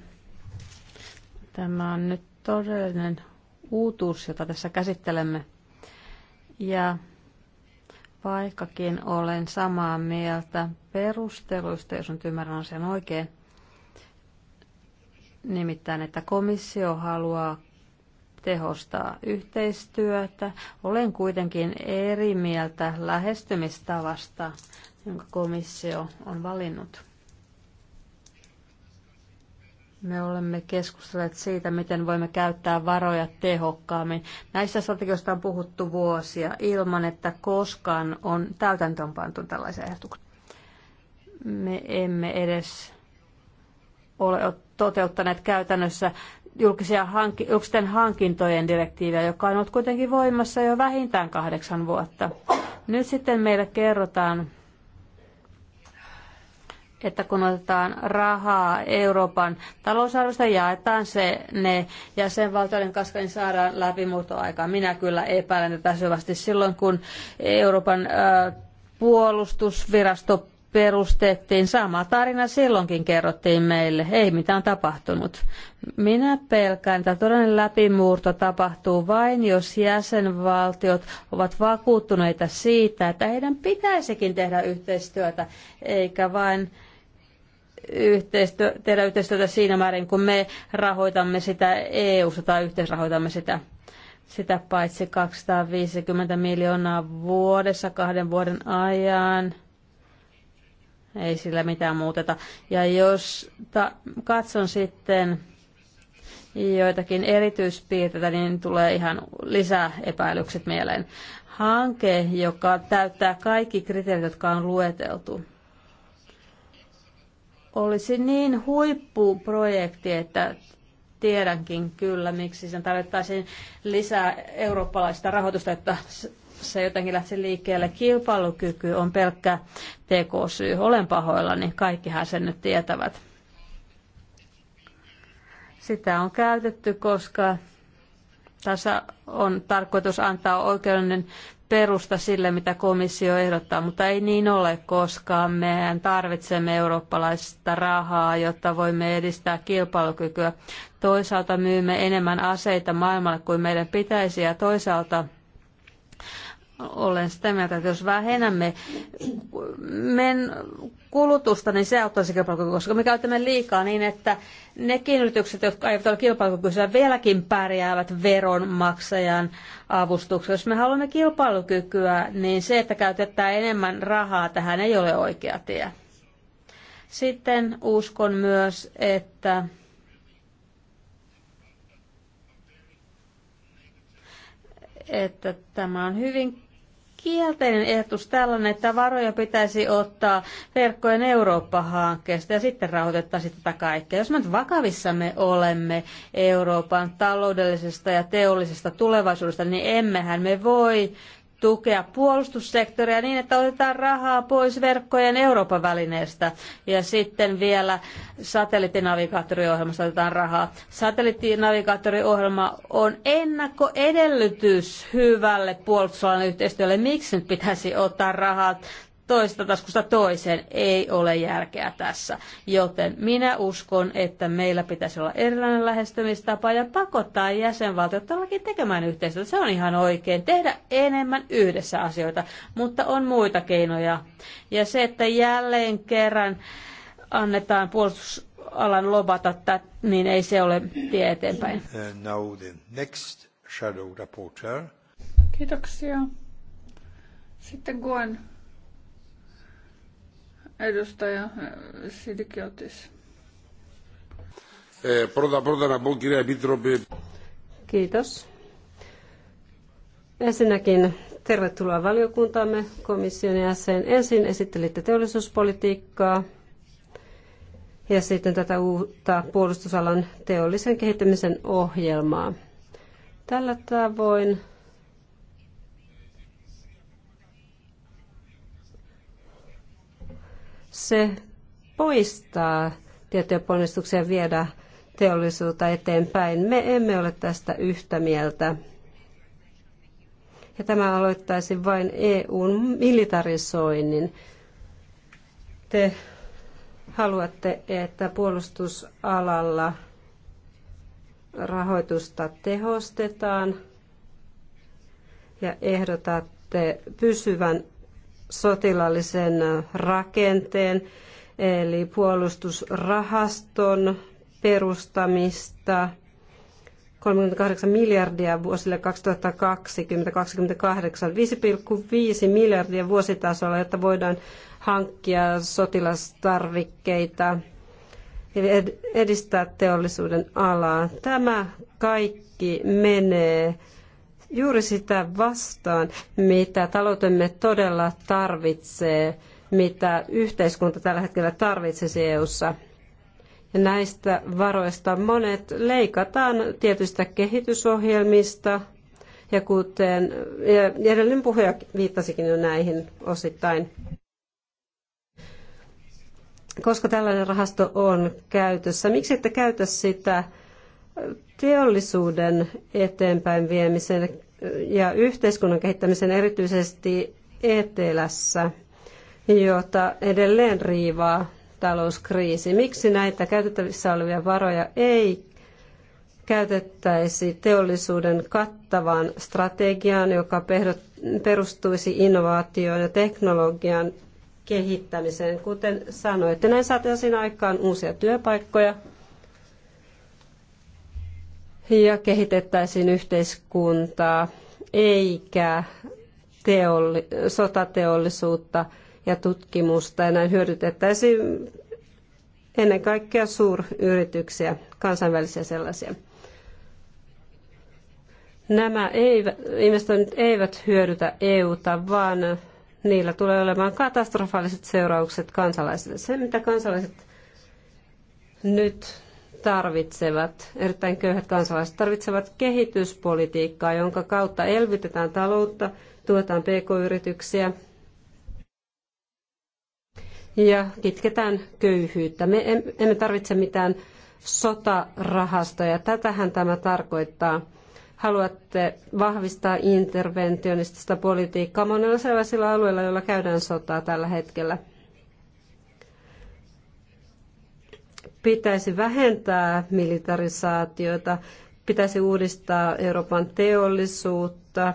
Tämä on nyt todellinen uutuus, jota tässä käsittelemme. Ja vaikkakin olen samaa mieltä perusteluista, jos nyt ymmärrän asian oikein, nimittäin, että komissio haluaa tehostaa yhteistyötä. Olen kuitenkin eri mieltä lähestymistavasta, jonka komissio on valinnut. Me olemme keskustelleet siitä, miten voimme käyttää varoja tehokkaammin. Näistä strategioista on puhuttu vuosia ilman, että koskaan on täytäntöönpantu tällaisia ehdotuksia. Me emme edes ole toteuttaneet käytännössä julkisia hankki, julkisten hankintojen direktiiviä, joka on ollut kuitenkin voimassa jo vähintään kahdeksan vuotta. Nyt sitten meille kerrotaan, että kun otetaan rahaa Euroopan talousarvosta, jaetaan se ne jäsenvaltioiden kanssa, niin saadaan läpimurtoaikaa. Minä kyllä epäilen tätä syvästi silloin, kun Euroopan ää, puolustusvirasto perustettiin, sama tarina silloinkin kerrottiin meille, ei mitään tapahtunut. Minä pelkään, että todellinen läpimurto tapahtuu vain, jos jäsenvaltiot ovat vakuuttuneita siitä, että heidän pitäisikin tehdä yhteistyötä, eikä vain yhteistyö, tehdä yhteistyötä siinä määrin, kun me rahoitamme sitä EU-sta tai yhteisrahoitamme sitä sitä paitsi 250 miljoonaa vuodessa kahden vuoden ajan – ei sillä mitään muuteta. Ja jos ta- katson sitten joitakin erityispiirteitä, niin tulee ihan lisää epäilykset mieleen. Hanke, joka täyttää kaikki kriteerit, jotka on lueteltu, olisi niin huippuprojekti, että tiedänkin kyllä, miksi sen tarvittaisiin lisää eurooppalaista rahoitusta, että se jotenkin lähti liikkeelle. Kilpailukyky on pelkkä tekosyy. Olen niin kaikkihan sen nyt tietävät. Sitä on käytetty, koska tässä on tarkoitus antaa oikeudellinen perusta sille, mitä komissio ehdottaa, mutta ei niin ole, koska meidän tarvitsemme eurooppalaista rahaa, jotta voimme edistää kilpailukykyä. Toisaalta myymme enemmän aseita maailmalle kuin meidän pitäisi ja toisaalta olen sitä mieltä, että jos vähennämme men kulutusta, niin se auttaisi kilpailukykyä, koska me käytämme liikaa niin, että nekin yritykset, jotka eivät ole kilpailukykyisiä, vieläkin pärjäävät veronmaksajan avustuksessa. Jos me haluamme kilpailukykyä, niin se, että käytetään enemmän rahaa tähän, ei ole oikea tie. Sitten uskon myös, että että tämä on hyvin kielteinen ehdotus tällainen, että varoja pitäisi ottaa verkkojen Eurooppa-hankkeesta ja sitten rahoitettaisiin tätä kaikkea. Jos me nyt vakavissamme olemme Euroopan taloudellisesta ja teollisesta tulevaisuudesta, niin emmehän me voi tukea puolustussektoria niin, että otetaan rahaa pois verkkojen Euroopan välineestä ja sitten vielä satelliittinavigaattoriohjelmasta otetaan rahaa. Satelliittinavigaattoriohjelma on ennakkoedellytys hyvälle puolustusalan yhteistyölle. Miksi nyt pitäisi ottaa rahaa toista taskusta toiseen ei ole järkeä tässä. Joten minä uskon, että meillä pitäisi olla erilainen lähestymistapa ja pakottaa jäsenvaltiot tällakin tekemään yhteistyötä. Se on ihan oikein. Tehdä enemmän yhdessä asioita, mutta on muita keinoja. Ja se, että jälleen kerran annetaan puolustusalan lobata, niin ei se ole tie eteenpäin. Uh, now the next shadow reporter. Kiitoksia. Sitten Gwen Edustaja äh, Sidikiotis. Πρώτα πρώτα να πω κυρία Επίτροπε. Kiitos. Ensinnäkin tervetuloa valiokuntaamme komission jäsen. Ensin esittelitte teollisuuspolitiikkaa ja sitten tätä uutta puolustusalan teollisen kehittämisen ohjelmaa. Tällä tavoin se poistaa tiettyjä ponnistuksia viedä teollisuutta eteenpäin. Me emme ole tästä yhtä mieltä. Ja tämä aloittaisi vain EUn militarisoinnin. Te haluatte, että puolustusalalla rahoitusta tehostetaan ja ehdotatte pysyvän sotilaallisen rakenteen, eli puolustusrahaston perustamista 38 miljardia vuosille 2020-2028, 5,5 miljardia vuositasolla, jotta voidaan hankkia sotilastarvikkeita ja edistää teollisuuden alaa. Tämä kaikki menee juuri sitä vastaan, mitä taloutemme todella tarvitsee, mitä yhteiskunta tällä hetkellä tarvitsisi EU:ssa. Ja näistä varoista monet leikataan tietystä kehitysohjelmista, ja kuten edellinen puhuja viittasikin jo näihin osittain. Koska tällainen rahasto on käytössä, miksi ette käytä sitä teollisuuden eteenpäin viemisen ja yhteiskunnan kehittämisen erityisesti etelässä, jota edelleen riivaa talouskriisi. Miksi näitä käytettävissä olevia varoja ei käytettäisi teollisuuden kattavaan strategiaan, joka perustuisi innovaatioon ja teknologian kehittämiseen, kuten sanoitte. Näin saataisiin aikaan uusia työpaikkoja, ja kehitettäisiin yhteiskuntaa eikä teolli- sotateollisuutta ja tutkimusta ja näin hyödytettäisiin ennen kaikkea suuryrityksiä, kansainvälisiä sellaisia. Nämä eivät, investoinnit eivät hyödytä EUta, vaan niillä tulee olemaan katastrofaaliset seuraukset kansalaisille. Se, mitä kansalaiset nyt tarvitsevat, erittäin köyhät kansalaiset tarvitsevat kehityspolitiikkaa, jonka kautta elvytetään taloutta, tuetaan pk-yrityksiä ja kitketään köyhyyttä. Me emme tarvitse mitään sotarahastoja. Tätähän tämä tarkoittaa. Haluatte vahvistaa interventionistista politiikkaa monilla sellaisilla alueilla, joilla käydään sotaa tällä hetkellä. pitäisi vähentää militarisaatiota, pitäisi uudistaa Euroopan teollisuutta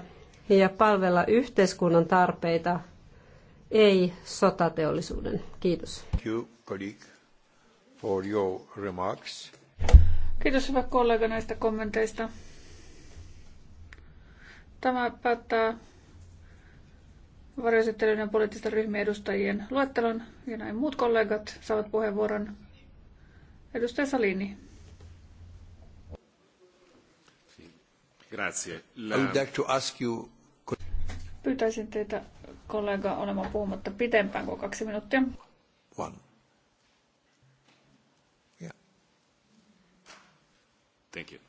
ja palvella yhteiskunnan tarpeita, ei sotateollisuuden. Kiitos. Kiitos hyvä kollega näistä kommenteista. Tämä päättää varjoesittelyiden ja poliittisten ryhmien edustajien luettelon ja näin muut kollegat saavat puheenvuoron. Edustaja Salini. I would like to ask you... Pyytäisin teitä kollega olemaan puhumatta pitempään kuin kaksi minuuttia. One. Yeah. Thank you.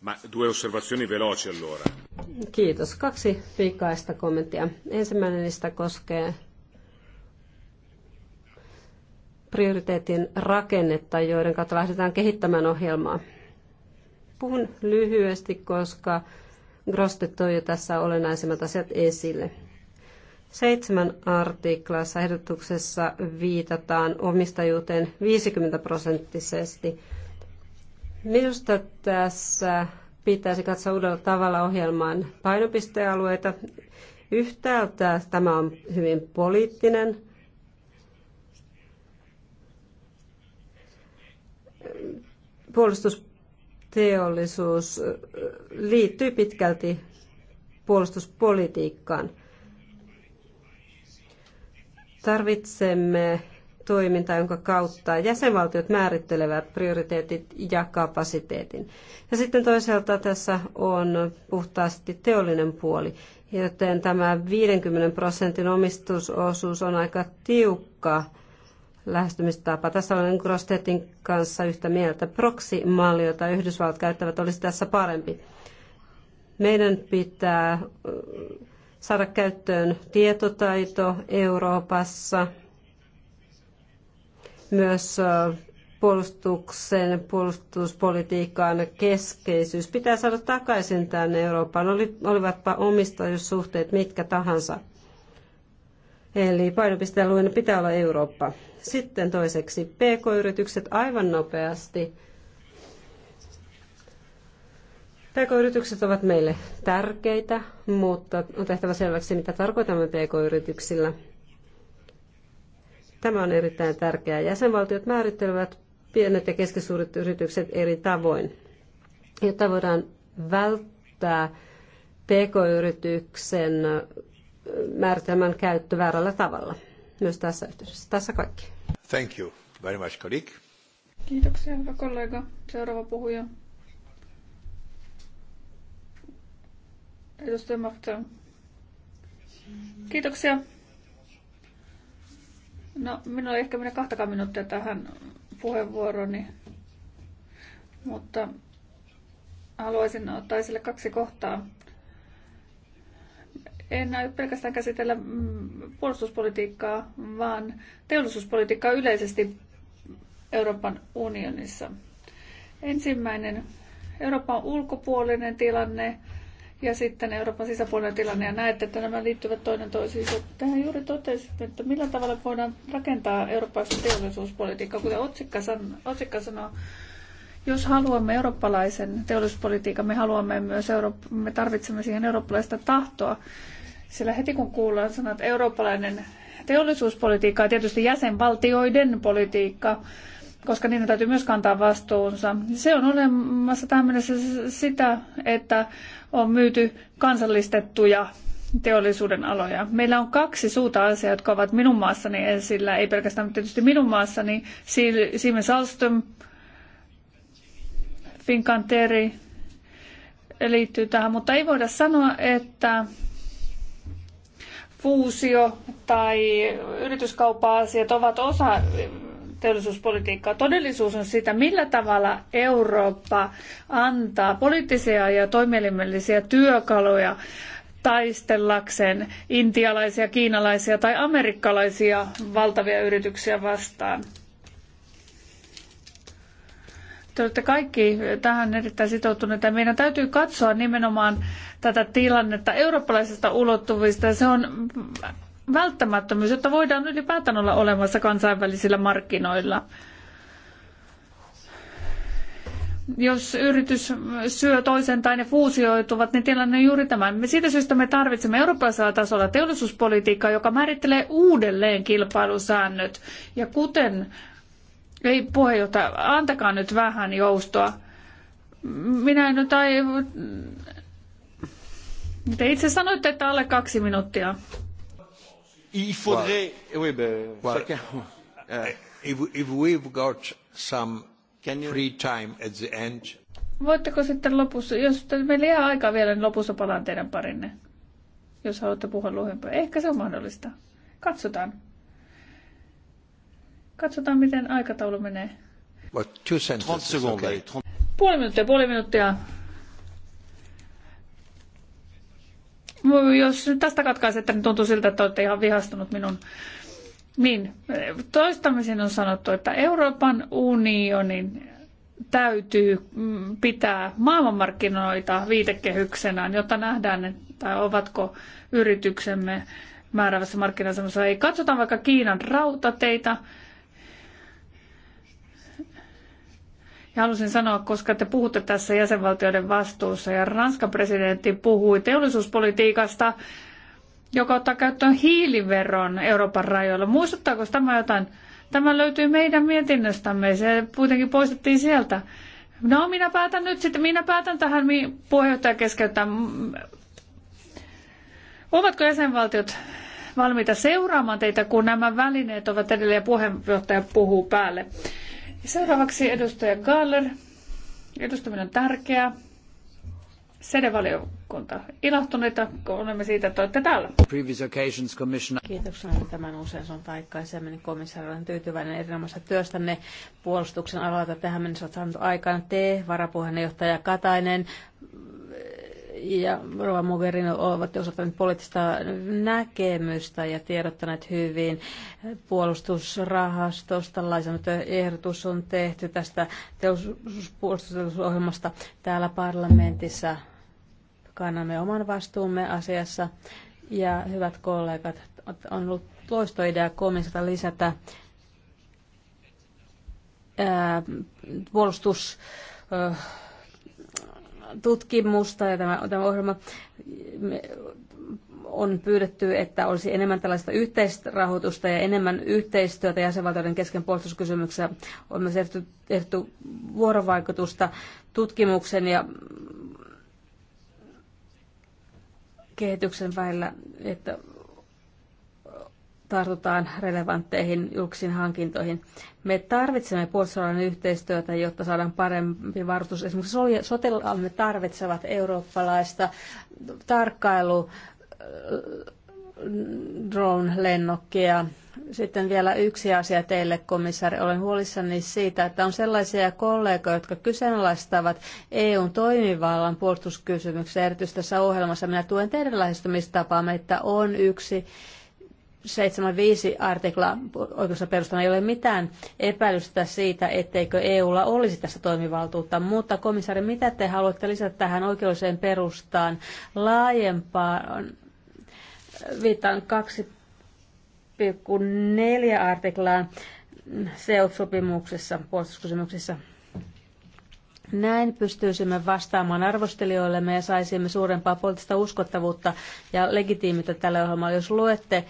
Ma due osservazioni veloci allora. Kiitos. Kaksi pikaista kommenttia. Ensimmäinen niistä koskee prioriteetin rakennetta, joiden kautta lähdetään kehittämään ohjelmaa. Puhun lyhyesti, koska Groste toi jo tässä olennaisimmat asiat esille. Seitsemän artiklassa ehdotuksessa viitataan omistajuuteen 50 prosenttisesti. Minusta tässä pitäisi katsoa uudella tavalla ohjelman painopistealueita. Yhtäältä tämä on hyvin poliittinen puolustusteollisuus liittyy pitkälti puolustuspolitiikkaan. Tarvitsemme toimintaa, jonka kautta jäsenvaltiot määrittelevät prioriteetit ja kapasiteetin. Ja sitten toisaalta tässä on puhtaasti teollinen puoli, joten tämä 50 prosentin omistusosuus on aika tiukka lähestymistapa. Tässä olen Grostetin kanssa yhtä mieltä. Proksimalli, jota Yhdysvallat käyttävät, olisi tässä parempi. Meidän pitää saada käyttöön tietotaito Euroopassa, myös puolustuksen, puolustuspolitiikan keskeisyys pitää saada takaisin tänne Eurooppaan, olivatpa omistajuussuhteet mitkä tahansa. Eli painopistealueena pitää olla Eurooppa. Sitten toiseksi PK-yritykset aivan nopeasti. PK-yritykset ovat meille tärkeitä, mutta on tehtävä selväksi, mitä tarkoitamme PK-yrityksillä. Tämä on erittäin tärkeää. Jäsenvaltiot määrittelevät pienet ja keskisuuret yritykset eri tavoin, jotta voidaan välttää PK-yrityksen määritelmän käyttö väärällä tavalla. Myös tässä yhteydessä. Tässä kaikki. Thank you very much, colleague. Kiitoksia, hyvä kollega. Seuraava puhuja. Edustaja Martin. Kiitoksia. No, minulla ei ehkä mene kahtakaan minuuttia tähän puheenvuoroni, mutta haluaisin ottaa esille kaksi kohtaa en aio pelkästään käsitellä mm, puolustuspolitiikkaa, vaan teollisuuspolitiikkaa yleisesti Euroopan unionissa. Ensimmäinen Euroopan ulkopuolinen tilanne ja sitten Euroopan sisäpuolinen tilanne. Ja näette, että nämä liittyvät toinen toisiinsa. Tähän juuri totesit, että millä tavalla voidaan rakentaa eurooppalaista teollisuuspolitiikkaa. Kuten otsikka, san, otsikka sanoo, jos haluamme eurooppalaisen teollisuuspolitiikan, me haluamme myös Euroop- me tarvitsemme siihen eurooppalaista tahtoa. Sillä heti kun kuullaan sanat eurooppalainen teollisuuspolitiikka ja tietysti jäsenvaltioiden politiikka, koska niiden täytyy myös kantaa vastuunsa. Se on olemassa tähän mennessä sitä, että on myyty kansallistettuja teollisuuden aloja. Meillä on kaksi suurta asiaa, jotka ovat minun maassani esillä, ei pelkästään tietysti minun maassani, Siemens Alstom, Fincanteri liittyy tähän, mutta ei voida sanoa, että fuusio tai yrityskauppa-asiat ovat osa teollisuuspolitiikkaa. Todellisuus on sitä, millä tavalla Eurooppa antaa poliittisia ja toimielimellisiä työkaluja taistellakseen intialaisia, kiinalaisia tai amerikkalaisia valtavia yrityksiä vastaan. Te olette kaikki tähän erittäin sitoutuneita. Meidän täytyy katsoa nimenomaan tätä tilannetta eurooppalaisesta ulottuvista. Se on välttämättömyys, jotta voidaan ylipäätään olla olemassa kansainvälisillä markkinoilla. Jos yritys syö toisen tai ne fuusioituvat, niin tilanne on juuri tämä. Me siitä syystä me tarvitsemme eurooppalaisella tasolla teollisuuspolitiikkaa, joka määrittelee uudelleen kilpailusäännöt. Ja kuten ei puheenjohtaja, antakaa nyt vähän joustoa. Minä en nyt ai... Te itse sanoitte, että alle kaksi minuuttia. Il faudrait... Oui, ben, eh, If, if we've got some free time at the end... Voitteko sitten lopussa, jos meillä jää aikaa vielä, niin lopussa palaan teidän parinne. Jos haluatte puhua lyhyempää. Ehkä se on mahdollista. Katsotaan. Katsotaan, miten aikataulu menee. What, two sentences, okay. Puoli minuuttia, puoli minuuttia. Jos tästä katkaisette, niin tuntuu siltä, että olette ihan vihastunut minun. Niin, toistamisen on sanottu, että Euroopan unionin täytyy mm, pitää maailmanmarkkinoita viitekehyksenään, jotta nähdään, että ovatko yrityksemme määrävässä markkinasemassa. Ei katsotaan vaikka Kiinan rautateita, Ja halusin sanoa, koska te puhutte tässä jäsenvaltioiden vastuussa ja Ranskan presidentti puhui teollisuuspolitiikasta, joka ottaa käyttöön hiiliveron Euroopan rajoilla. Muistuttaako tämä jotain? Tämä löytyy meidän mietinnöstämme, se kuitenkin poistettiin sieltä. No minä päätän nyt sitten, minä päätän tähän puheenjohtaja keskeyttää. Ovatko jäsenvaltiot valmiita seuraamaan teitä, kun nämä välineet ovat edelleen puheenjohtaja puhuu päälle? Seuraavaksi edustaja Galler. Edustaminen on tärkeää. Sedevaliokunta. ilahtuneita, kun olemme siitä, että olette täällä. Previous occasions, commissioner. Kiitoksia tämän usein on aikaisemmin. Niin komissaari on tyytyväinen erinomaisesta työstänne puolustuksen alalta. Tähän mennessä olet saanut aikaan te, varapuheenjohtaja Katainen, ja Rova Mogherini ovat osoittaneet poliittista näkemystä ja tiedottaneet hyvin puolustusrahastosta. Lainsäädäntöehdotus on tehty tästä teollisuuspuolustusohjelmasta täällä parlamentissa. Kannamme oman vastuumme asiassa. Ja hyvät kollegat, on ollut loistoidea komissiota lisätä puolustus tutkimusta ja tämä, tämä ohjelma on pyydetty, että olisi enemmän tällaista yhteisrahoitusta ja enemmän yhteistyötä jäsenvaltioiden kesken puolustuskysymyksessä. On myös tehty vuorovaikutusta tutkimuksen ja kehityksen välillä, että tartutaan relevantteihin julkisiin hankintoihin. Me tarvitsemme puolustusalan yhteistyötä, jotta saadaan parempi varustus. Esimerkiksi sotilaamme tarvitsevat eurooppalaista tarkkailu äh, drone-lennokkia. Sitten vielä yksi asia teille, komissaari. Olen huolissani siitä, että on sellaisia kollegoja, jotka kyseenalaistavat EUn toimivallan puolustuskysymyksiä erityisesti tässä ohjelmassa. Minä tuen teidän lähestymistapaamme, että on yksi 75 artikla oikeudessa perustana ei ole mitään epäilystä siitä, etteikö EUlla olisi tässä toimivaltuutta. Mutta komissaari, mitä te haluatte lisätä tähän oikeuseen perustaan laajempaan? Viittaan 2,4 artiklaan SEUT-sopimuksessa puolustuskysymyksissä. Näin pystyisimme vastaamaan arvostelijoillemme ja saisimme suurempaa poliittista uskottavuutta ja legitiimitä tälle ohjelmalle. Jos luette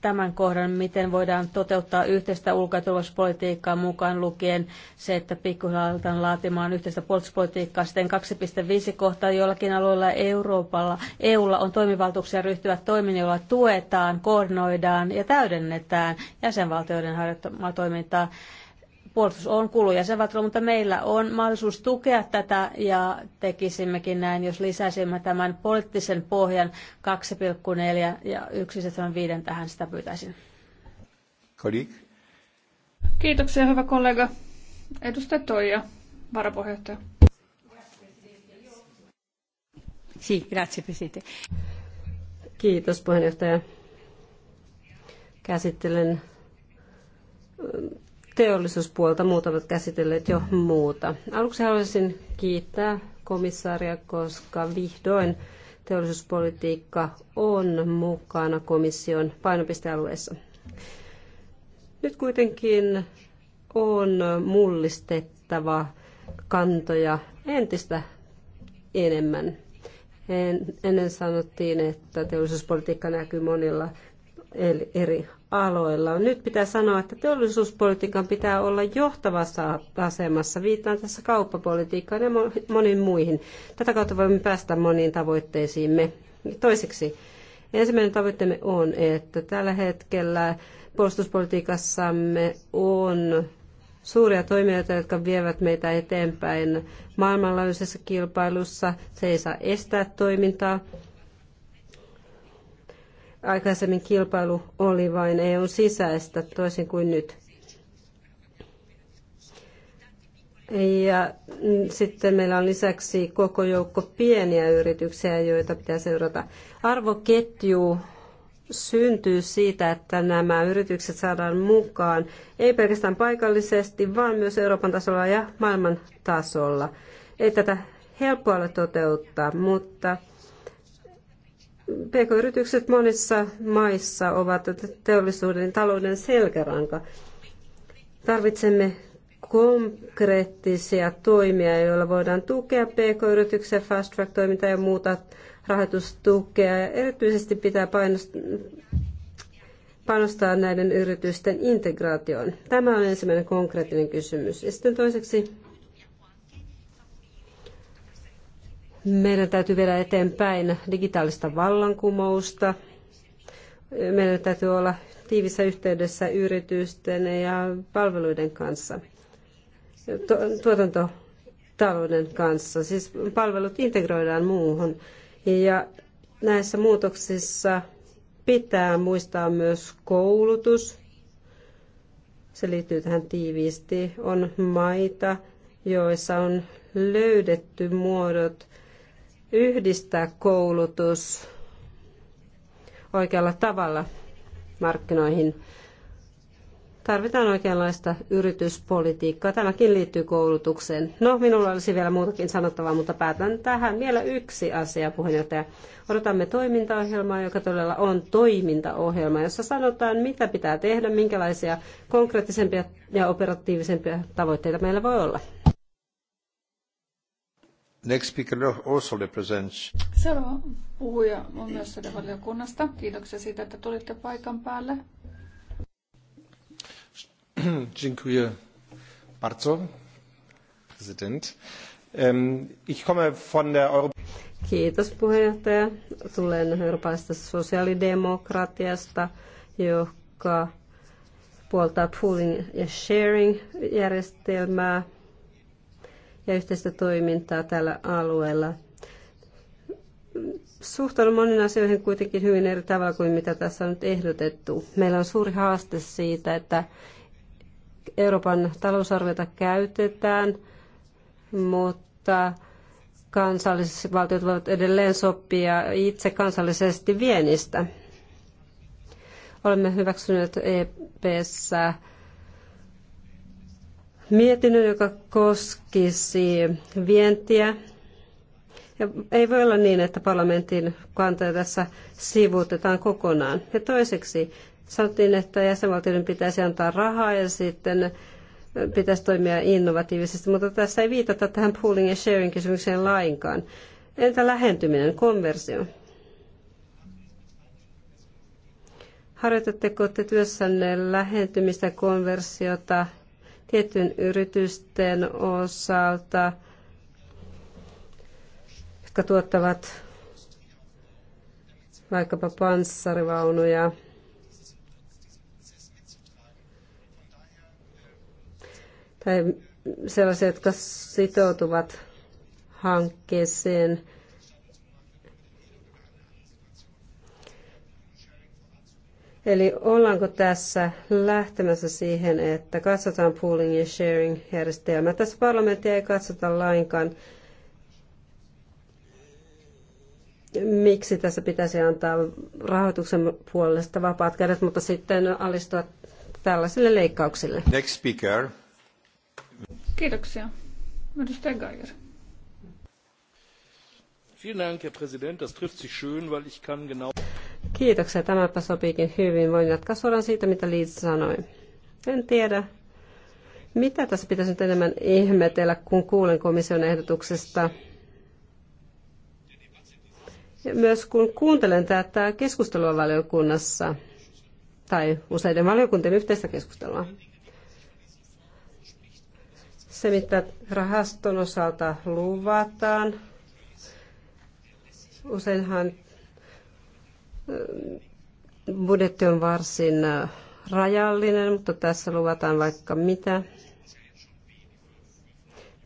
tämän kohdan, miten voidaan toteuttaa yhteistä ulko- ja turvallisuuspolitiikkaa mukaan lukien se, että pikkuhiljaa aletaan laatimaan yhteistä puolustuspolitiikkaa. Sitten 2.5 kohtaa jollakin alueella Euroopalla, EUlla on toimivaltuuksia ryhtyä toimiin, joilla tuetaan, koordinoidaan ja täydennetään jäsenvaltioiden harjoittamaa toimintaa puolustus on kuluja mutta meillä on mahdollisuus tukea tätä ja tekisimmekin näin, jos lisäisimme tämän poliittisen pohjan 2,4 ja 1,75 tähän sitä pyytäisin. Kodik. Kiitoksia hyvä kollega. Edustaja Toija, varapuheenjohtaja. grazie Presidente. Kiitos puheenjohtaja. Käsittelen teollisuuspuolta, muut ovat käsitelleet jo muuta. Aluksi haluaisin kiittää komissaaria, koska vihdoin teollisuuspolitiikka on mukana komission painopistealueessa. Nyt kuitenkin on mullistettava kantoja entistä enemmän. En, ennen sanottiin, että teollisuuspolitiikka näkyy monilla eri aloilla. Nyt pitää sanoa, että teollisuuspolitiikan pitää olla johtavassa asemassa. Viittaan tässä kauppapolitiikkaan ja moniin muihin. Tätä kautta voimme päästä moniin tavoitteisiimme. Toiseksi, ensimmäinen tavoitteemme on, että tällä hetkellä puolustuspolitiikassamme on suuria toimijoita, jotka vievät meitä eteenpäin maailmanlaajuisessa kilpailussa. Se ei saa estää toimintaa. Aikaisemmin kilpailu oli vain EUn sisäistä, toisin kuin nyt. Ja sitten meillä on lisäksi koko joukko pieniä yrityksiä, joita pitää seurata. Arvoketju syntyy siitä, että nämä yritykset saadaan mukaan, ei pelkästään paikallisesti, vaan myös Euroopan tasolla ja maailman tasolla. Ei tätä helppoa ole toteuttaa, mutta PK-yritykset monissa maissa ovat teollisuuden talouden selkäranka. Tarvitsemme konkreettisia toimia, joilla voidaan tukea PK-yrityksiä, fast track-toimintaa ja muuta rahoitustukea. Ja erityisesti pitää panostaa näiden yritysten integraatioon. Tämä on ensimmäinen konkreettinen kysymys. Ja sitten toiseksi Meidän täytyy viedä eteenpäin digitaalista vallankumousta. Meidän täytyy olla tiivissä yhteydessä yritysten ja palveluiden kanssa, tuotantotalouden kanssa. Siis palvelut integroidaan muuhun. Ja näissä muutoksissa pitää muistaa myös koulutus. Se liittyy tähän tiiviisti. On maita, joissa on löydetty muodot yhdistää koulutus oikealla tavalla markkinoihin. Tarvitaan oikeanlaista yrityspolitiikkaa. Tämäkin liittyy koulutukseen. No, minulla olisi vielä muutakin sanottavaa, mutta päätän tähän vielä yksi asia, puheenjohtaja. Odotamme toimintaohjelmaa, joka todella on toimintaohjelma, jossa sanotaan, mitä pitää tehdä, minkälaisia konkreettisempia ja operatiivisempia tavoitteita meillä voi olla. Next speaker also represents... Seuraava puhuja on myös valiokunnasta. Kiitoksia siitä, että tulitte paikan päälle. Dziękuję bardzo, president. Ich komme von der Euro Kiitos puheenjohtaja. Tulen Euroopasta sosiaalidemokratiasta, joka puoltaa pooling ja sharing järjestelmää ja yhteistä toimintaa tällä alueella. Suhtaudun monin asioihin kuitenkin hyvin eri tavalla kuin mitä tässä on nyt ehdotettu. Meillä on suuri haaste siitä, että Euroopan talousarviota käytetään, mutta kansalliset valtiot voivat edelleen sopia itse kansallisesti vienistä. Olemme hyväksyneet EPssä mietinnön, joka koskisi vientiä. Ja ei voi olla niin, että parlamentin kantoja tässä sivuutetaan kokonaan. Ja toiseksi sanottiin, että jäsenvaltioiden pitäisi antaa rahaa ja sitten pitäisi toimia innovatiivisesti, mutta tässä ei viitata tähän pooling ja sharing kysymykseen lainkaan. Entä lähentyminen, konversio? Harjoitatteko te työssänne lähentymistä, konversiota tiettyjen yritysten osalta, jotka tuottavat vaikkapa panssarivaunuja. Tai sellaisia, jotka sitoutuvat hankkeeseen – Eli ollaanko tässä lähtemässä siihen, että katsotaan pooling ja sharing järjestelmä. Tässä parlamenttia ei katsota lainkaan, miksi tässä pitäisi antaa rahoituksen puolesta vapaat kädet, mutta sitten alistua tällaisille leikkauksille. Next speaker. Kiitoksia. Edustaja Geiger. Vielen Dank, Herr Präsident. Das trifft sich schön, weil ich kann genau... Kiitoksia. Tämäpä sopiikin hyvin. Voin jatkaa suoraan siitä, mitä Liisa sanoi. En tiedä, mitä tässä pitäisi nyt enemmän ihmetellä, kun kuulen komission ehdotuksesta. Ja myös kun kuuntelen tätä keskustelua valiokunnassa, tai useiden valiokuntien yhteistä keskustelua. Se, mitä rahaston osalta luvataan, useinhan budjetti on varsin rajallinen, mutta tässä luvataan vaikka mitä.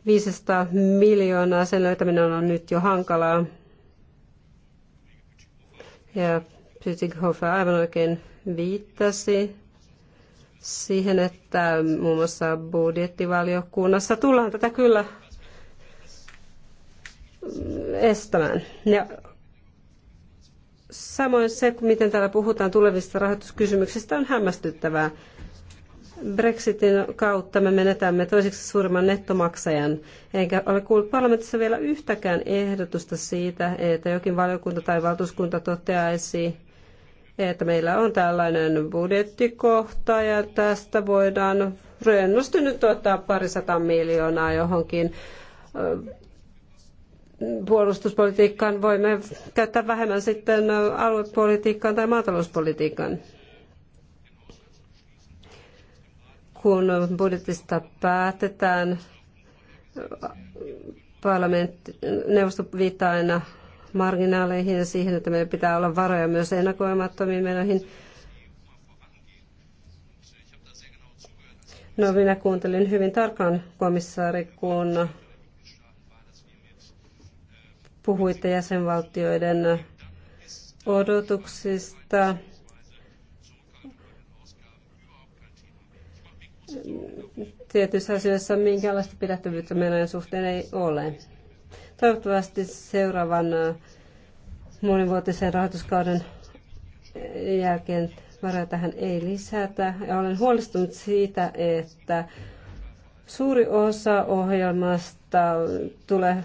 500 miljoonaa, sen löytäminen on nyt jo hankalaa. Ja Pytikhofer aivan oikein viittasi siihen, että muun muassa budjettivaliokunnassa tullaan tätä kyllä estämään. Ja Samoin se, miten täällä puhutaan tulevista rahoituskysymyksistä, on hämmästyttävää. Brexitin kautta me menetämme toiseksi suurimman nettomaksajan, enkä ole kuullut parlamentissa vielä yhtäkään ehdotusta siitä, että jokin valiokunta tai valtuuskunta toteaisi, että meillä on tällainen budjettikohta ja tästä voidaan rennosti nyt ottaa parisataa miljoonaa johonkin puolustuspolitiikkaan, voimme käyttää vähemmän sitten aluepolitiikkaan tai maatalouspolitiikkaan. Kun budjetista päätetään, parlamentti, neuvosto viittaa aina marginaaleihin ja siihen, että meillä pitää olla varoja myös ennakoimattomiin menoihin. No minä kuuntelin hyvin tarkkaan komissaari, kun Puhuitte jäsenvaltioiden odotuksista. Tietyissä asioissa minkäänlaista pidättävyyttä menojen suhteen ei ole. Toivottavasti seuraavan äh, monivuotisen rahoituskauden jälkeen varoja tähän ei lisätä. Ja olen huolestunut siitä, että suuri osa ohjelmasta tulee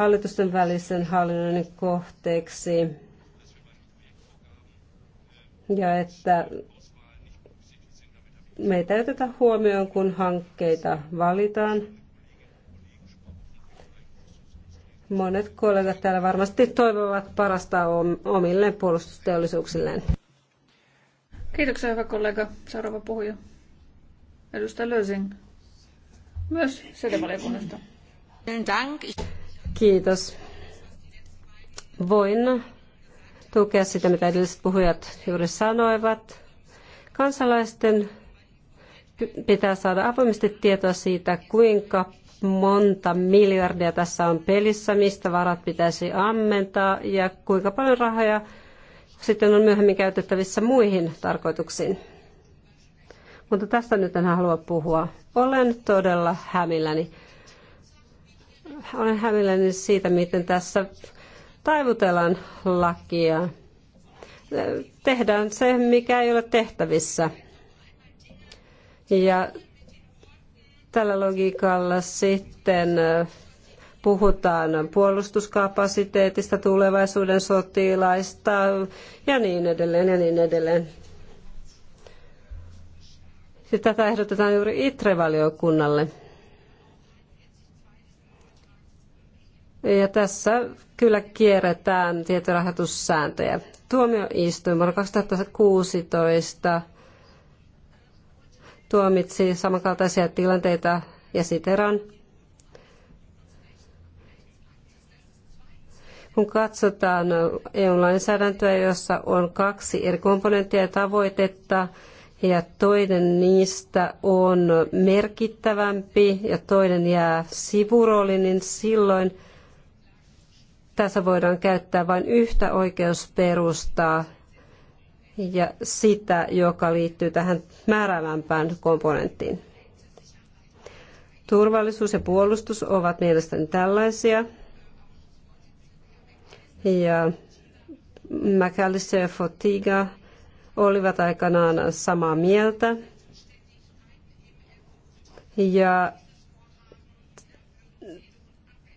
hallitusten välisen hallinnon kohteeksi ja että meitä ei oteta huomioon, kun hankkeita valitaan. Monet kollegat täällä varmasti toivovat parasta omille puolustusteollisuuksilleen. Kiitoksia, hyvä kollega. Seuraava puhuja. Edustaja Lösing. Myös sieltä valiokunnasta. Kiitos. Voin tukea sitä, mitä edelliset puhujat juuri sanoivat. Kansalaisten pitää saada avoimesti tietoa siitä, kuinka monta miljardia tässä on pelissä, mistä varat pitäisi ammentaa ja kuinka paljon rahoja sitten on myöhemmin käytettävissä muihin tarkoituksiin. Mutta tästä nyt en halua puhua. Olen todella hämilläni olen hämilläni siitä, miten tässä taivutellaan lakia. Tehdään se, mikä ei ole tehtävissä. Ja tällä logiikalla sitten puhutaan puolustuskapasiteetista, tulevaisuuden sotilaista ja niin edelleen ja niin edelleen. Ja tätä ehdotetaan juuri ITRE-valiokunnalle. Ja tässä kyllä kierretään tietorahoitussääntöjä. Tuomioistuin vuonna 2016 tuomitsi samankaltaisia tilanteita ja siteran. Kun katsotaan EU-lainsäädäntöä, jossa on kaksi eri komponenttia ja tavoitetta, ja toinen niistä on merkittävämpi ja toinen jää sivurooliin, niin silloin – tässä voidaan käyttää vain yhtä oikeusperustaa ja sitä, joka liittyy tähän määräävämpään komponenttiin. Turvallisuus ja puolustus ovat mielestäni tällaisia. Ja McAllister ja Fotiga olivat aikanaan samaa mieltä. Ja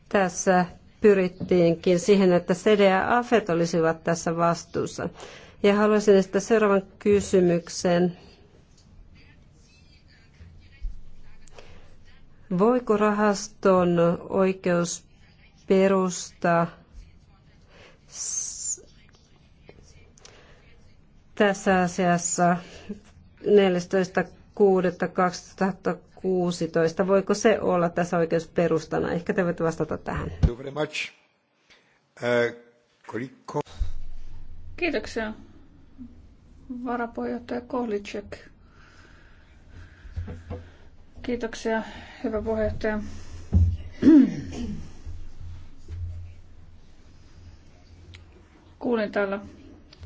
tässä pyrittiinkin siihen, että Sede ja AFET olisivat tässä vastuussa. Ja haluaisin sitä seuraavan kysymyksen. Voiko rahaston oikeus perusta tässä asiassa 14.6.2020 16. Voiko se olla tässä oikeusperustana? Ehkä te voitte vastata tähän. Uh, Kiitoksia. Varapuheenjohtaja Kohlicek. Kiitoksia, hyvä puheenjohtaja. Kuulin täällä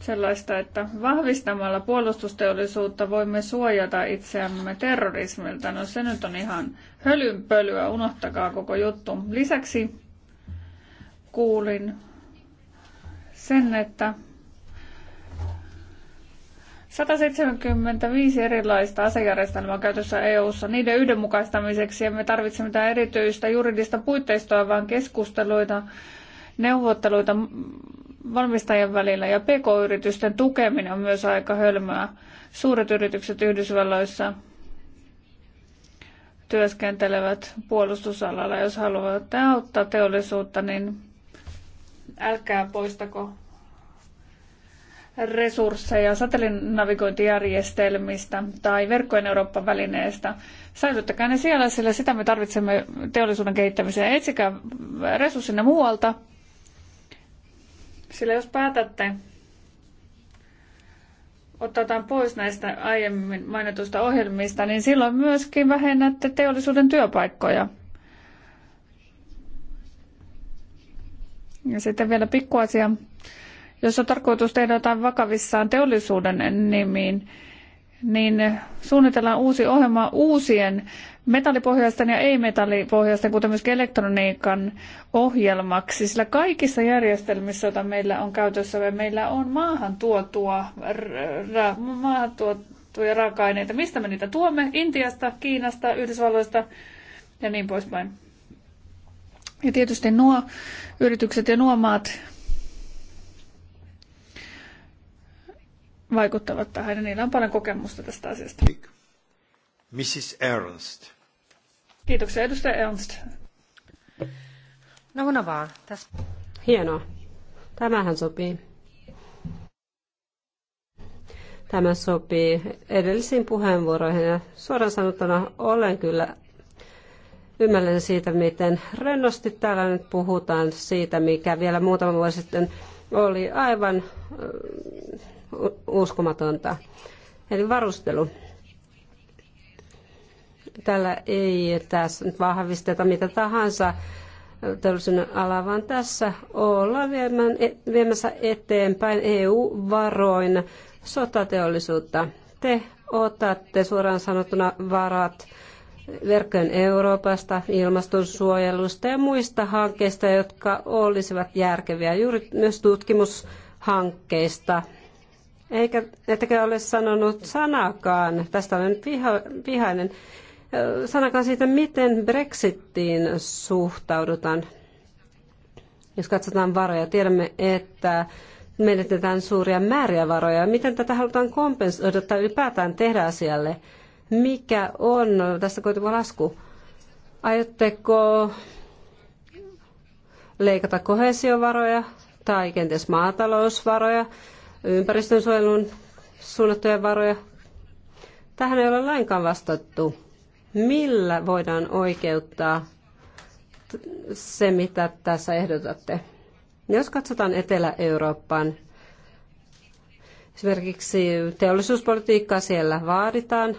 sellaista, että vahvistamalla puolustusteollisuutta voimme suojata itseämme terrorismilta. No se nyt on ihan hölynpölyä, unohtakaa koko juttu. Lisäksi kuulin sen, että 175 erilaista asejärjestelmää käytössä EU-ssa. Niiden yhdenmukaistamiseksi emme tarvitse mitään erityistä juridista puitteistoa, vaan keskusteluita, neuvotteluita valmistajien välillä ja pk-yritysten tukeminen on myös aika hölmöä. Suuret yritykset Yhdysvalloissa työskentelevät puolustusalalla, jos haluavat auttaa teollisuutta, niin älkää poistako resursseja satelliinavigointijärjestelmistä tai verkkojen Eurooppa-välineestä. Säilyttäkää ne siellä, sillä sitä me tarvitsemme teollisuuden kehittämiseen. Etsikää resurssinne muualta, sillä jos päätätte ottaa pois näistä aiemmin mainituista ohjelmista, niin silloin myöskin vähennätte teollisuuden työpaikkoja. Ja sitten vielä pikkuasia. Jos on tarkoitus tehdä jotain vakavissaan teollisuuden nimiin, niin suunnitellaan uusi ohjelma uusien metallipohjaisten ja ei-metallipohjaisten, kuten myös elektroniikan ohjelmaksi, sillä kaikissa järjestelmissä, joita meillä on käytössä, meillä on maahan tuotua, ra, maahan tuotuja raaka-aineita. Mistä me niitä tuomme? Intiasta, Kiinasta, Yhdysvalloista ja niin poispäin. Ja tietysti nuo yritykset ja nuo maat vaikuttavat tähän ja niillä on paljon kokemusta tästä asiasta. Mrs. Ernst. Kiitoksia, edustaja Ernst. No kun no vaan. Tässä. Hienoa. Tämähän sopii. Tämä sopii edellisiin puheenvuoroihin ja suoraan sanottuna olen kyllä ymmärrän siitä, miten rennosti täällä nyt puhutaan siitä, mikä vielä muutama vuosi sitten oli aivan uskomatonta. Eli varustelu. Tällä ei tässä nyt vahvisteta mitä tahansa teollisuuden ala, vaan tässä ollaan e-, viemässä eteenpäin EU-varoin sotateollisuutta. Te otatte suoraan sanottuna varat verkkojen Euroopasta, ilmastonsuojelusta ja muista hankkeista, jotka olisivat järkeviä, juuri myös tutkimushankkeista. Eikä, ettekä ole sanonut sanakaan, tästä olen viha, vihainen, sanakaan siitä, miten Brexittiin suhtaudutaan. Jos katsotaan varoja, tiedämme, että menetetään suuria määriä varoja. Miten tätä halutaan kompensoida tai ylipäätään tehdä asialle? Mikä on tästä koituva lasku? Aiotteko leikata kohesiovaroja tai kenties maatalousvaroja, ympäristönsuojelun suunnattuja varoja? Tähän ei ole lainkaan vastattu millä voidaan oikeuttaa se, mitä tässä ehdotatte. Jos katsotaan Etelä-Eurooppaan, esimerkiksi teollisuuspolitiikkaa siellä vaaditaan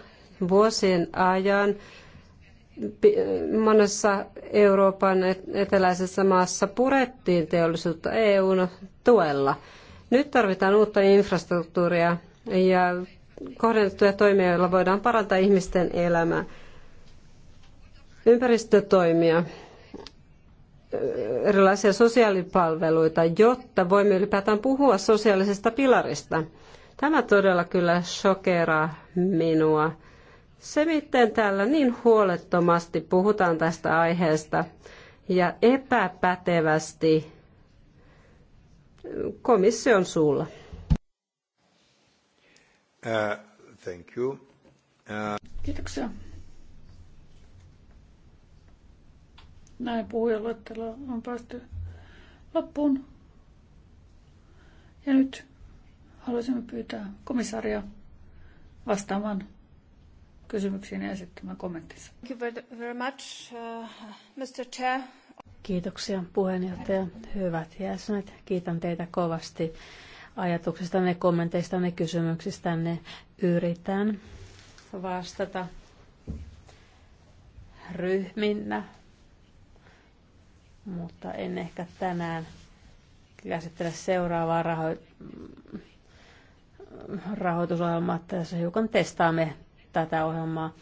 vuosien ajan. Monessa Euroopan eteläisessä maassa purettiin teollisuutta EUn tuella. Nyt tarvitaan uutta infrastruktuuria ja kohdennettuja toimia, joilla voidaan parantaa ihmisten elämää ympäristötoimia, äh, erilaisia sosiaalipalveluita, jotta voimme ylipäätään puhua sosiaalisesta pilarista. Tämä todella kyllä shokeraa minua. Se, miten täällä niin huolettomasti puhutaan tästä aiheesta ja epäpätevästi komission suulla. Uh, thank you. Uh... Kiitoksia. Näin puhujaluettelo on päästy loppuun. Ja nyt haluaisimme pyytää komissaria vastaamaan kysymyksiin ja esittämään kommenttinsa. Thank you very much, uh, Mr. Chair. Kiitoksia puheenjohtaja. Hyvät jäsenet, kiitän teitä kovasti ajatuksistanne, kommenteistanne, kysymyksistänne. Yritän vastata ryhminnä mutta en ehkä tänään käsittele seuraavaa raho- rahoitusohjelmaa. Tässä hiukan testaamme tätä ohjelmaa.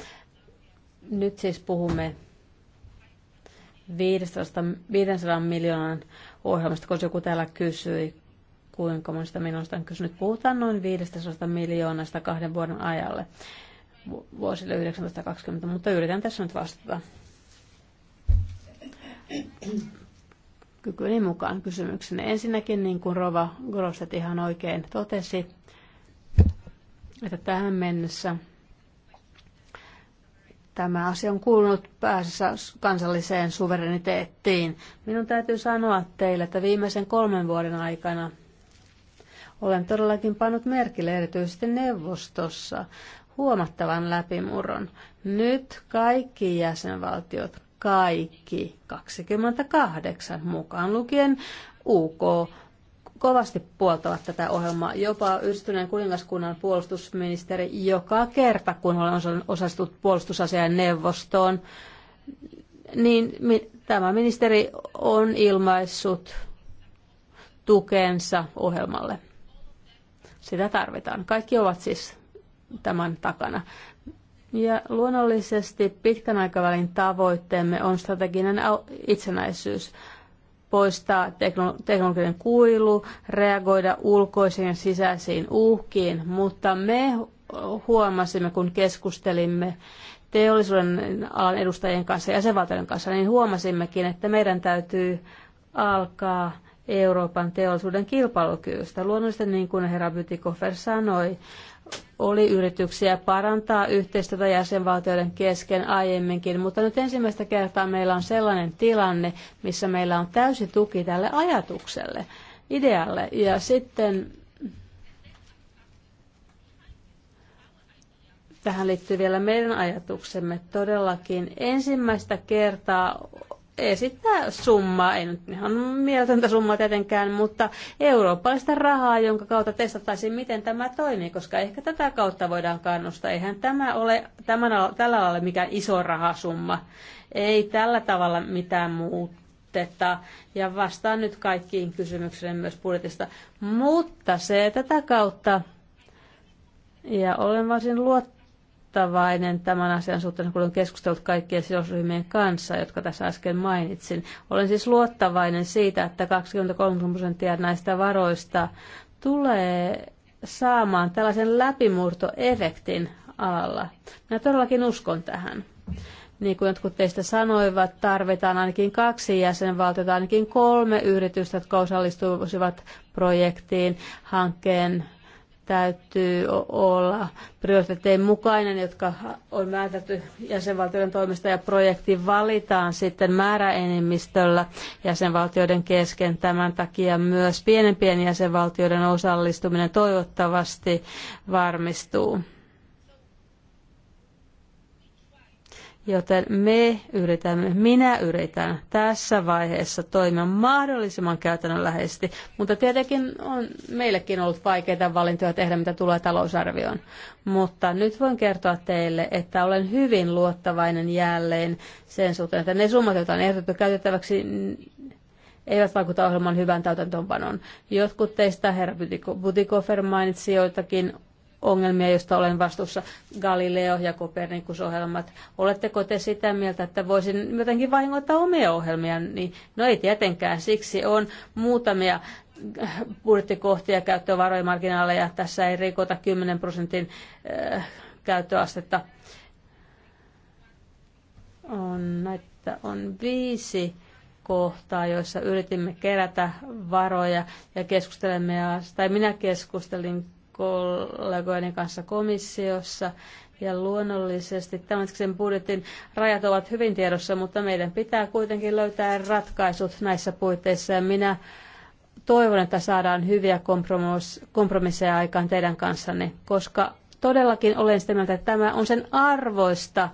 Nyt siis puhumme 500, 500 miljoonan ohjelmasta, koska joku täällä kysyi, kuinka monista minusta on kysynyt. Puhutaan noin 500 miljoonasta kahden vuoden ajalle vuosille 1920, mutta yritän tässä nyt vastata kykyni mukaan kysymyksen. Ensinnäkin, niin kuin Rova Grosset ihan oikein totesi, että tähän mennessä tämä asia on kuulunut päässä kansalliseen suvereniteettiin. Minun täytyy sanoa teille, että viimeisen kolmen vuoden aikana olen todellakin pannut merkille erityisesti neuvostossa huomattavan läpimurron. Nyt kaikki jäsenvaltiot kaikki 28 mukaan lukien UK kovasti puoltavat tätä ohjelmaa. Jopa yhdistyneen kuningaskunnan puolustusministeri joka kerta, kun olen osastut puolustusasian neuvostoon, niin tämä ministeri on ilmaissut tukensa ohjelmalle. Sitä tarvitaan. Kaikki ovat siis tämän takana. Ja luonnollisesti pitkän aikavälin tavoitteemme on strateginen itsenäisyys poistaa teknologinen kuilu, reagoida ulkoisiin ja sisäisiin uhkiin, mutta me huomasimme, kun keskustelimme teollisuuden alan edustajien kanssa ja jäsenvaltioiden kanssa, niin huomasimmekin, että meidän täytyy alkaa Euroopan teollisuuden kilpailukyvystä. Luonnollisesti, niin kuin herra Bytikofer sanoi, oli yrityksiä parantaa yhteistyötä jäsenvaltioiden kesken aiemminkin, mutta nyt ensimmäistä kertaa meillä on sellainen tilanne, missä meillä on täysi tuki tälle ajatukselle, idealle. Ja sitten tähän liittyy vielä meidän ajatuksemme. Todellakin ensimmäistä kertaa esittää summaa, ei nyt ihan mieltöntä summaa tietenkään, mutta eurooppalaista rahaa, jonka kautta testattaisiin, miten tämä toimii, koska ehkä tätä kautta voidaan kannustaa. Eihän tämä ole tämän, tällä alalla mikään iso rahasumma. Ei tällä tavalla mitään muutetta. Ja vastaan nyt kaikkiin kysymyksiin myös budjetista. Mutta se tätä kautta, ja olen varsin luot luottavainen tämän asian suhteen, kun olen keskustellut kaikkien sidosryhmien kanssa, jotka tässä äsken mainitsin. Olen siis luottavainen siitä, että 23 prosenttia näistä varoista tulee saamaan tällaisen läpimurtoefektin alalla. Minä todellakin uskon tähän. Niin kuin jotkut teistä sanoivat, tarvitaan ainakin kaksi jäsenvaltiota, ainakin kolme yritystä, jotka osallistuisivat projektiin hankkeen täytyy olla prioriteettien mukainen, jotka on määrätty jäsenvaltioiden toimesta ja projekti valitaan sitten määräenemmistöllä jäsenvaltioiden kesken. Tämän takia myös pienempien jäsenvaltioiden osallistuminen toivottavasti varmistuu. Joten me yritämme, minä yritän tässä vaiheessa toimia mahdollisimman käytännönläheisesti, mutta tietenkin on meillekin ollut vaikeita valintoja tehdä, mitä tulee talousarvioon. Mutta nyt voin kertoa teille, että olen hyvin luottavainen jälleen sen suhteen, että ne summat, joita on ehdotettu käytettäväksi, eivät vaikuta ohjelman hyvään täytäntöönpanoon. Jotkut teistä, herra Butikofer mainitsi joitakin ongelmia, joista olen vastuussa, Galileo ja Copernicus-ohjelmat. Oletteko te sitä mieltä, että voisin jotenkin vahingoittaa omia ohjelmia? Niin, no ei tietenkään, siksi on muutamia äh, budjettikohtia käyttövaroja marginaaleja. Tässä ei rikota 10 prosentin äh, käyttöastetta. On, näitä on viisi kohtaa, joissa yritimme kerätä varoja ja keskustelemme, tai minä keskustelin kollegoiden kanssa komissiossa. Ja luonnollisesti tämän budjetin rajat ovat hyvin tiedossa, mutta meidän pitää kuitenkin löytää ratkaisut näissä puitteissa. Ja minä toivon, että saadaan hyviä kompromisseja aikaan teidän kanssanne, koska todellakin olen sitä mieltä, että tämä on sen arvoista.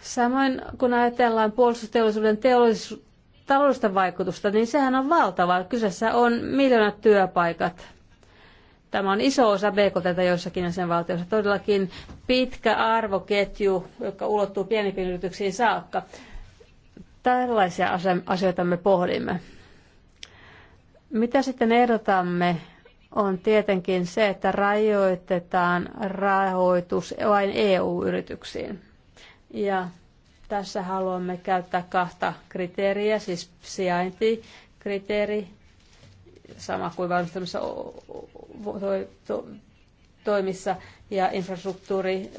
Samoin kun ajatellaan puolustusteollisuuden teollisuus, taloudellista vaikutusta, niin sehän on valtava. Kyseessä on miljoonat työpaikat. Tämä on iso osa BKT joissakin jäsenvaltioissa. Todellakin pitkä arvoketju, joka ulottuu pienempiin yrityksiin saakka. Tällaisia asioita me pohdimme. Mitä sitten ehdotamme on tietenkin se, että rajoitetaan rahoitus vain EU-yrityksiin. Ja tässä haluamme käyttää kahta kriteeriä, siis sijaintikriteeri sama kuin valmistelussa toimissa ja infrastruktuuri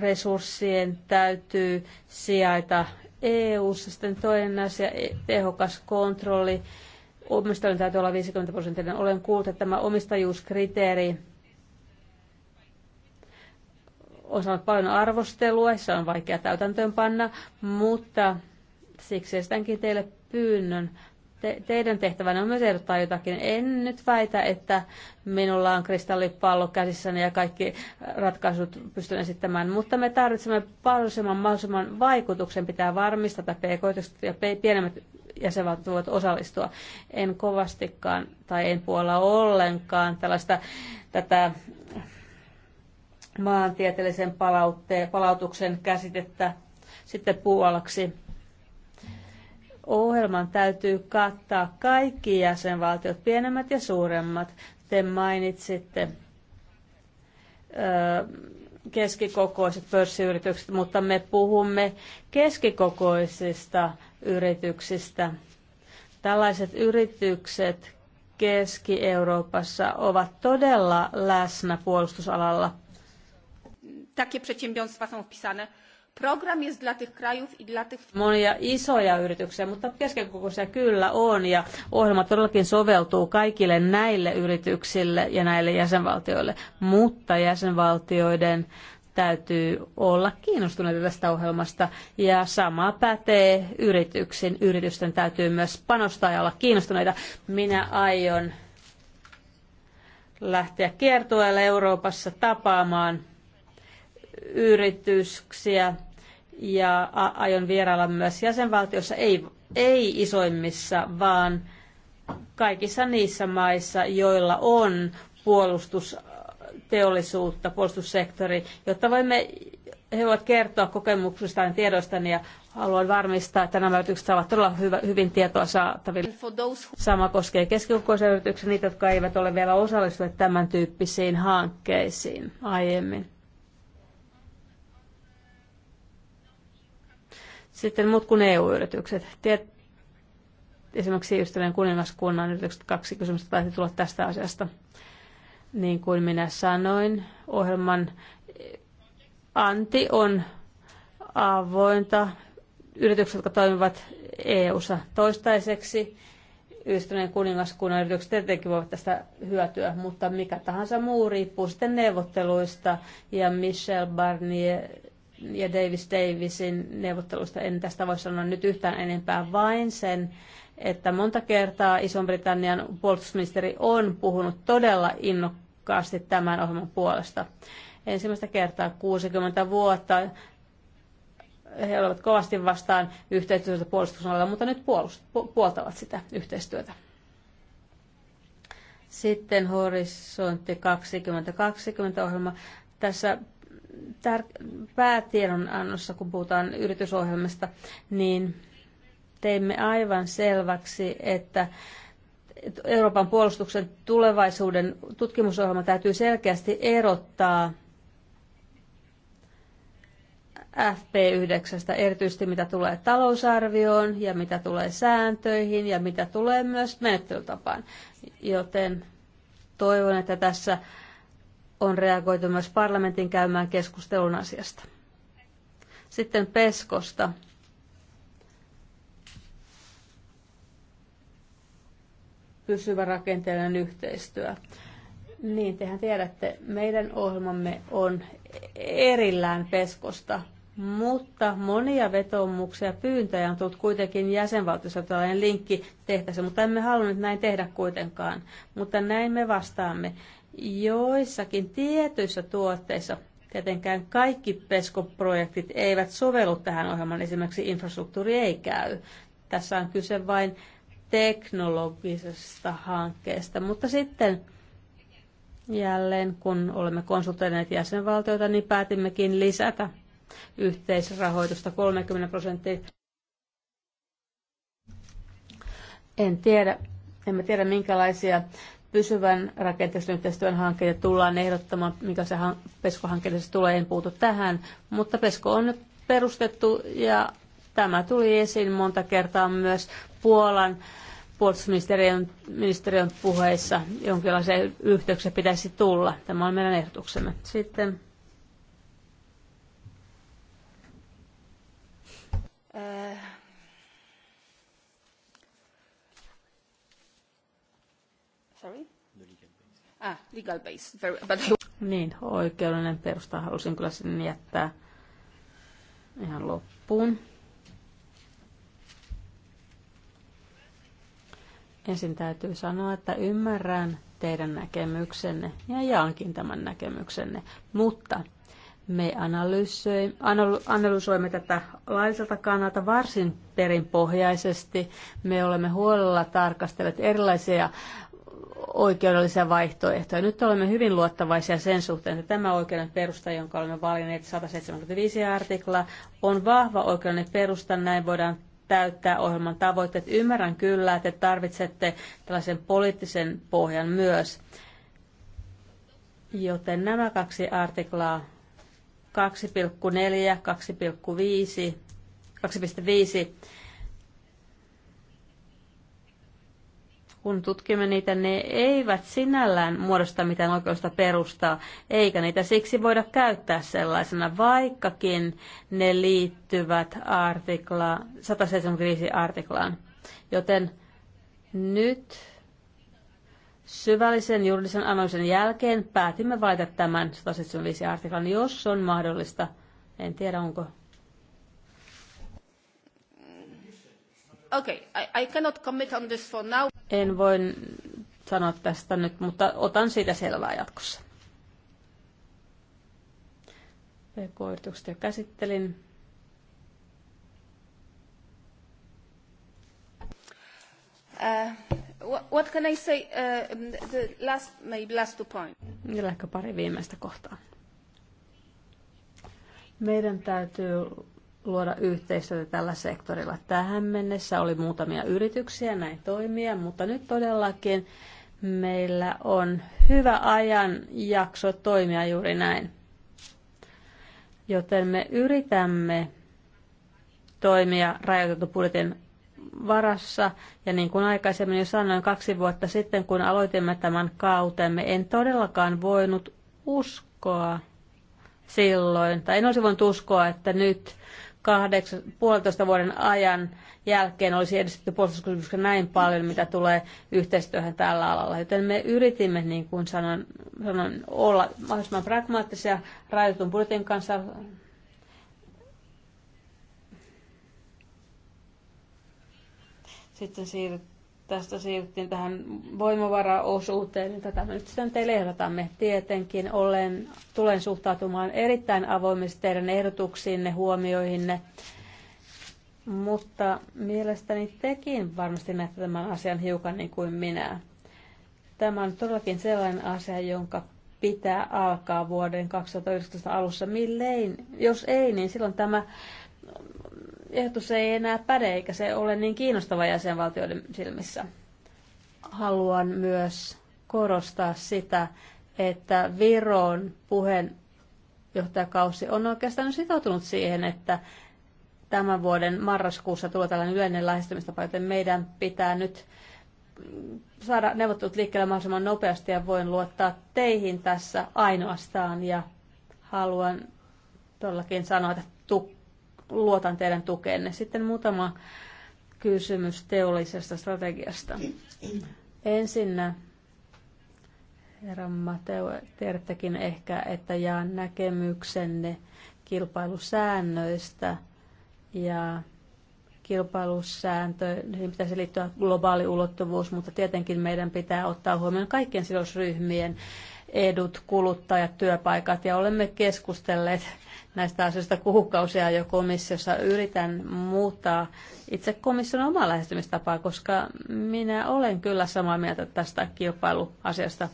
resurssien täytyy sijaita EU-ssa. Sitten toinen asia, tehokas kontrolli. Omistajan täytyy olla 50 prosenttinen. Olen kuullut, että tämä omistajuuskriteeri on saanut paljon arvostelua, se on vaikea täytäntöönpanna, mutta siksi esitänkin teille pyynnön te, teidän tehtävänä on myös ehdottaa jotakin. En nyt väitä, että minulla on kristallipallo käsissäni ja kaikki ratkaisut pystyn esittämään, mutta me tarvitsemme mahdollisimman, mahdollisimman vaikutuksen. Pitää varmistaa, että pk ja pienemmät jäsenvaltiot voivat osallistua. En kovastikaan tai en puolella ollenkaan tällaista tätä maantieteellisen palautuksen käsitettä sitten puolaksi Ohjelman täytyy kattaa kaikki jäsenvaltiot, pienemmät ja suuremmat. Te mainitsitte keskikokoiset pörssiyritykset, mutta me puhumme keskikokoisista yrityksistä. Tällaiset yritykset Keski-Euroopassa ovat todella läsnä puolustusalalla. Takie przedsiębiorstwa są wpisane Program jest dla tych krajów i dla tych... Monia isoja yrityksiä, mutta keskenkokoisia kyllä on ja ohjelma todellakin soveltuu kaikille näille yrityksille ja näille jäsenvaltioille, mutta jäsenvaltioiden täytyy olla kiinnostuneita tästä ohjelmasta. Ja sama pätee yrityksin. Yritysten täytyy myös panostaa ja olla kiinnostuneita. Minä aion lähteä kiertueelle Euroopassa tapaamaan yrityksiä ja aion vierailla myös jäsenvaltiossa, ei, ei isoimmissa, vaan kaikissa niissä maissa, joilla on puolustusteollisuutta, puolustussektori, jotta voimme, he voivat kertoa kokemuksistaan ja tiedoistaan ja haluan varmistaa, että nämä yritykset saavat todella hyvä, hyvin tietoa saataville. Sama koskee keskikokoisia yrityksiä, niitä, jotka eivät ole vielä osallistuneet tämän tyyppisiin hankkeisiin aiemmin. Sitten muut kuin EU-yritykset. Tiet, esimerkiksi Ystävien kuningaskunnan yritykset, kaksi kysymystä taisi tulla tästä asiasta. Niin kuin minä sanoin, ohjelman anti on avointa. Yritykset, jotka toimivat EU-ssa toistaiseksi, yhdistyneen kuningaskunnan yritykset tietenkin voivat tästä hyötyä, mutta mikä tahansa muu riippuu sitten neuvotteluista. Ja Michel Barnier ja Davis Davisin neuvottelusta en tästä voi sanoa nyt yhtään enempää, vain sen, että monta kertaa iso britannian puolustusministeri on puhunut todella innokkaasti tämän ohjelman puolesta. Ensimmäistä kertaa 60 vuotta he olivat kovasti vastaan yhteistyötä puolustusalalla, mutta nyt puolust- puoltavat sitä yhteistyötä. Sitten horisontti 2020 ohjelma. Tässä tär- päätiedonannossa, kun puhutaan yritysohjelmasta, niin teimme aivan selväksi, että Euroopan puolustuksen tulevaisuuden tutkimusohjelma täytyy selkeästi erottaa FP9, erityisesti mitä tulee talousarvioon ja mitä tulee sääntöihin ja mitä tulee myös menettelytapaan. Joten toivon, että tässä on reagoitu myös parlamentin käymään keskustelun asiasta. Sitten Peskosta. Pysyvä rakenteellinen yhteistyö. Niin, tehän tiedätte, meidän ohjelmamme on erillään Peskosta, mutta monia vetoomuksia pyyntöjä on tullut kuitenkin jäsenvaltiossa tällainen linkki tehtäisiin, mutta emme halunnut näin tehdä kuitenkaan. Mutta näin me vastaamme. Joissakin tietyissä tuotteissa, tietenkään kaikki PESCO-projektit eivät sovellu tähän ohjelmaan, esimerkiksi infrastruktuuri ei käy. Tässä on kyse vain teknologisesta hankkeesta, mutta sitten jälleen kun olemme konsultoineet jäsenvaltioita, niin päätimmekin lisätä yhteisrahoitusta 30 prosenttia. En tiedä, emme tiedä minkälaisia pysyvän rakenteellisen yhteistyön hankkeita tullaan ehdottamaan, mikä se PESCO-hankkeellisesta siis tulee, en puutu tähän, mutta PESCO on nyt perustettu ja tämä tuli esiin monta kertaa myös Puolan puolustusministeriön ministeriön puheissa jonkinlaisia yhteyksiä pitäisi tulla. Tämä on meidän ehdotuksemme. Sitten Sorry? The legal base. Ah, legal base. Very, but... Niin, oikeudellinen perusta halusin kyllä sinne jättää ihan loppuun. Ensin täytyy sanoa, että ymmärrän teidän näkemyksenne ja jaankin tämän näkemyksenne, mutta me analysoimme tätä lailliselta kannalta varsin perinpohjaisesti. Me olemme huolella tarkastelleet erilaisia oikeudellisia vaihtoehtoja. Nyt olemme hyvin luottavaisia sen suhteen, että tämä oikeuden perusta, jonka olemme valinneet 175 artikla, on vahva oikeuden perusta. Näin voidaan täyttää ohjelman tavoitteet. Ymmärrän kyllä, että tarvitsette tällaisen poliittisen pohjan myös. Joten nämä kaksi artiklaa, 2,4, 2,5, 2,5 Kun tutkimme niitä, ne eivät sinällään muodosta mitään oikeusta perustaa, eikä niitä siksi voida käyttää sellaisena, vaikkakin ne liittyvät artikla, 175 artiklaan. Joten nyt syvällisen juridisen analyysin jälkeen päätimme valita tämän 175 artiklan, jos on mahdollista. En tiedä, onko okay, I, I cannot commit on this for now. En voi sanoa tästä nyt, mutta otan siitä selvää jatkossa. pk jo käsittelin. Uh, what can I say? Uh, the last, maybe last two point. Vielä ehkä pari viimeistä kohtaa. Meidän täytyy luoda yhteistyötä tällä sektorilla. Tähän mennessä oli muutamia yrityksiä näin toimia, mutta nyt todellakin meillä on hyvä ajanjakso toimia juuri näin. Joten me yritämme toimia rajoitetun budjetin varassa. Ja niin kuin aikaisemmin jo sanoin kaksi vuotta sitten, kun aloitimme tämän kautemme, en todellakaan voinut uskoa silloin, tai en olisi voinut uskoa, että nyt kahdeksan, puolentoista vuoden ajan jälkeen olisi edistetty puolustuskysymyksiä näin paljon, mitä tulee yhteistyöhön tällä alalla. Joten me yritimme, niin kuin sanon sanon olla mahdollisimman pragmaattisia rajoitun budjetin kanssa. Sitten siirrytään tästä siirryttiin tähän voimavaraosuuteen, niin tätä me nyt sitten teille ehdotamme. Tietenkin olen, tulen suhtautumaan erittäin avoimesti teidän ehdotuksiinne, huomioihinne, mutta mielestäni tekin varmasti näette tämän asian hiukan niin kuin minä. Tämä on todellakin sellainen asia, jonka pitää alkaa vuoden 2019 alussa. Millein, jos ei, niin silloin tämä ehdotus ei enää päde eikä se ole niin kiinnostava jäsenvaltioiden silmissä. Haluan myös korostaa sitä, että Viron puheenjohtajakausi on oikeastaan sitoutunut siihen, että tämän vuoden marraskuussa tulee tällainen yleinen lähestymistapa, joten meidän pitää nyt saada neuvottelut liikkeelle mahdollisimman nopeasti ja voin luottaa teihin tässä ainoastaan ja haluan todellakin sanoa, että tuk- luotan teidän tukeenne. Sitten muutama kysymys teollisesta strategiasta. Ensinnä, herra Mateo, tiedättekin ehkä, että jaan näkemyksenne kilpailusäännöistä ja kilpailusääntöihin pitäisi liittyä globaali ulottuvuus, mutta tietenkin meidän pitää ottaa huomioon kaikkien sidosryhmien edut, kuluttajat, työpaikat ja olemme keskustelleet näistä asioista kuukausia jo komissiossa. Yritän muuttaa itse komission omaa lähestymistapaa, koska minä olen kyllä samaa mieltä tästä kilpailuasiasta.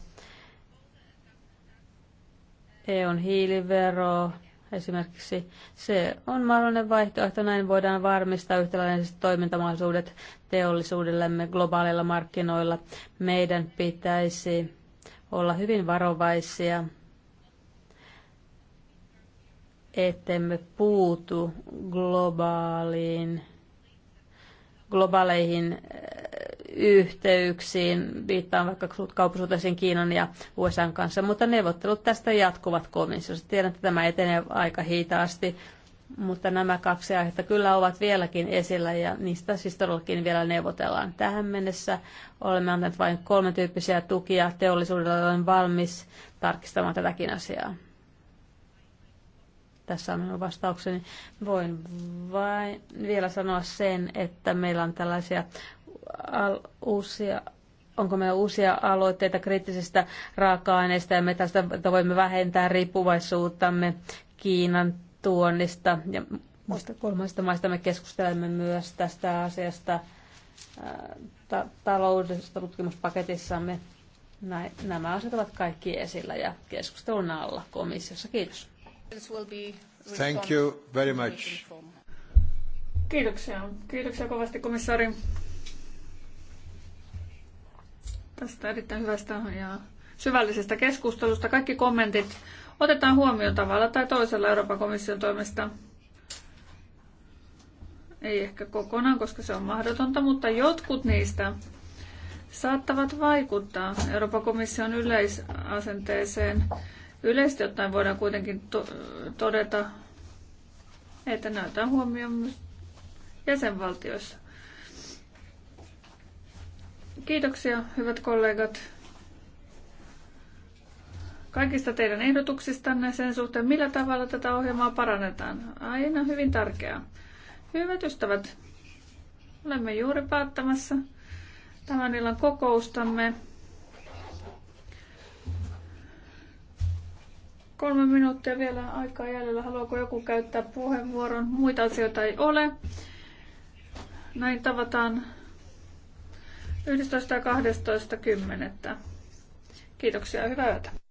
EUn hiilivero, esimerkiksi. Se on mahdollinen vaihtoehto, näin voidaan varmistaa yhtäläiset toimintamahdollisuudet teollisuudellemme globaaleilla markkinoilla. Meidän pitäisi olla hyvin varovaisia ettemme puutu globaaliin, globaaleihin eh, yhteyksiin, viittaan vaikka kauppasuhteisiin Kiinan ja USA kanssa, mutta neuvottelut tästä jatkuvat komissiossa. Tiedän, että tämä etenee aika hitaasti, mutta nämä kaksi aihetta kyllä ovat vieläkin esillä ja niistä siis todellakin vielä neuvotellaan. Tähän mennessä olemme antaneet vain kolme tyyppisiä tukia. teollisuudelle, olen valmis tarkistamaan tätäkin asiaa. Tässä on minun vastaukseni. Voin vain vielä sanoa sen, että meillä on tällaisia uusia onko meillä uusia aloitteita kriittisistä raaka-aineista ja me tästä että voimme vähentää riippuvaisuuttamme Kiinan tuonnista ja muista kolmasta maista me keskustelemme myös tästä asiasta ta- taloudellisesta tutkimuspaketissamme. Näin, nämä asiat ovat kaikki esillä ja keskustelun alla komissiossa. Kiitos. Thank you very much. Kiitoksia. Kiitoksia kovasti komissaari tästä erittäin hyvästä ja syvällisestä keskustelusta. Kaikki kommentit otetaan huomioon tavalla tai toisella Euroopan komission toimesta. Ei ehkä kokonaan, koska se on mahdotonta, mutta jotkut niistä saattavat vaikuttaa Euroopan komission yleisasenteeseen Yleisesti ottaen voidaan kuitenkin to- todeta, että näytetään huomioon myös jäsenvaltioissa. Kiitoksia, hyvät kollegat, kaikista teidän ehdotuksistanne sen suhteen, millä tavalla tätä ohjelmaa parannetaan. Aina hyvin tärkeää. Hyvät ystävät, olemme juuri päättämässä tämän illan kokoustamme. Kolme minuuttia vielä aikaa jäljellä. Haluaako joku käyttää puheenvuoron? Muita asioita ei ole. Näin tavataan 11.12.10. Kiitoksia ja hyvää yötä.